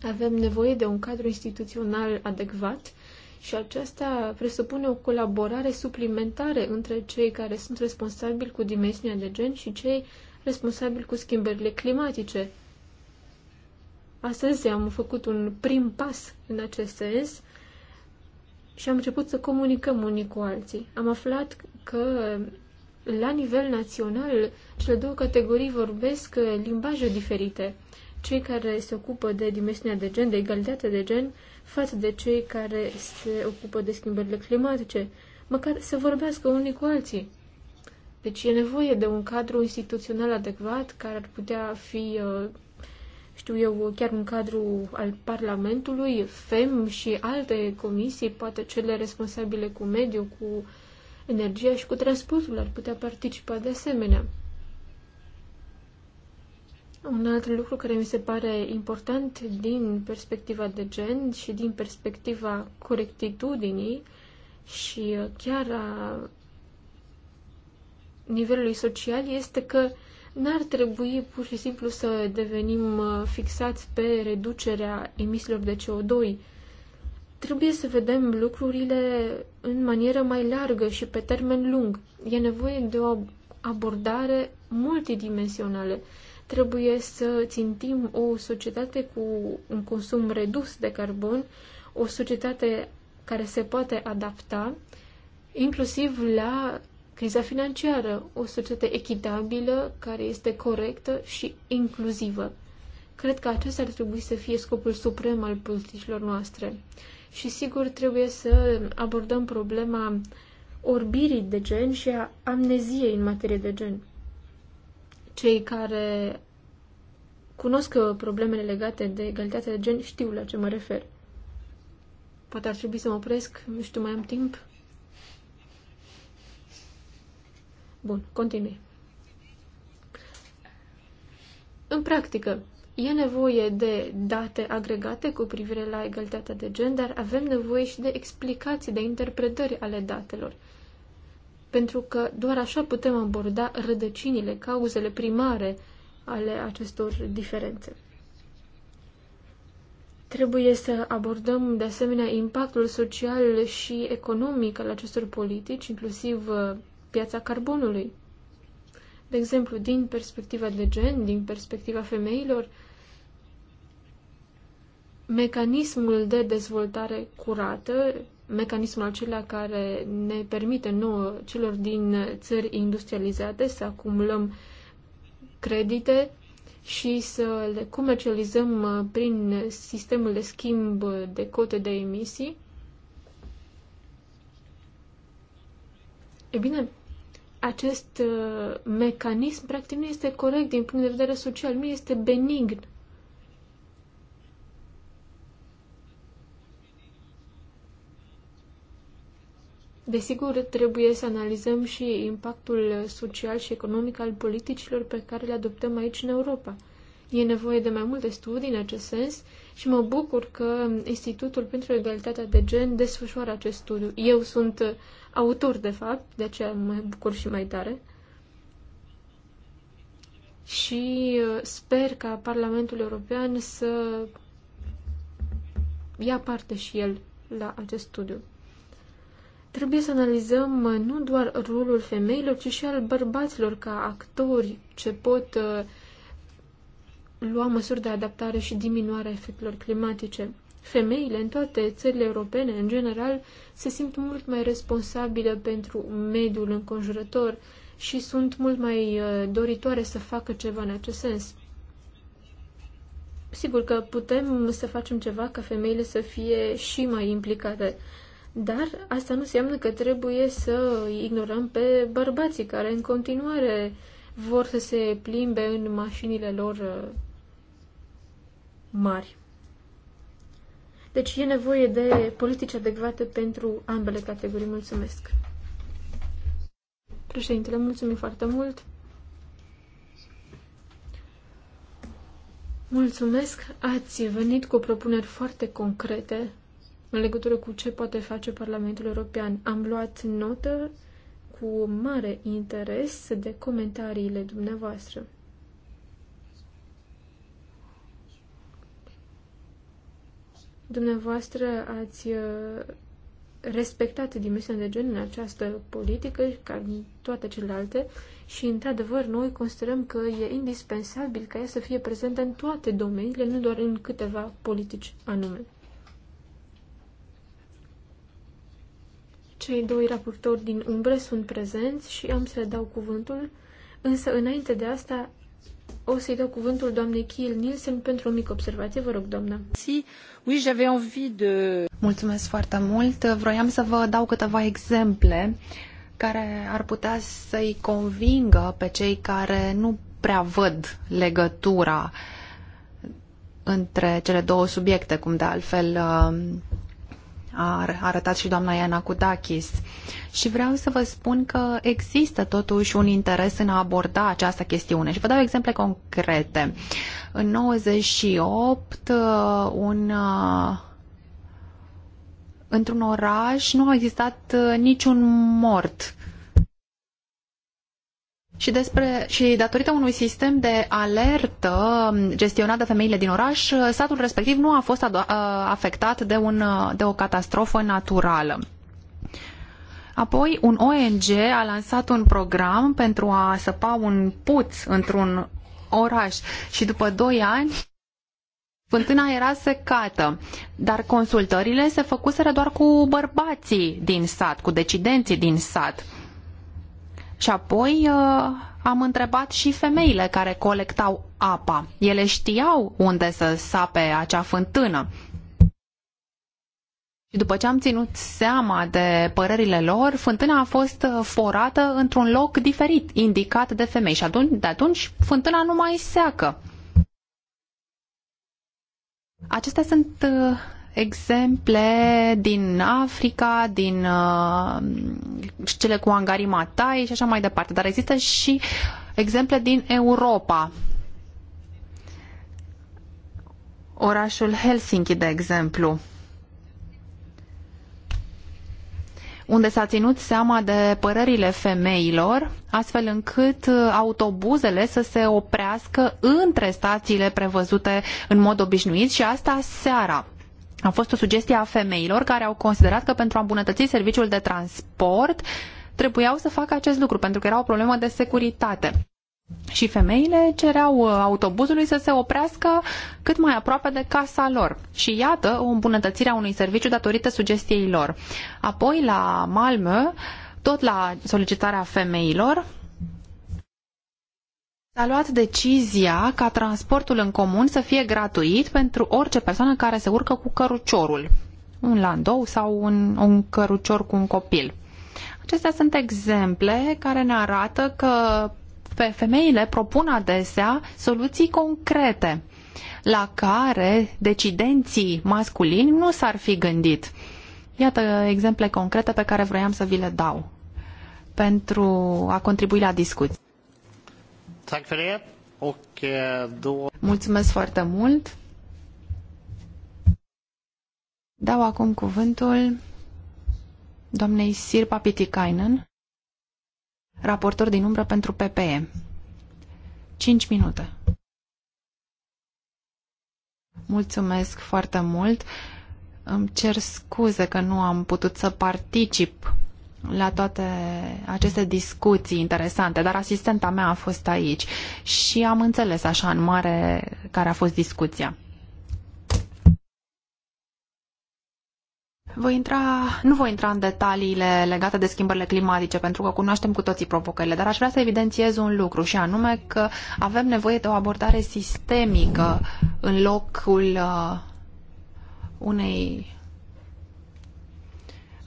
Avem nevoie de un cadru instituțional adecvat și aceasta presupune o colaborare suplimentare între cei care sunt responsabili cu dimensiunea de gen și cei responsabili cu schimbările climatice. Astăzi am făcut un prim pas în acest sens și am început să comunicăm unii cu alții. Am aflat că la nivel național cele două categorii vorbesc limbaje diferite. Cei care se ocupă de dimensiunea de gen, de egalitatea de gen, față de cei care se ocupă de schimbările climatice, măcar să vorbească unii cu alții. Deci e nevoie de un cadru instituțional adecvat care ar putea fi uh, știu eu, chiar în cadrul al Parlamentului, FEM și alte comisii, poate cele responsabile cu mediu, cu energia și cu transportul ar putea participa de asemenea. Un alt lucru care mi se pare important din perspectiva de gen și din perspectiva corectitudinii și chiar a nivelului social este că uh, N-ar trebui pur și simplu să devenim uh, fixați pe reducerea emisiilor de CO2. Trebuie să vedem lucrurile în manieră mai largă și pe termen lung. E nevoie de o abordare multidimensională. Trebuie să țintim o societate cu un consum redus de carbon, o societate care se poate adapta inclusiv la criza financiară, o societate echitabilă, care este corectă și inclusivă. Cred că acesta ar trebui să fie scopul suprem al politicilor noastre. Și sigur trebuie să abordăm problema orbirii de gen și a amneziei în materie de gen. Cei care cunosc problemele legate de egalitatea de gen știu la ce mă refer. Poate ar trebui să mă opresc, nu știu, mai am timp. Bun, continui. În practică, e nevoie de date agregate cu privire la egalitatea de gen, dar avem nevoie și de explicații, de interpretări ale datelor. Pentru că doar așa putem aborda rădăcinile, cauzele primare ale acestor diferențe. Trebuie să abordăm, de asemenea, impactul social și economic al acestor politici, inclusiv uh, piața carbonului. De exemplu, din perspectiva de gen, din perspectiva femeilor, mecanismul de dezvoltare curată, mecanismul acela care ne permite nouă, celor din țări industrializate, să acumulăm credite și să le comercializăm uh, prin sistemul de schimb de cote de emisii. E bine, acest uh, mecanism practic nu este corect din punct de vedere social, nu este benign. Desigur, trebuie să analizăm și impactul social și economic al politicilor pe care le adoptăm aici în Europa. E nevoie de mai multe studii în acest sens și mă bucur că Institutul pentru Egalitatea de Gen desfășoară acest studiu. Eu sunt uh, autor, de fapt, de aceea mă bucur și mai tare. Și uh, sper ca Parlamentul European să ia parte și el la acest studiu. Trebuie să analizăm uh, nu doar rolul femeilor, ci și al bărbaților ca actori ce pot uh, lua măsuri de adaptare și diminuarea efectelor climatice. Femeile în toate țările europene, în general, se simt mult mai responsabile pentru mediul înconjurător și sunt mult mai uh, doritoare să facă ceva în acest sens. Sigur că putem să facem ceva ca femeile să fie și mai implicate, dar asta nu înseamnă că trebuie să ignorăm pe bărbații care în continuare vor să se plimbe în mașinile lor uh, mari. Deci e nevoie de politici adecvate pentru ambele categorii. Mulțumesc! Președintele, mulțumim foarte mult! Mulțumesc! Ați venit cu propuneri foarte concrete în legătură cu ce poate face Parlamentul European. Am luat notă cu mare interes de comentariile dumneavoastră. Dumneavoastră ați uh, respectat dimensiunea de gen în această politică, ca în toate celelalte, și, într-adevăr, noi considerăm că e indispensabil ca ea să fie prezentă în toate domeniile, nu doar în câteva politici anume. Cei doi raportori din umbră sunt prezenți și am să le dau cuvântul, însă, înainte de asta, o să-i dau cuvântul doamnei Kiel Nielsen pentru o mică observație. Vă rog, doamna. Si, oui, j'avais envie de... Mulțumesc foarte mult. Vroiam să vă dau câteva exemple care ar putea să-i convingă pe cei care nu prea văd legătura între cele două subiecte, cum de altfel uh, a arătat și doamna Iana Kudakis. Și vreau să vă spun că există totuși un interes în a aborda această chestiune. Și vă dau exemple concrete. În 98, uh, un uh, într-un oraș nu a existat uh, niciun mort și, despre, și datorită unui sistem de alertă gestionat de femeile din oraș, satul respectiv nu a fost afectat de, un, de o catastrofă naturală. Apoi, un ONG a lansat un program pentru a săpa un puț într-un oraș și după 2 ani fântâna era secată, dar consultările se făcuseră doar cu bărbații din sat, cu decidenții din sat și apoi uh, am întrebat și femeile care colectau apa. Ele știau unde să sape acea fântână. Și după ce am ținut seama de părerile lor, fântâna a fost uh, forată într-un loc diferit, indicat de femei. Și atunci, de atunci fântâna nu mai seacă. Acestea sunt uh, exemple din Africa, din uh, cele cu Angari Matai și așa mai departe, dar există și exemple din Europa. Orașul Helsinki, de exemplu, unde s-a ținut seama de părerile femeilor, astfel încât autobuzele să se oprească între stațiile prevăzute în mod obișnuit și asta seara a fost o sugestie a femeilor care au considerat că pentru a îmbunătăți serviciul de transport trebuiau să facă acest lucru pentru că era o problemă de securitate. Și femeile cereau uh, autobuzului să se oprească cât mai aproape de casa lor. Și iată o îmbunătățire a unui serviciu datorită sugestiei lor. Apoi, la Malmö, tot la solicitarea femeilor, S-a luat decizia ca transportul în comun să fie gratuit pentru orice persoană care se urcă cu căruciorul, un landou sau un, un cărucior cu un copil. Acestea sunt exemple care ne arată că femeile propun adesea soluții concrete la care decidenții masculini nu s-ar fi gândit. Iată exemple concrete pe care vroiam să vi le dau pentru a contribui la discuții. Eh, Mulțumesc foarte mult. Dau acum cuvântul doamnei Sirpa Pitikainen, raportor din umbră pentru PPE. 5 minute. Mulțumesc foarte mult. Îmi cer scuze că nu am putut să particip la toate aceste discuții interesante, dar asistenta mea a fost aici și am înțeles așa în mare care a fost discuția. Voi intra, nu voi intra în detaliile legate de schimbările climatice, pentru că cunoaștem cu toții provocările, dar aș vrea să evidențiez un lucru și anume că avem nevoie de o abordare sistemică în locul uh, unei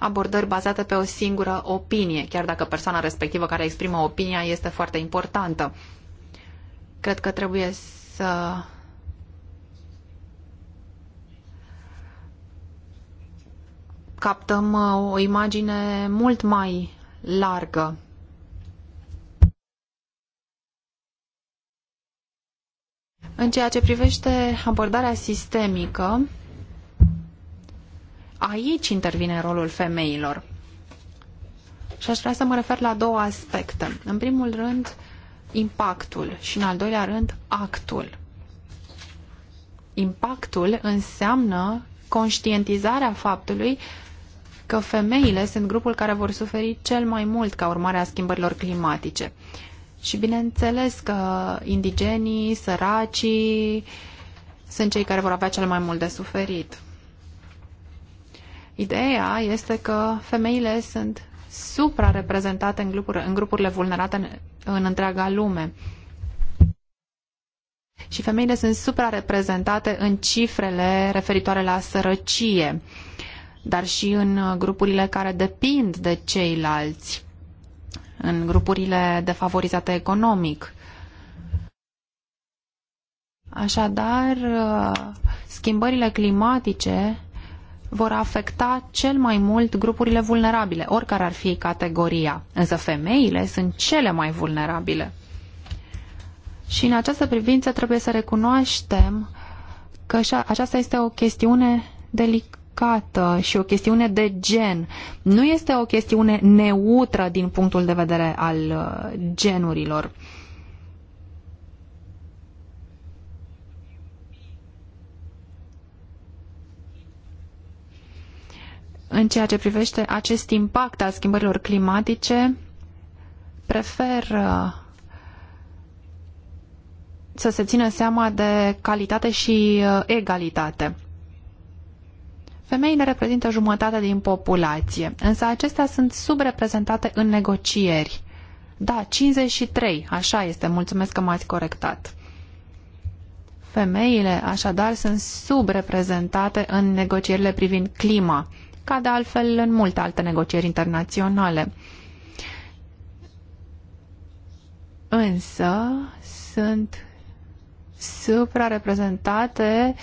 abordări bazate pe o singură opinie, chiar dacă persoana respectivă care exprimă opinia este foarte importantă. Cred că trebuie să captăm uh, o imagine mult mai largă. În ceea ce privește abordarea sistemică, Aici intervine rolul femeilor. Și aș vrea să mă refer la două aspecte. În primul rând, impactul și în al doilea rând, actul. Impactul înseamnă conștientizarea faptului că femeile sunt grupul care vor suferi cel mai mult ca urmare a schimbărilor climatice. Și bineînțeles că indigenii, săracii, sunt cei care vor avea cel mai mult de suferit. Ideea este că femeile sunt suprareprezentate în, grupuri, în grupurile vulnerate în, în întreaga lume. Și femeile sunt suprareprezentate în cifrele referitoare la sărăcie, dar și în grupurile care depind de ceilalți, în grupurile defavorizate economic. Așadar, schimbările climatice vor afecta cel mai mult grupurile vulnerabile, oricare ar fi categoria. Însă femeile sunt cele mai vulnerabile. Și în această privință trebuie să recunoaștem că aceasta este o chestiune delicată și o chestiune de gen. Nu este o chestiune neutră din punctul de vedere al uh, genurilor. în ceea ce privește acest impact al schimbărilor climatice, prefer uh, să se țină seama de calitate și uh, egalitate. Femeile reprezintă jumătate din populație, însă acestea sunt subreprezentate în negocieri. Da, 53, așa este, mulțumesc că m-ați corectat. Femeile, așadar, sunt subreprezentate în negocierile privind clima ca de altfel în multe alte negocieri internaționale. Însă sunt suprareprezentate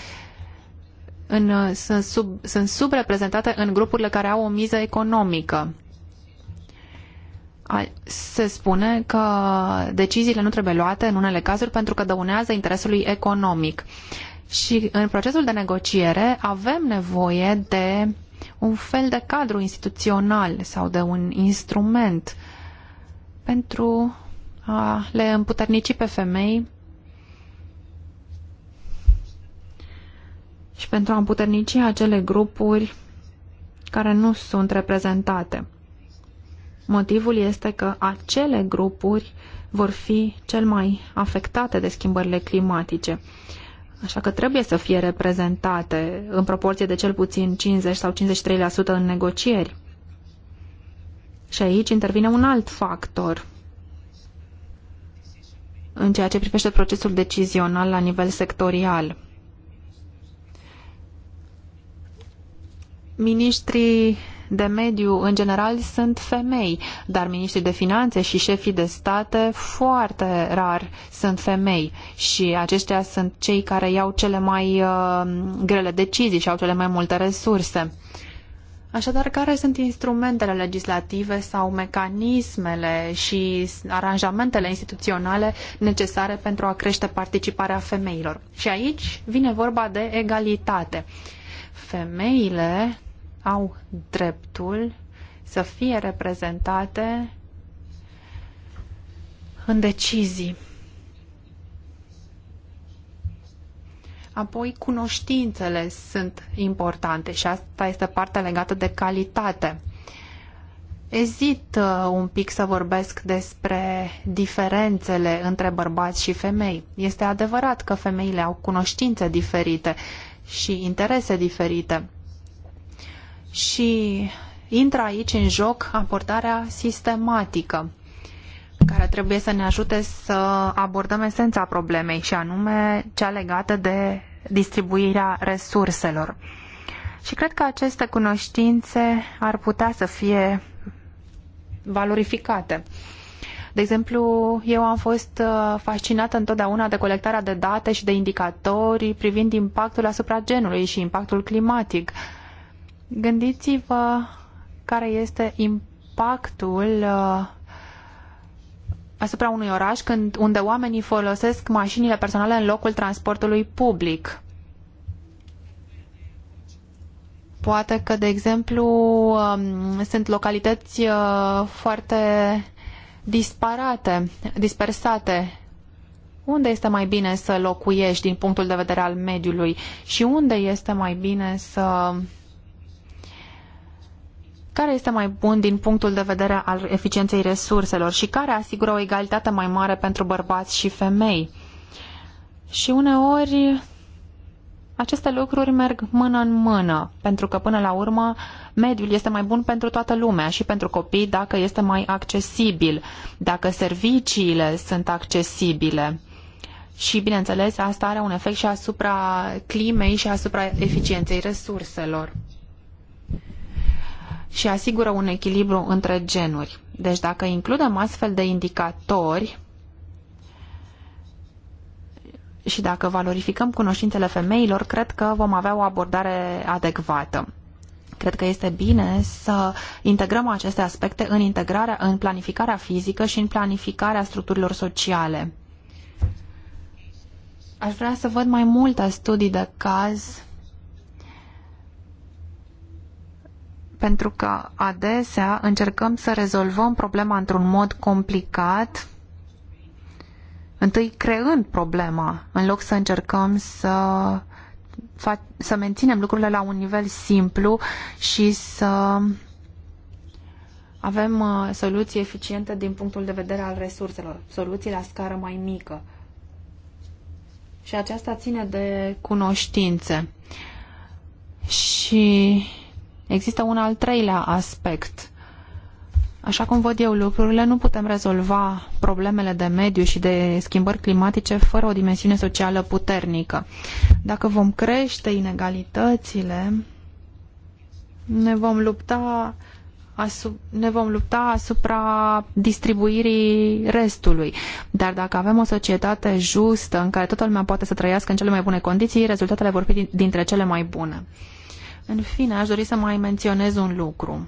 în, sunt, sub, sunt subreprezentate în grupurile care au o miză economică. Se spune că deciziile nu trebuie luate în unele cazuri pentru că dăunează interesului economic. Și în procesul de negociere avem nevoie de un fel de cadru instituțional sau de un instrument pentru a le împuternici pe femei și pentru a împuternici acele grupuri care nu sunt reprezentate. Motivul este că acele grupuri vor fi cel mai afectate de schimbările climatice Așa că trebuie să fie reprezentate în proporție de cel puțin 50 sau 53% în negocieri. Și aici intervine un alt factor în ceea ce privește procesul decizional la nivel sectorial. Ministrii de mediu în general sunt femei, dar miniștrii de finanțe și șefii de state foarte rar sunt femei și aceștia sunt cei care iau cele mai uh, grele decizii și au cele mai multe resurse. Așadar, care sunt instrumentele legislative sau mecanismele și aranjamentele instituționale necesare pentru a crește participarea femeilor? Și aici vine vorba de egalitate. Femeile au dreptul să fie reprezentate în decizii. Apoi, cunoștințele sunt importante și asta este partea legată de calitate. Ezit uh, un pic să vorbesc despre diferențele între bărbați și femei. Este adevărat că femeile au cunoștințe diferite și interese diferite, și intră aici în joc abordarea sistematică care trebuie să ne ajute să abordăm esența problemei și anume cea legată de distribuirea resurselor. Și cred că aceste cunoștințe ar putea să fie valorificate. De exemplu, eu am fost uh, fascinată întotdeauna de colectarea de date și de indicatori privind impactul asupra genului și impactul climatic Gândiți-vă care este impactul uh, asupra unui oraș când, unde oamenii folosesc mașinile personale în locul transportului public. Poate că, de exemplu, um, sunt localități uh, foarte disparate, dispersate. Unde este mai bine să locuiești din punctul de vedere al mediului și unde este mai bine să care este mai bun din punctul de vedere al eficienței resurselor și care asigură o egalitate mai mare pentru bărbați și femei. Și uneori aceste lucruri merg mână în mână, pentru că până la urmă mediul este mai bun pentru toată lumea și pentru copii dacă este mai accesibil, dacă serviciile sunt accesibile. Și, bineînțeles, asta are un efect și asupra climei și asupra eficienței resurselor și asigură un echilibru între genuri. Deci dacă includem astfel de indicatori și dacă valorificăm cunoștințele femeilor, cred că vom avea o abordare adecvată. Cred că este bine să integrăm aceste aspecte în integrarea, în planificarea fizică și în planificarea structurilor sociale. Aș vrea să văd mai multe studii de caz pentru că adesea încercăm să rezolvăm problema într-un mod complicat, întâi creând problema, în loc să încercăm să, să menținem lucrurile la un nivel simplu și să avem uh, soluții eficiente din punctul de vedere al resurselor, soluții la scară mai mică. Și aceasta ține de cunoștințe. Și Există un al treilea aspect. Așa cum văd eu lucrurile, nu putem rezolva problemele de mediu și de schimbări climatice fără o dimensiune socială puternică. Dacă vom crește inegalitățile, ne vom lupta ne vom lupta asupra distribuirii restului. Dar dacă avem o societate justă în care toată lumea poate să trăiască în cele mai bune condiții, rezultatele vor fi dintre cele mai bune. În fine, aș dori să mai menționez un lucru.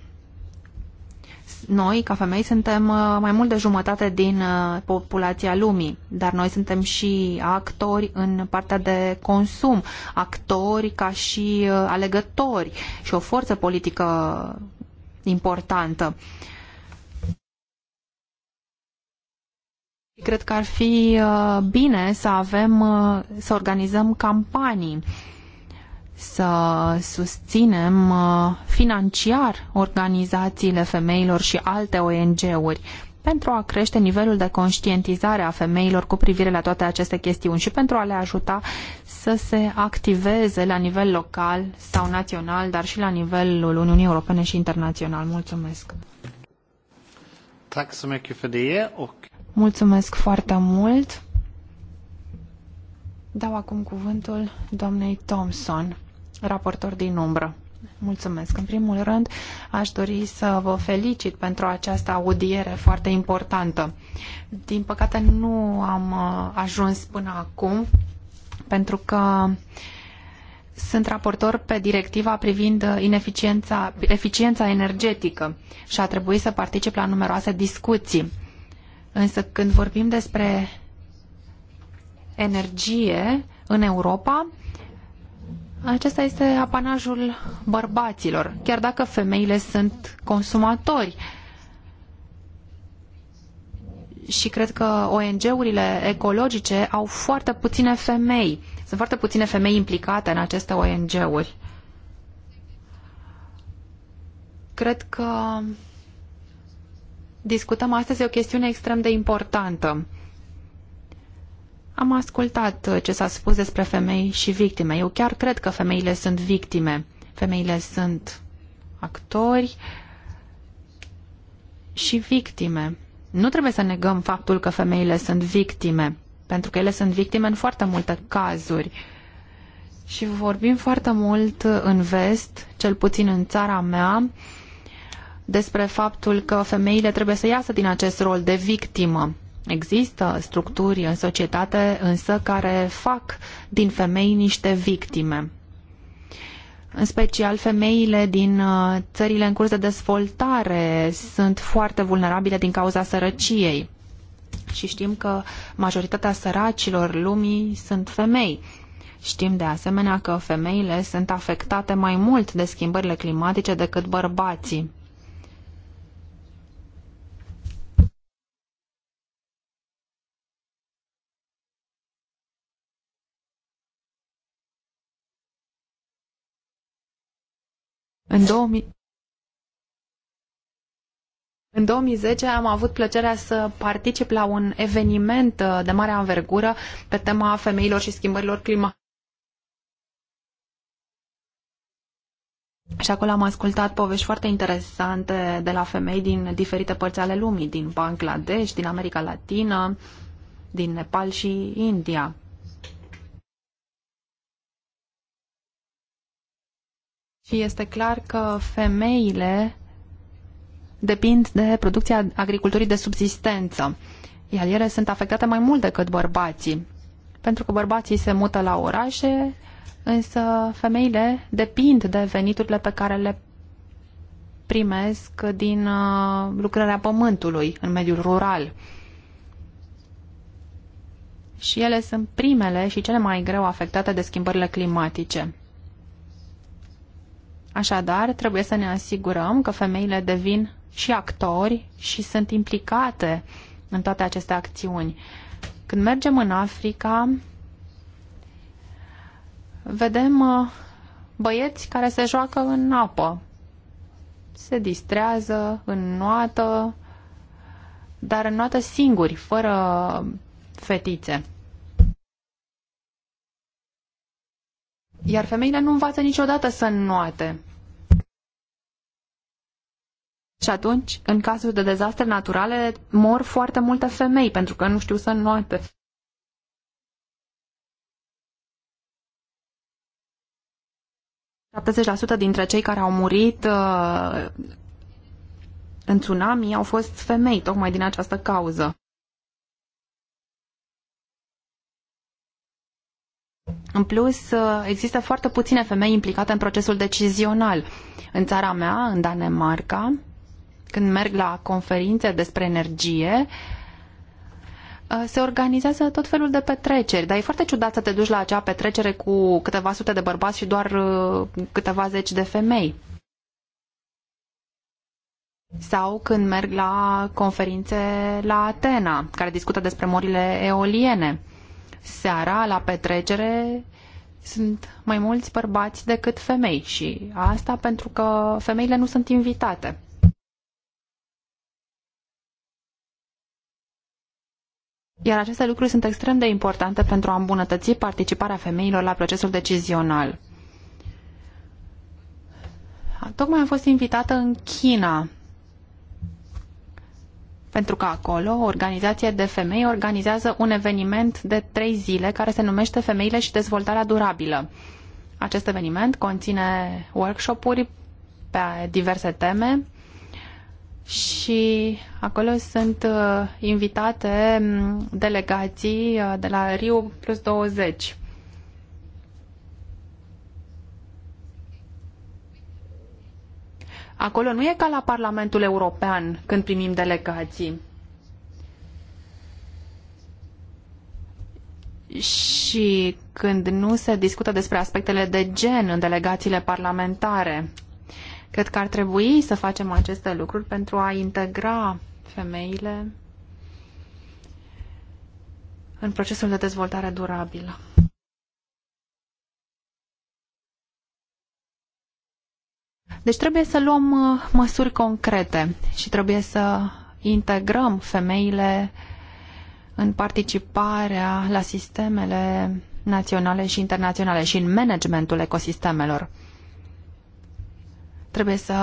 Noi, ca femei, suntem uh, mai mult de jumătate din uh, populația lumii, dar noi suntem și actori în partea de consum, actori ca și uh, alegători și o forță politică importantă. Cred că ar fi bine să avem, să organizăm campanii să susținem uh, financiar organizațiile femeilor și alte ONG-uri pentru a crește nivelul de conștientizare a femeilor cu privire la toate aceste chestiuni și pentru a le ajuta să se activeze la nivel local sau național, dar și la nivelul Uniunii Europene și internațional. Mulțumesc! Mulțumesc foarte mult! Dau acum cuvântul doamnei Thompson raportor din umbră. Mulțumesc. În primul rând, aș dori să vă felicit pentru această audiere foarte importantă. Din păcate, nu am uh, ajuns până acum, pentru că sunt raportor pe directiva privind uh, ineficiența, eficiența energetică și a trebuit să particip la numeroase discuții. Însă când vorbim despre energie în Europa, acesta este apanajul bărbaților, chiar dacă femeile sunt consumatori. Și cred că ONG-urile ecologice au foarte puține femei. Sunt foarte puține femei implicate în aceste ONG-uri. Cred că discutăm astăzi o chestiune extrem de importantă am ascultat uh, ce s-a spus despre femei și victime. Eu chiar cred că femeile sunt victime. Femeile sunt actori și victime. Nu trebuie să negăm faptul că femeile sunt victime, pentru că ele sunt victime în foarte multe cazuri. Și vorbim foarte mult uh, în vest, cel puțin în țara mea, despre faptul că femeile trebuie să iasă din acest rol de victimă Există structuri în societate însă care fac din femei niște victime în special femeile din uh, țările în curs de dezvoltare sunt foarte vulnerabile din cauza sărăciei. Și știm că majoritatea săracilor lumii sunt femei. Știm de asemenea că femeile sunt afectate mai mult de schimbările climatice decât bărbații. În 2000 în 2010 am avut plăcerea să particip la un eveniment uh, de mare anvergură pe tema femeilor și schimbărilor climatice. Și acolo am ascultat povești foarte interesante de la femei din diferite părți ale lumii, din Bangladesh, din America Latină, din Nepal și India. Și este clar că femeile depind de producția agriculturii de subsistență, iar ele sunt afectate mai mult decât bărbații, pentru că bărbații se mută la orașe, însă femeile depind de veniturile pe care le primesc din uh, lucrarea pământului în mediul rural. Și ele sunt primele și cele mai greu afectate de schimbările climatice. Așadar, trebuie să ne asigurăm că femeile devin și actori și sunt implicate în toate aceste acțiuni. Când mergem în Africa, vedem uh, băieți care se joacă în apă, se distrează, în noată, dar în noată singuri, fără fetițe. Iar femeile nu învață niciodată să înnoate. Și atunci, în cazul de dezastre naturale, mor foarte multe femei pentru că nu știu să înnoate. sută dintre cei care au murit uh, în tsunami au fost femei, tocmai din această cauză. În plus, uh, există foarte puține femei implicate în procesul decizional. În țara mea, în Danemarca, când merg la conferințe despre energie, uh, se organizează tot felul de petreceri, dar e foarte ciudat să te duci la acea petrecere cu câteva sute de bărbați și doar uh, câteva zeci de femei. Sau când merg la conferințe la Atena, care discută despre morile eoliene seara la petrecere sunt mai mulți bărbați decât femei și asta pentru că femeile nu sunt invitate. Iar aceste lucruri sunt extrem de importante pentru a îmbunătăți participarea femeilor la procesul decizional. Tocmai am fost invitată în China pentru că acolo o organizație de femei organizează un eveniment de trei zile care se numește Femeile și dezvoltarea durabilă. Acest eveniment conține workshop-uri pe diverse teme și acolo sunt uh, invitate mm, delegații uh, de la Rio plus 20 Acolo nu e ca la Parlamentul European când primim delegații. Și când nu se discută despre aspectele de gen în delegațiile parlamentare, cred că ar trebui să facem aceste lucruri pentru a integra femeile în procesul de dezvoltare durabilă. Deci trebuie să luăm uh, măsuri concrete și trebuie să integrăm femeile în participarea la sistemele naționale și internaționale și în managementul ecosistemelor. Trebuie să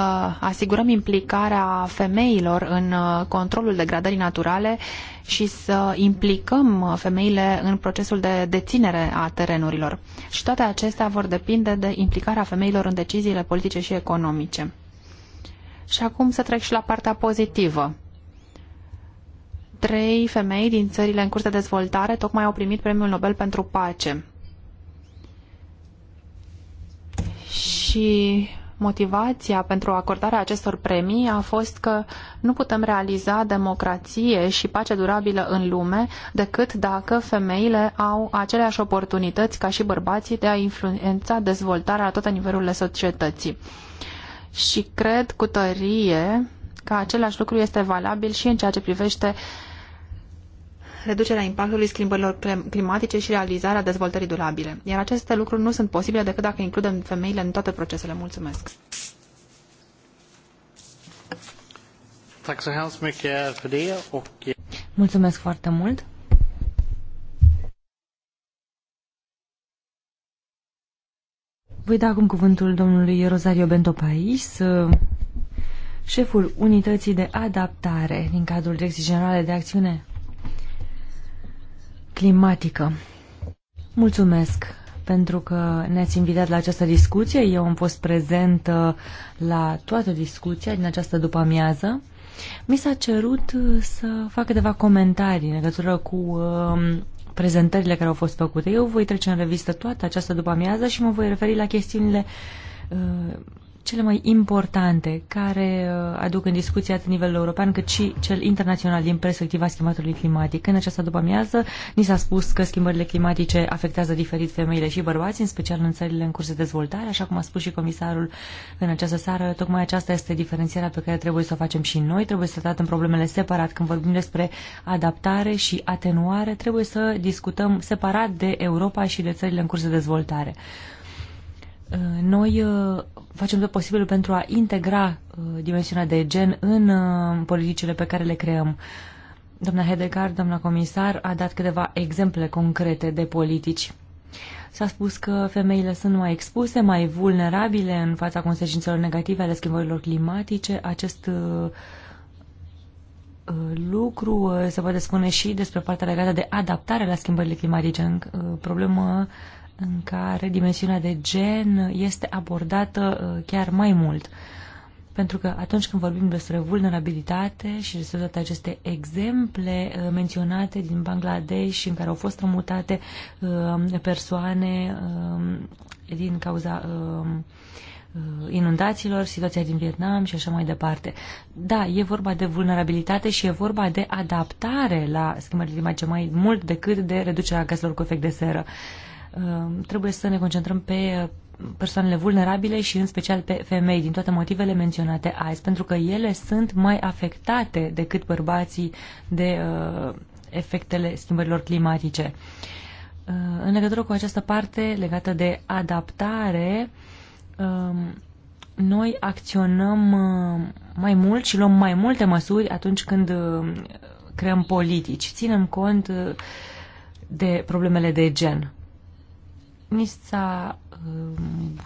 asigurăm implicarea femeilor în uh, controlul degradării naturale și să implicăm femeile în procesul de deținere a terenurilor. Și toate acestea vor depinde de implicarea femeilor în deciziile politice și economice. Și acum să trec și la partea pozitivă. Trei femei din țările în curs de dezvoltare tocmai au primit Premiul Nobel pentru Pace. Și Motivația pentru acordarea acestor premii a fost că nu putem realiza democrație și pace durabilă în lume decât dacă femeile au aceleași oportunități ca și bărbații de a influența dezvoltarea la toate nivelurile societății. Și cred cu tărie că același lucru este valabil și în ceea ce privește reducerea impactului schimbărilor climatice și realizarea dezvoltării durabile. Iar aceste lucruri nu sunt posibile decât dacă includem femeile în toate procesele. Mulțumesc! Mulțumesc foarte mult! Voi da acum cuvântul domnului Rosario Bentopais, șeful Unității de Adaptare din cadrul Direcției Generale de Acțiune climatică. Mulțumesc pentru că ne-ați invitat la această discuție. Eu am fost prezent la toată discuția din această după-amiază. Mi s-a cerut să fac câteva comentarii în legătură cu um, prezentările care au fost făcute. Eu voi trece în revistă toată această după-amiază și mă voi referi la chestiunile uh, cele mai importante care uh, aduc în discuție atât nivelul european cât și cel internațional din perspectiva schimbatului climatic. În această după-amiază ni s-a spus că schimbările climatice afectează diferit femeile și bărbații, în special în țările în curs de dezvoltare, așa cum a spus și comisarul în această seară. Tocmai aceasta este diferențierea pe care trebuie să o facem și noi. Trebuie să tratăm problemele separat. Când vorbim despre adaptare și atenuare, trebuie să discutăm separat de Europa și de țările în curs de dezvoltare. Uh, noi uh, facem tot posibilul pentru a integra uh, dimensiunea de gen în politicile pe care le creăm. Doamna Hedegaard, doamna comisar, a dat câteva exemple concrete de politici. S-a spus că femeile sunt mai expuse, mai vulnerabile în fața consecințelor negative ale schimbărilor climatice. Acest lucru se poate spune și despre partea legată de adaptare la schimbările climatice, problemă în care dimensiunea de gen este abordată uh, chiar mai mult. Pentru că atunci când vorbim despre vulnerabilitate și despre toate aceste exemple uh, menționate din Bangladesh în care au fost rămutate uh, persoane um, din cauza um, inundațiilor, situația din Vietnam și așa mai departe. Da, e vorba de vulnerabilitate și e vorba de adaptare la schimbările climatice mai mult decât de reducerea gazelor cu efect de seră. Uh, Um, trebuie să ne concentrăm pe uh, persoanele vulnerabile și în special pe femei, din toate motivele menționate azi, pentru că ele sunt mai afectate decât bărbații de uh, efectele schimbărilor climatice. Uh, în legătură cu această parte legată de adaptare, uh, noi acționăm uh, mai mult și luăm mai multe măsuri atunci când uh, creăm politici. Ținem cont uh, de problemele de gen Ni s-a um,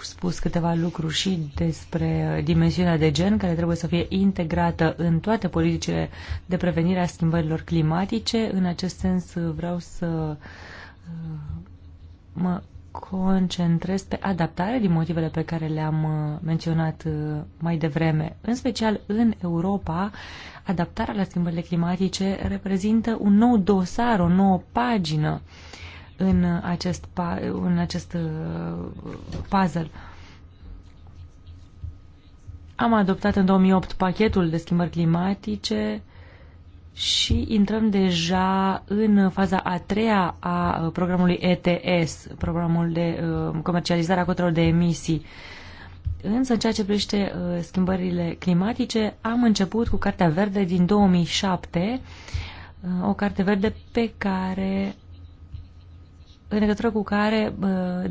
spus câteva lucruri și despre dimensiunea de gen care trebuie să fie integrată în toate politicile de prevenire a schimbărilor climatice. În acest sens vreau să uh, mă concentrez pe adaptare din motivele pe care le-am uh, menționat uh, mai devreme. În special în Europa, adaptarea la schimbările climatice reprezintă un nou dosar, o nouă pagină uh, în acest, în acest uh, puzzle. Am adoptat în 2008 pachetul de schimbări climatice și intrăm deja în faza a treia a programului ETS, programul de uh, comercializare a cotelor de emisii. Însă, în ceea ce privește uh, schimbările climatice, am început cu Cartea Verde din 2007, o carte verde pe care în legătură cu care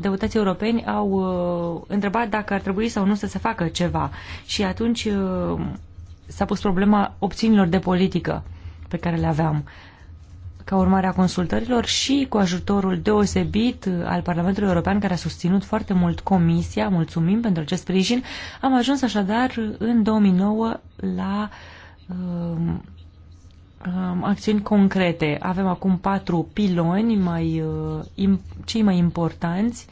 deputații europeni au uh, întrebat dacă ar trebui sau nu să se facă ceva. Și atunci uh, s-a pus problema opțiunilor de politică pe care le aveam. Ca urmare a consultărilor și cu ajutorul deosebit al Parlamentului European, care a susținut foarte mult Comisia, mulțumim pentru acest sprijin, am ajuns așadar în 2009 la uh, Um, acțiuni concrete. Avem acum patru piloni mai, uh, cei mai importanți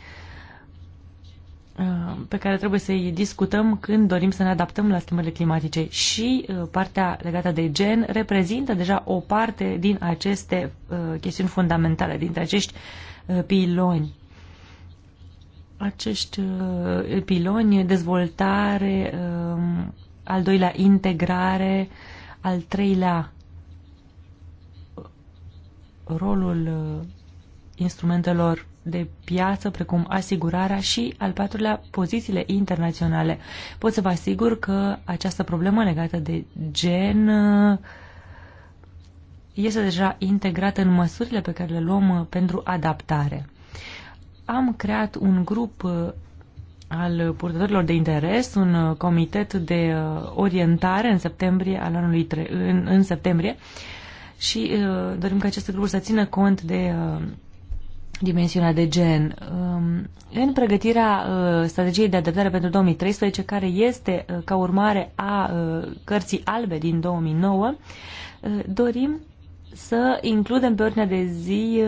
uh, pe care trebuie să-i discutăm când dorim să ne adaptăm la schimbările climatice și uh, partea legată de gen reprezintă deja o parte din aceste chestiuni fundamentale, dintre acești piloni. Acești piloni, dezvoltare, um, al doilea integrare, al treilea rolul uh, instrumentelor de piață, precum asigurarea și, al patrulea, pozițiile internaționale. Pot să vă asigur că această problemă legată de gen uh, este deja integrată în măsurile pe care le luăm uh, pentru adaptare. Am creat un grup al purtătorilor de interes, un comitet de orientare în septembrie al anului tre- în, în septembrie și uh, dorim ca aceste grupuri să țină cont de uh, dimensiunea de gen. Um, în pregătirea uh, strategiei de adaptare pentru 2013, care este uh, ca urmare a uh, cărții albe din 2009, dorim să includem pe ordinea de zi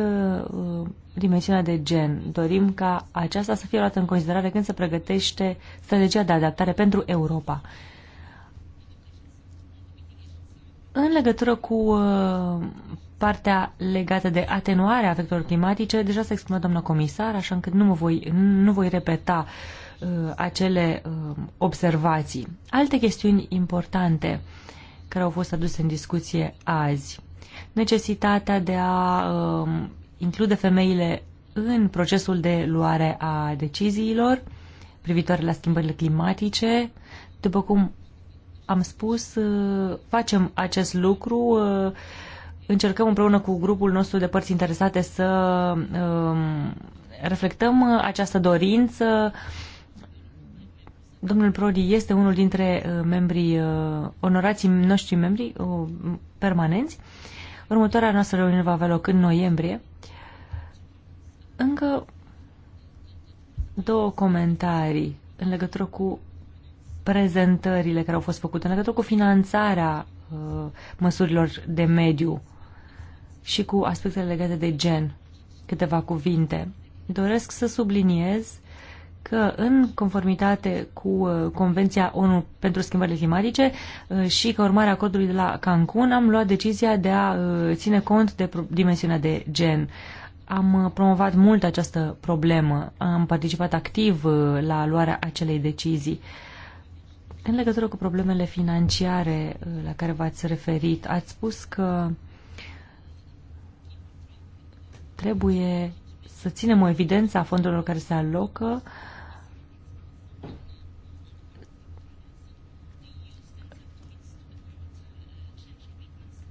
dimensiunea de gen. Dorim ca aceasta să fie luată în considerare când se pregătește strategia de adaptare pentru Europa. În legătură cu uh, partea legată de atenuarea efectelor climatice, deja s-a exprimat doamna comisar, așa încât nu, mă voi, nu voi repeta uh, acele uh, observații. Alte chestiuni importante care au fost aduse în discuție azi. Necesitatea de a uh, include femeile în procesul de luare a deciziilor privitoare la schimbările climatice. După cum am spus, uh, facem acest lucru, uh, încercăm împreună cu grupul nostru de părți interesate să um, reflectăm această dorință. Domnul Prodi este unul dintre uh, membrii, onorații noștri membri permanenți. Următoarea noastră reuniune va avea loc în noiembrie. Încă două comentarii în legătură cu prezentările care au fost făcute în legătură cu finanțarea uh, măsurilor de mediu și cu aspectele legate de gen. Câteva cuvinte. Doresc să subliniez că în conformitate cu uh, Convenția ONU pentru schimbările climatice uh, și că urmare acordului de la Cancun am luat decizia de a uh, ține cont de dimensiunea de gen. Am promovat mult această problemă, am participat activ la luarea acelei decizii. În legătură cu problemele financiare uh, la care v-ați referit, ați spus că trebuie să ținem o evidență a fondurilor care se alocă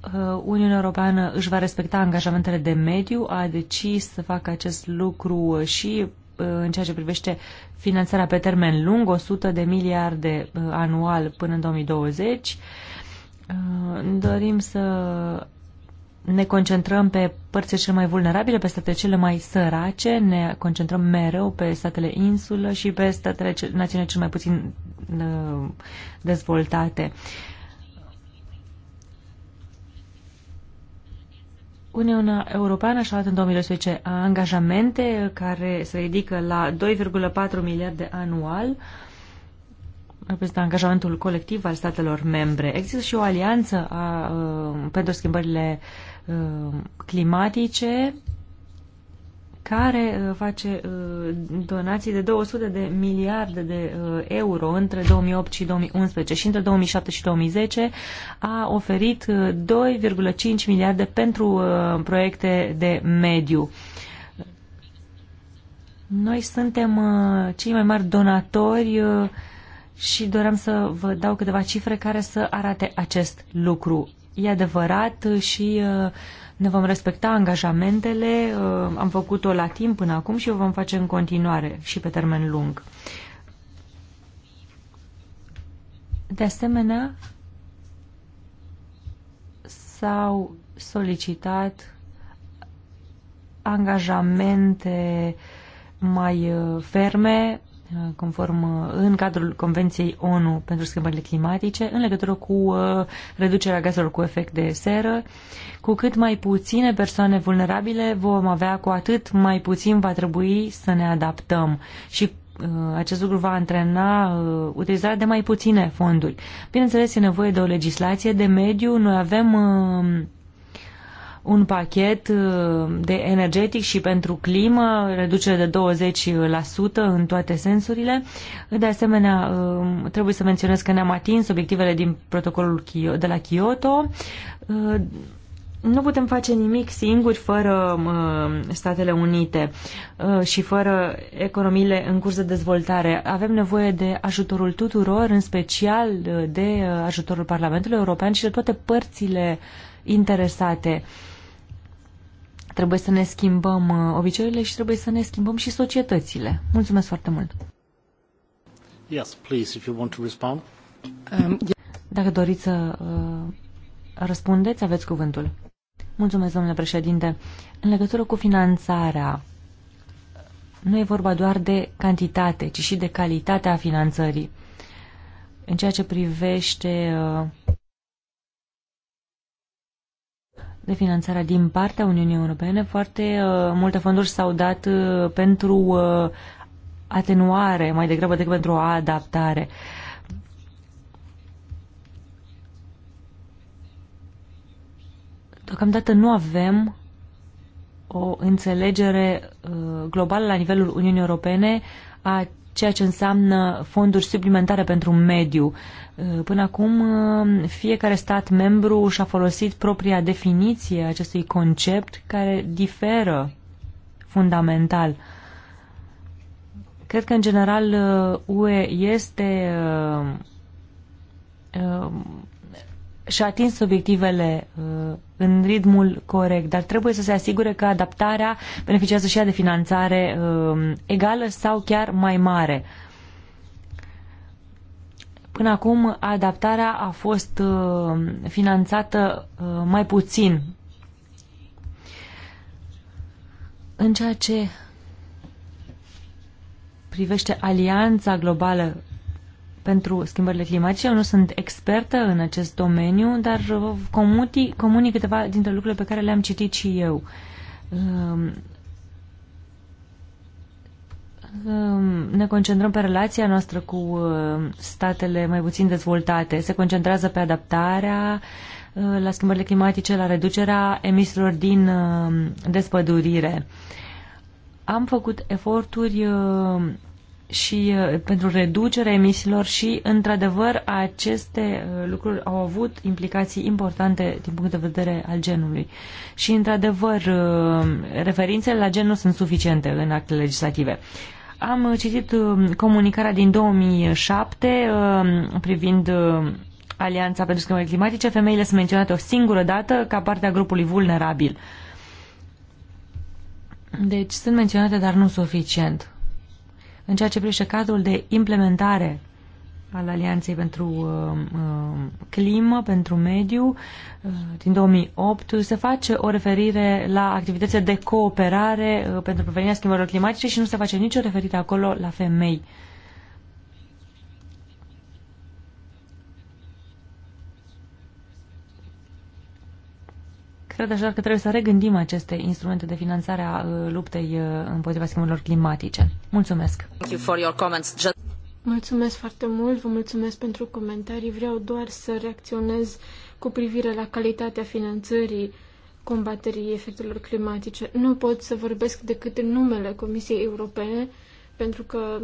uh, Uniunea Europeană își va respecta angajamentele de mediu, a decis să facă acest lucru și în ceea ce privește finanțarea pe termen lung, 100 de miliarde uh, anual până în 2020. Uh, dorim să ne concentrăm pe părțile cele mai vulnerabile, pe statele cele mai sărace, ne concentrăm mereu pe statele insulă și pe statele națiunile cele mai puțin uh, dezvoltate. Uniunea Europeană și-a luat în 2012 uh, angajamente care se ridică la 2,4 miliarde anual reprezintă angajamentul colectiv al statelor membre. Există și o alianță a, uh, pentru schimbările a, uh, climatice care uh, face uh, donații de 200 de miliarde de uh, euro între 2008 și 2011 și între 2007 și 2010 a oferit 2,5 miliarde pentru proiecte de mediu. Noi suntem cei mai mari donatori și doream să vă dau câteva cifre care să arate acest lucru. E adevărat și uh, ne vom respecta angajamentele, uh, am făcut-o la timp până acum și o vom face în continuare și pe termen lung. De asemenea, s-au solicitat angajamente mai uh, ferme conform în cadrul Convenției ONU pentru schimbările climatice în legătură cu uh, reducerea gazelor cu efect de seră. Cu cât mai puține persoane vulnerabile vom avea, cu atât mai puțin va trebui să ne adaptăm și uh, acest lucru va antrena uh, utilizarea de mai puține fonduri. Bineînțeles, e nevoie de o legislație de mediu. Noi avem un pachet uh, de energetic și pentru climă, reducere de 20% în toate sensurile. De asemenea, um, trebuie să menționez că ne-am atins obiectivele din protocolul de la Kyoto. Uh, nu putem face nimic singuri fără um, Statele Unite uh, și fără economiile în curs de dezvoltare. Avem nevoie de ajutorul tuturor, în special de ajutorul Parlamentului European și de toate părțile interesate. Uh, Trebuie să ne schimbăm uh, obiceiurile și trebuie să ne schimbăm și societățile. Mulțumesc foarte mult! Yes, please, if you want to respond. Um, Dacă doriți să uh, răspundeți, aveți cuvântul. Mulțumesc, domnule președinte. În legătură cu finanțarea, nu e vorba doar de cantitate, ci și de calitatea finanțării. În ceea ce privește uh, de finanțare din partea Uniunii Europene. Foarte uh, multe fonduri s-au dat uh, pentru uh, atenuare mai degrabă decât pentru adaptare. Deocamdată nu avem o înțelegere globală la nivelul Uniunii Europene a ceea ce înseamnă fonduri suplimentare pentru mediu. Uh, până acum, uh, fiecare stat membru și-a folosit propria definiție a acestui concept care diferă fundamental. Cred că, în general, UE uh, este și-a atins obiectivele uh, în ritmul corect, dar trebuie să se asigure că adaptarea beneficiază și ea de finanțare uh, egală sau chiar mai mare. Până acum, adaptarea a fost uh, finanțată mai puțin. În ceea ce privește alianța globală pentru schimbările climatice. Eu nu sunt expertă în acest domeniu, dar vă comunic, comunic câteva dintre lucrurile pe care le-am citit și eu. Um, um, ne concentrăm pe relația noastră cu uh, statele mai puțin dezvoltate. Se concentrează pe adaptarea uh, la schimbările climatice, la reducerea emisiilor din uh, despădurire. Am făcut eforturi și uh, pentru reducerea emisiilor și, într-adevăr, aceste uh, lucruri au avut implicații importante din punct de vedere al genului. Și, într-adevăr, uh, referințele la gen nu sunt suficiente în actele legislative. Am citit comunicarea din 2007 privind Alianța pentru schimbări climatice. Femeile sunt menționate o singură dată ca parte a grupului vulnerabil. Deci sunt menționate, dar nu suficient. În ceea ce privește cadrul de implementare al Alianței pentru uh, uh, Climă, pentru Mediu, uh, din 2008, se face o referire la activitățile de cooperare uh, pentru prevenirea schimbărilor climatice și nu se face nicio referire acolo la femei. Uh, Cred așa că trebuie să regândim aceste instrumente de finanțare a uh, luptei uh, împotriva schimbărilor climatice. Mulțumesc! Mulțumesc foarte mult, vă mulțumesc pentru comentarii. Vreau doar să reacționez cu privire la calitatea finanțării combaterii efectelor climatice. Nu pot să vorbesc decât în numele Comisiei Europene, pentru că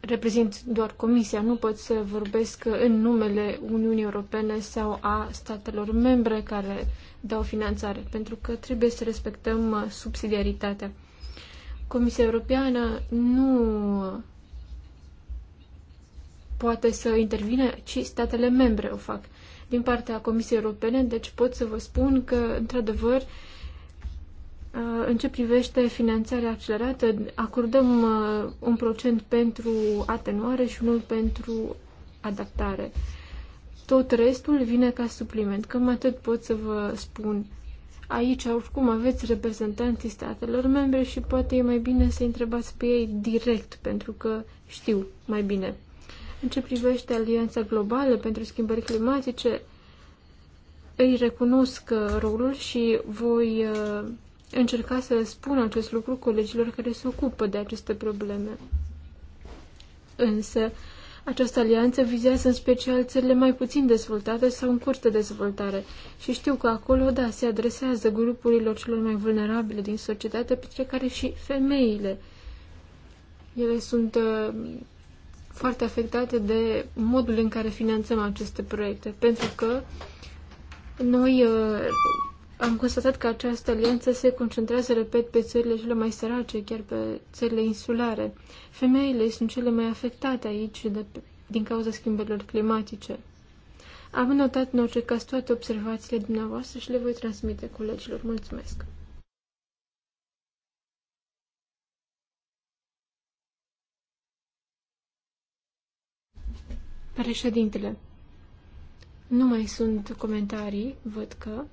reprezint doar Comisia, nu pot să vorbesc în numele Uniunii Europene sau a statelor membre care dau finanțare, pentru că trebuie să respectăm uh, subsidiaritatea. Comisia Europeană nu uh, poate să intervine, ci statele membre o fac. Din partea Comisiei Europene, deci pot să vă spun că, într-adevăr, uh, în ce privește finanțarea accelerată, acordăm un procent pentru atenuare și unul pentru adaptare. Tot restul vine ca supliment. Cam atât pot să vă spun. Aici, oricum, aveți reprezentanții statelor membre și poate e mai bine să întrebați pe ei direct, pentru că știu mai bine. În ce privește Alianța Globală pentru Schimbări Climatice, îi recunosc uh, rolul și voi uh, încerca să spun acest lucru colegilor care se ocupă de aceste probleme. Însă, această alianță vizează în special țările mai puțin dezvoltate sau în curs de dezvoltare și știu că acolo, da, se adresează grupurilor celor mai vulnerabile din societate, printre care și femeile. Ele sunt uh, foarte afectate de modul în care finanțăm aceste proiecte, pentru că noi uh, am constatat că această alianță se concentrează, repet, pe țările cele mai sărace, chiar pe țările insulare. Femeile sunt cele mai afectate aici de, din cauza schimbărilor climatice. Am notat în orice caz toate observațiile dumneavoastră și le voi transmite colegilor. Mulțumesc! Președintele, nu mai sunt comentarii, văd că...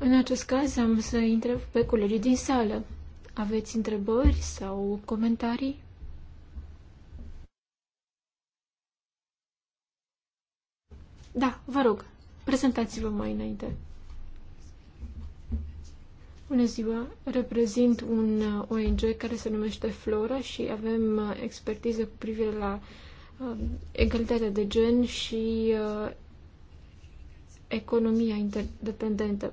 În acest caz am să întreb pe colegii din sală. Aveți întrebări sau comentarii? Da, vă rog, prezentați-vă mai înainte. Bună ziua! Reprezint un ONG care se numește Flora și avem uh, expertiză cu privire la uh, egalitatea de gen și uh, economia interdependentă.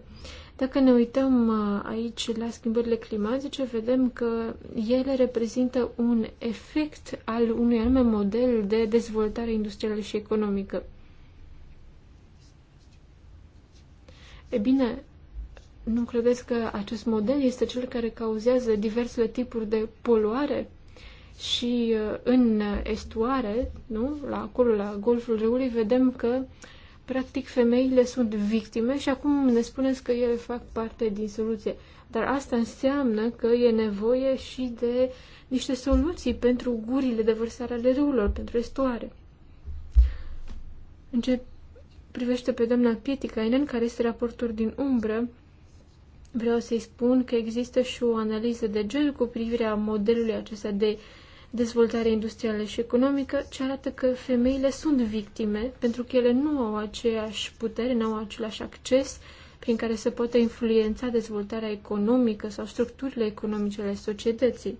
Dacă ne uităm uh, aici la schimbările climatice, vedem că ele reprezintă un efect al unui anume model de dezvoltare industrială și economică. E bine, nu credeți că acest model este cel care cauzează diversele tipuri de poluare? Și uh, în estuare, nu? La, acolo, la golful râului, vedem că Practic, femeile sunt victime și acum ne spuneți că ele fac parte din soluție. Dar asta înseamnă că e nevoie și de niște soluții pentru gurile de vărsare ale râurilor, pentru estoare. În ce privește pe doamna Inen, care este raportor din umbră, vreau să-i spun că există și o analiză de gen cu privirea modelului acesta de uh, dezvoltare industrială și economică, ce arată că femeile sunt victime, pentru că ele nu au aceeași putere, nu au același acces prin care se poate influența dezvoltarea economică sau structurile economice ale societății.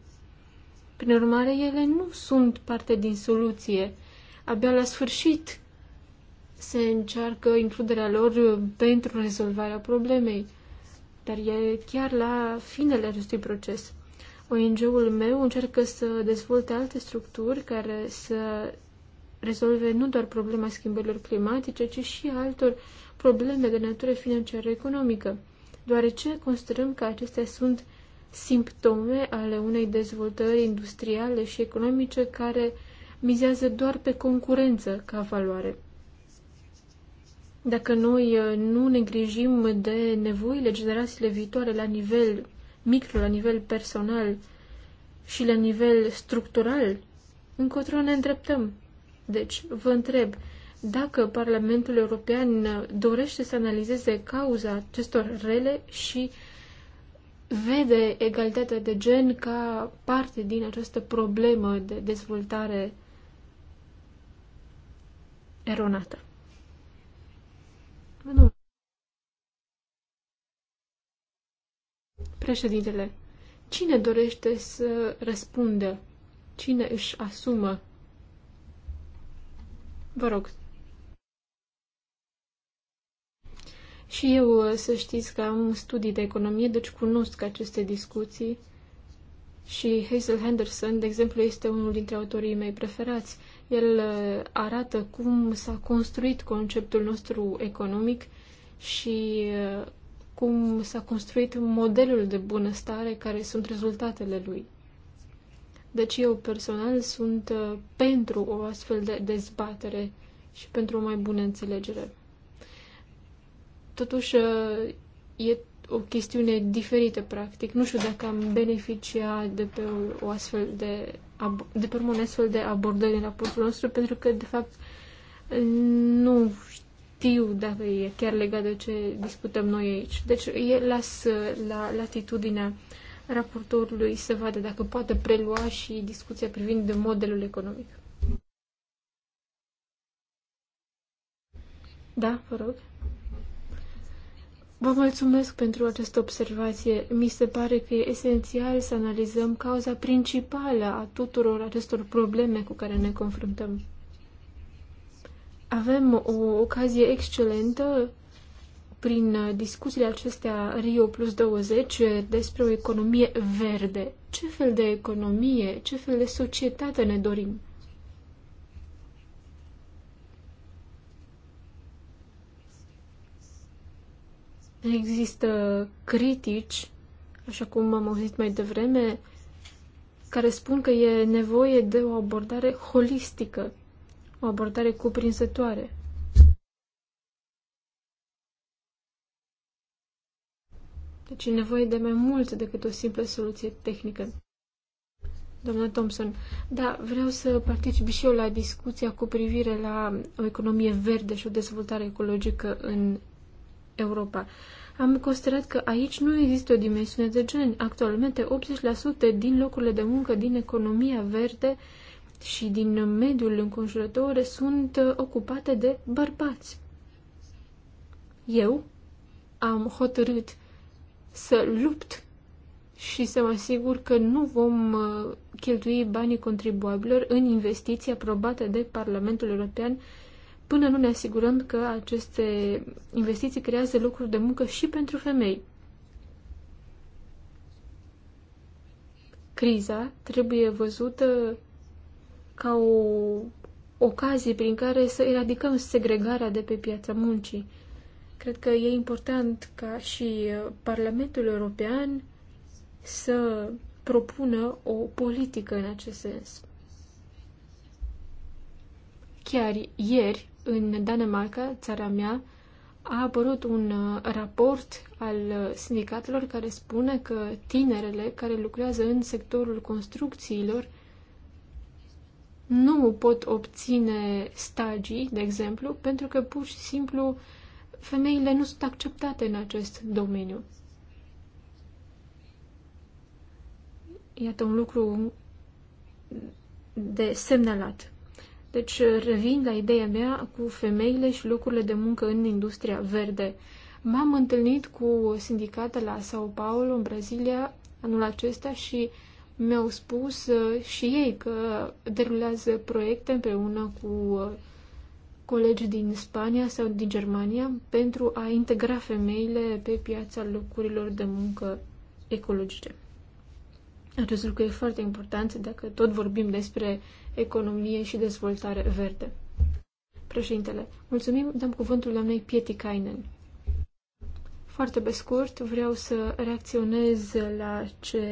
Prin urmare, ele nu sunt parte din soluție. Abia la sfârșit se încearcă includerea lor pentru rezolvarea problemei, dar e chiar la finele acestui proces. ONG-ul meu încearcă să dezvolte alte structuri care să rezolve nu doar problema schimbărilor climatice, ci și altor probleme de natură financiară economică, deoarece considerăm că acestea sunt simptome ale unei dezvoltări industriale și economice care mizează doar pe concurență ca valoare. Dacă noi uh, nu ne grijim de nevoile generațiile viitoare la nivel micro, la nivel personal și la nivel structural, încotro ne îndreptăm. Deci, vă întreb, dacă Parlamentul European dorește să analizeze cauza acestor rele și vede egalitatea de gen ca parte din această problemă de dezvoltare eronată. Nu. Președintele, cine dorește să răspundă? Cine își asumă? Vă rog. Și eu să știți că am studii de economie, deci cunosc aceste discuții. Și Hazel Henderson, de exemplu, este unul dintre autorii mei preferați. El uh, arată cum s-a construit conceptul nostru economic și uh, cum s-a construit modelul de bunăstare care sunt rezultatele lui. Deci eu personal sunt uh, pentru o astfel de dezbatere și pentru o mai bună înțelegere. Totuși, uh, e o chestiune diferită, practic. Nu știu dacă am beneficia de pe o astfel de, de pe un astfel de abordări în raportul nostru, pentru că, de fapt, nu știu dacă e chiar legat de ce discutăm noi aici. Deci e las la latitudinea raportorului să vadă dacă poate prelua și discuția privind de modelul economic. Da, vă rog. Vă mulțumesc pentru această observație. Mi se pare că e esențial să analizăm cauza principală a tuturor acestor probleme cu care ne confruntăm. Avem o ocazie excelentă prin uh, discuțiile acestea Rio plus 20 despre o economie verde. Ce fel de economie, ce fel de societate ne dorim? Există critici, așa cum am auzit mai devreme, care spun că e nevoie de o abordare holistică, o abordare cuprinzătoare. Deci e nevoie de mai mult decât o simplă soluție tehnică. Doamna Thompson, da, vreau să particip și eu la discuția cu privire la o economie verde și o dezvoltare ecologică în Europa. Am considerat că aici nu există o dimensiune de gen. Actualmente, 80% din locurile de muncă din economia verde și din mediul înconjurător sunt uh, ocupate de bărbați. Eu am hotărât să lupt și să mă asigur că nu vom uh, cheltui banii contribuabilor în investiții aprobate de Parlamentul European până nu ne asigurăm că aceste investiții creează locuri de muncă și pentru femei. Criza trebuie văzută ca o ocazie prin care să eradicăm segregarea de pe piața muncii. Cred că e important ca și uh, Parlamentul European să propună o politică în acest sens. Chiar ieri, în Danemarca, țara mea, a apărut un uh, raport al uh, sindicatelor care spune că tinerele care lucrează în sectorul construcțiilor nu pot obține stagii, de exemplu, pentru că pur și simplu femeile nu sunt acceptate în acest domeniu. Iată un lucru de semnalat. Deci revin la ideea mea cu femeile și locurile de muncă în industria verde. M-am întâlnit cu sindicată la Sao Paulo, în Brazilia, anul acesta și uh, mi-au spus uh, și ei că derulează proiecte împreună cu uh, colegi din Spania sau din Germania pentru a integra femeile pe piața locurilor de muncă ecologice. Acest lucru e foarte important dacă tot vorbim despre economie și dezvoltare verde. Președintele, mulțumim, dăm cuvântul doamnei Pieti Kainen. Foarte pe scurt, vreau să reacționez la ce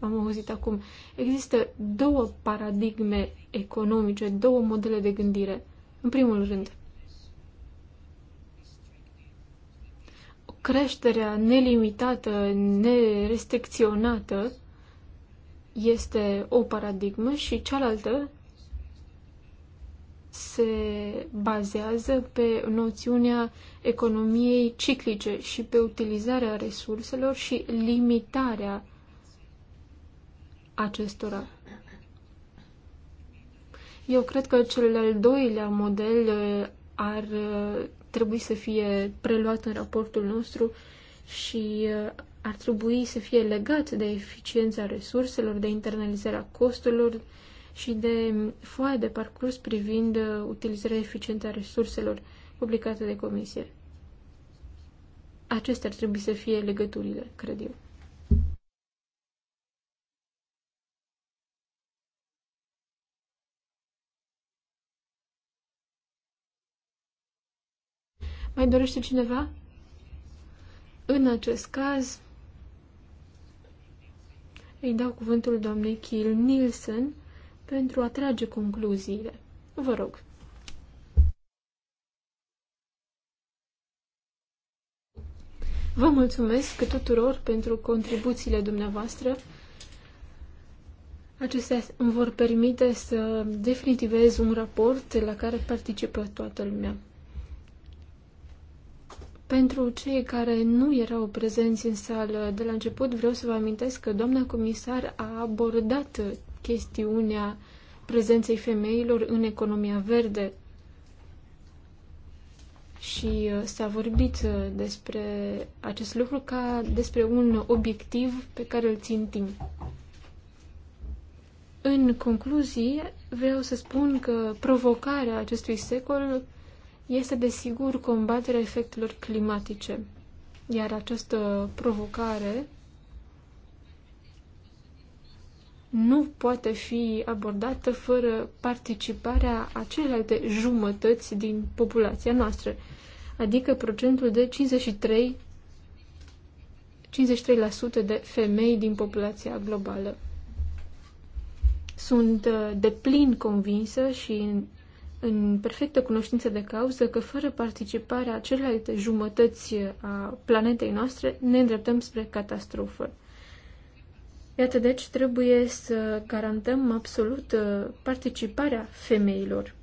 am auzit acum. Există două paradigme economice, două modele de gândire. În primul rând, creșterea nelimitată, nerestricționată este o paradigmă și cealaltă se bazează pe noțiunea economiei ciclice și pe utilizarea resurselor și limitarea acestora. Eu cred că cel al doilea model uh, ar uh, trebui să fie preluat în raportul nostru și uh, ar trebui să fie legat de eficiența resurselor, de internalizarea costurilor și de foaia de parcurs privind utilizarea eficientă a resurselor publicate de comisie. Acestea ar trebui să fie legăturile, cred eu. Mai dorește cineva? În acest caz, îi dau cuvântul doamnei Kiel Nielsen pentru a trage concluziile. Vă rog. Vă mulțumesc tuturor pentru contribuțiile dumneavoastră. Acestea îmi vor permite să definitivez un raport la care participă toată lumea. Pentru cei care nu erau prezenți în sală de la început, vreau să vă amintesc că doamna comisar a abordat chestiunea prezenței femeilor în economia verde și uh, s-a vorbit uh, despre acest lucru ca despre un obiectiv pe care îl țintim. În concluzie, vreau să spun că provocarea acestui secol este desigur combaterea efectelor climatice, iar această provocare nu poate fi abordată fără participarea a celelalte jumătăți din populația noastră, adică procentul de 53 53% de femei din populația globală. Sunt uh, de plin convinsă și în, în perfectă cunoștință de cauză că fără participarea celelalte jumătăți uh, a planetei noastre ne îndreptăm spre catastrofă. Iată, deci, trebuie să garantăm absolut uh, participarea femeilor.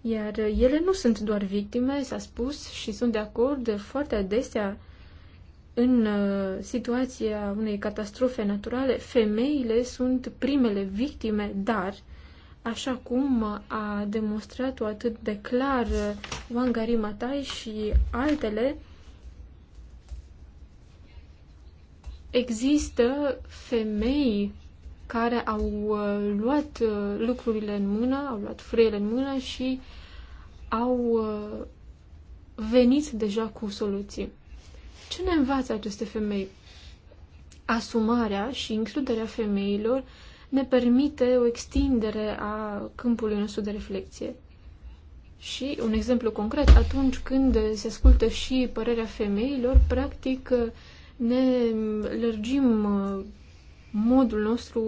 Iar uh, ele nu sunt doar victime, s-a spus, și sunt de acord foarte adesea în uh, situația unei catastrofe naturale, femeile sunt primele victime, dar, așa cum a demonstrat-o atât de clar Wangari Matai și altele, Există femei care au uh, luat uh, lucrurile în mână, au luat frâiele în mână și au uh, venit deja cu soluții. Ce ne învață aceste femei? Asumarea și includerea femeilor ne permite o extindere a câmpului nostru de reflexie. Și un exemplu concret, atunci când se ascultă și părerea femeilor, practic ne lărgim uh, modul nostru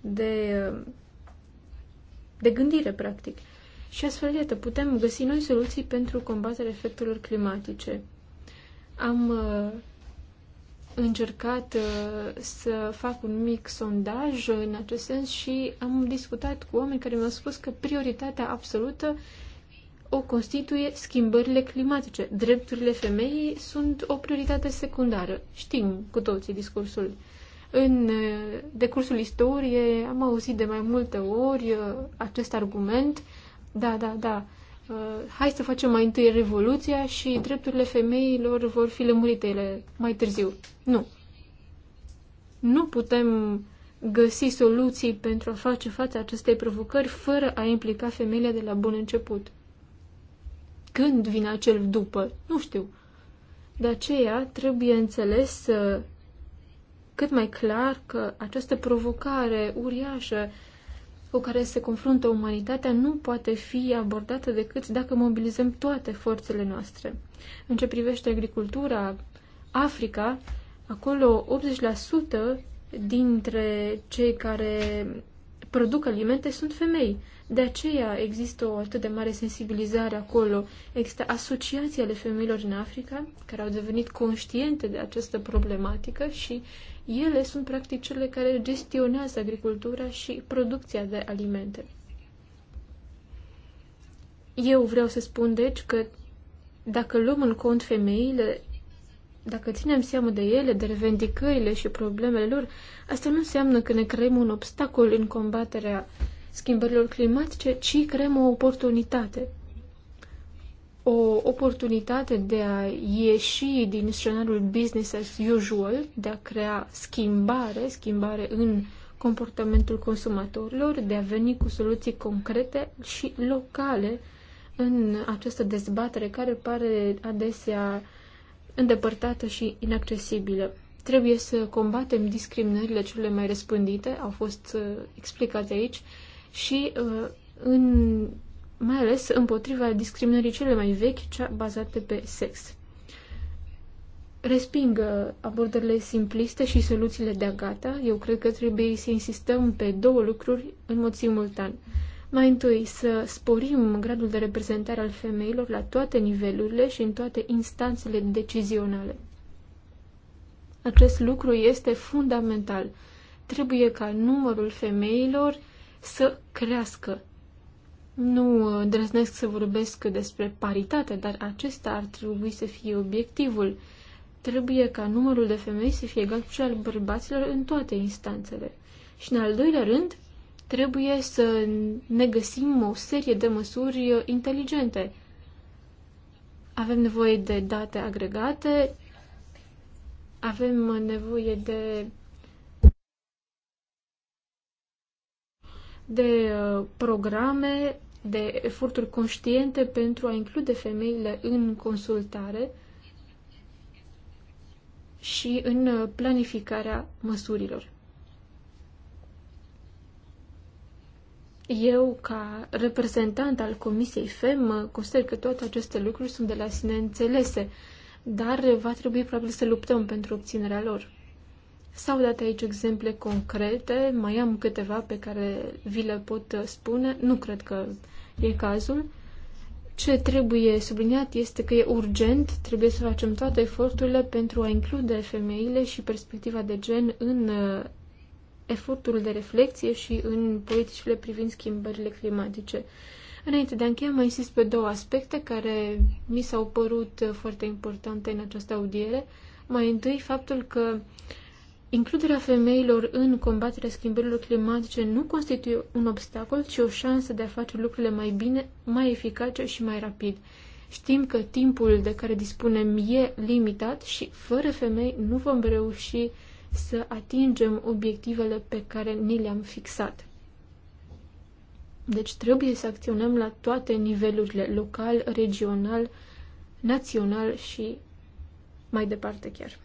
de, de gândire, practic. Și astfel, iată, putem găsi noi soluții pentru combaterea efectelor climatice. Am uh, încercat uh, să fac un mic sondaj în acest sens și am discutat cu oameni care mi-au spus că prioritatea absolută o constituie schimbările climatice. Drepturile femeii sunt o prioritate secundară. Știm cu toții discursul. În uh, decursul istoriei am auzit de mai multe ori uh, acest argument. Da, da, da. Uh, hai să facem mai întâi revoluția și drepturile femeilor vor fi lămurite ele mai târziu. Nu. Nu putem găsi soluții pentru a face față acestei provocări fără a implica femeile de la bun început. Când vine acel după? Nu știu. De aceea trebuie înțeles uh, cât mai clar că această provocare uriașă cu care se confruntă umanitatea nu poate fi abordată decât dacă mobilizăm toate forțele noastre. În ce privește agricultura, Africa, acolo 80% dintre cei care produc alimente sunt femei. De aceea există o atât de mare sensibilizare acolo. Există asociații ale femeilor în Africa care au devenit conștiente de această problematică și ele sunt practic cele care gestionează agricultura și producția de alimente. Eu vreau să spun, deci, că dacă luăm în cont femeile, dacă ținem seama de ele, de revendicările și problemele lor, asta nu înseamnă că ne creăm un obstacol în combaterea schimbărilor climatice, ci creăm o oportunitate. O oportunitate de a ieși din scenariul business as usual, de a crea schimbare, schimbare în comportamentul consumatorilor, de a veni cu soluții concrete și locale în această dezbatere care pare adesea îndepărtată și inaccesibilă. Trebuie să combatem discriminările cele mai răspândite, au fost uh, explicate aici, și uh, în, mai ales împotriva discriminării cele mai vechi, cea bazată pe sex. Respingă uh, abordările simpliste și soluțiile de-a gata. Eu cred că trebuie să insistăm pe două lucruri în mod simultan. Mai întâi, să sporim gradul de reprezentare al femeilor la toate nivelurile și în toate instanțele decizionale. Acest lucru este fundamental. Trebuie ca numărul femeilor să crească. Nu uh, îndrăznesc să vorbesc despre paritate, dar acesta ar trebui să fie obiectivul. Trebuie ca numărul de femei să fie egal cu cel al bărbaților în toate instanțele. Și în al doilea rând, trebuie să ne găsim o serie de măsuri uh, inteligente. Avem nevoie de date agregate, avem nevoie de de uh, programe, de eforturi conștiente pentru a include femeile în consultare și în uh, planificarea măsurilor. Eu, ca reprezentant al Comisiei FEM, consider că toate aceste lucruri sunt de la sine înțelese, dar va trebui probabil să luptăm pentru obținerea lor. S-au dat aici exemple concrete, mai am câteva pe care vi le pot spune, nu cred că e cazul. Ce trebuie subliniat este că e urgent, trebuie să facem toate eforturile pentru a include femeile și perspectiva de gen în uh, efortul de reflexie și în politicile privind schimbările climatice. Înainte de a încheia, mai insist pe două aspecte care mi s-au părut foarte importante în această audiere. Mai întâi, faptul că uh, Includerea femeilor în combaterea schimbărilor climatice nu constituie un obstacol, ci o șansă de a face lucrurile mai bine, mai eficace și mai rapid. Știm că timpul de care dispunem e limitat și fără femei nu vom reuși să atingem obiectivele pe care ni le-am fixat. Deci trebuie să acționăm la toate nivelurile, local, regional, național și mai departe chiar.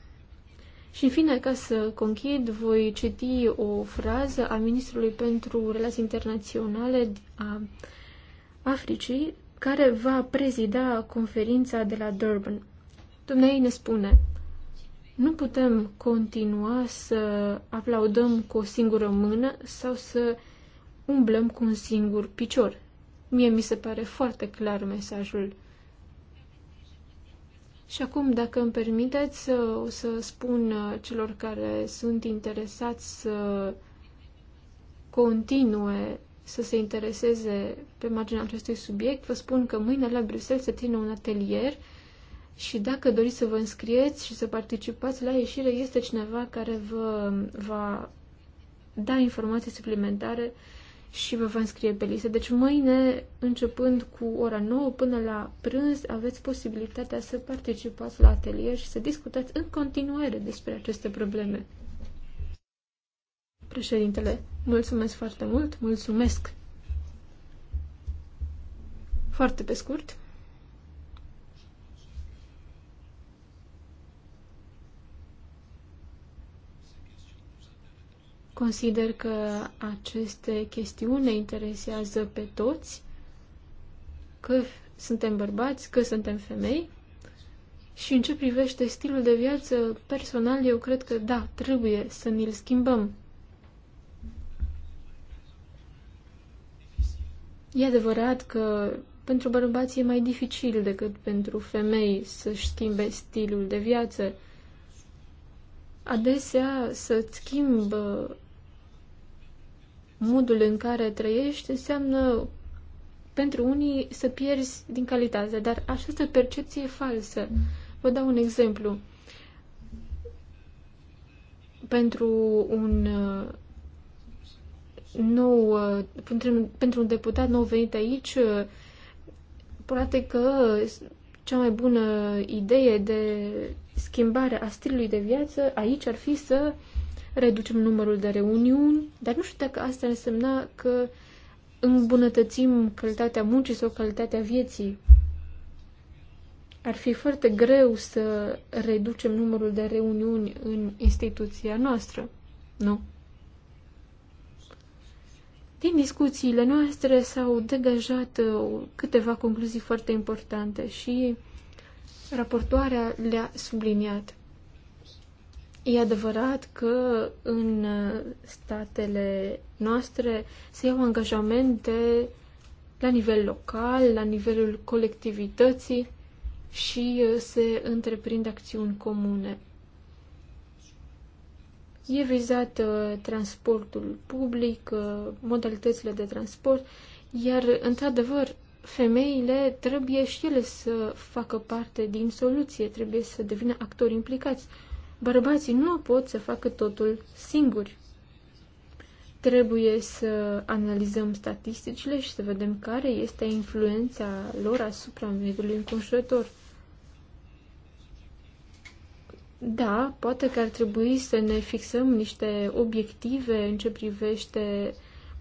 Și în fine, ca să conchid, voi citi o frază a ministrului pentru relații internaționale a Africii, care va prezida conferința de la Durban. Dumnezeu ne spune, nu putem continua să aplaudăm cu o singură mână sau să umblăm cu un singur picior. Mie mi se pare foarte clar mesajul. Și acum, dacă îmi permiteți, o să spun uh, celor care sunt interesați să continue să se intereseze pe marginea acestui subiect, vă spun că mâine la Bruxelles se ține un atelier și dacă doriți să vă înscrieți și să participați la ieșire, este cineva care vă va da informații suplimentare și vă va înscrie pe listă. Deci mâine, începând cu ora 9 până la prânz, aveți posibilitatea să participați la atelier și să discutați în continuare despre aceste probleme. Președintele, mulțumesc foarte mult, mulțumesc! Foarte pe scurt. Consider că aceste chestiuni ne interesează pe toți, că suntem bărbați, că suntem femei. Și în ce privește stilul de viață personal, eu cred că da, trebuie să ne-l schimbăm. E adevărat că pentru bărbați e mai dificil decât pentru femei să-și schimbe stilul de viață. Adesea să-ți schimbă modul în care trăiești înseamnă pentru unii să pierzi din calitate, dar această percepție e falsă. Vă dau un exemplu. Pentru un uh, nou, uh, pentru, pentru un deputat nou venit aici, uh, poate că cea mai bună idee de schimbare a stilului de viață aici ar fi să uh, reducem numărul de reuniuni, dar nu știu dacă asta însemna că îmbunătățim calitatea muncii sau calitatea vieții. Ar fi foarte greu să reducem numărul de reuniuni în instituția noastră, nu? Din discuțiile noastre s-au degajat uh, câteva concluzii foarte importante și raportoarea le-a subliniat. E adevărat că în uh, statele noastre se iau angajamente la nivel local, la nivelul colectivității și uh, se întreprind acțiuni comune. E vizat uh, transportul public, modalitățile de transport, iar, într-adevăr, femeile trebuie și ele să facă parte din soluție, trebuie să devină actori implicați. Bărbații nu pot să facă totul singuri. Trebuie să analizăm statisticile și să vedem care este influența lor asupra mediului înconjurător. Da, poate că ar trebui să ne fixăm niște obiective în ce privește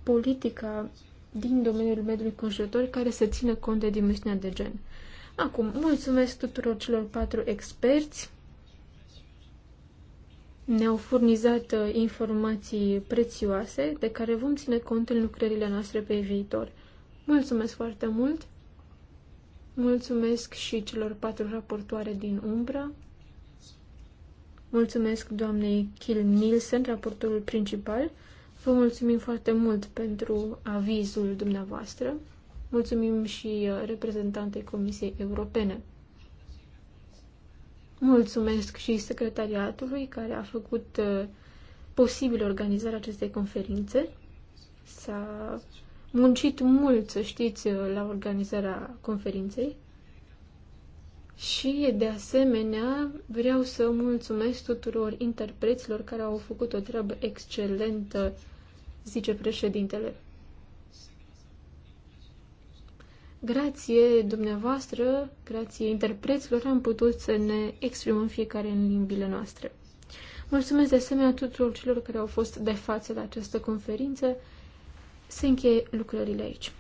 politica din domeniul mediului conjurător care să țină cont de dimensiunea de gen. Acum, mulțumesc tuturor celor patru experți ne-au furnizat uh, informații prețioase de care vom ține cont în lucrările noastre pe viitor. Mulțumesc foarte mult! Mulțumesc și celor patru raportoare din umbră. Mulțumesc doamnei Kil Nielsen, raportorul principal. Vă mulțumim foarte mult pentru avizul dumneavoastră. Mulțumim și uh, reprezentantei Comisiei Europene. Mulțumesc și secretariatului care a făcut uh, posibil organizarea acestei conferințe. S-a muncit mult, să știți, uh, la organizarea conferinței. Și, de asemenea, vreau să mulțumesc tuturor interpreților care au făcut o treabă excelentă, zice președintele. Grație dumneavoastră, grație interpreților, am putut să ne exprimăm fiecare în limbile noastre. Mulțumesc de asemenea tuturor celor care au fost de față la această conferință. Se încheie lucrările aici.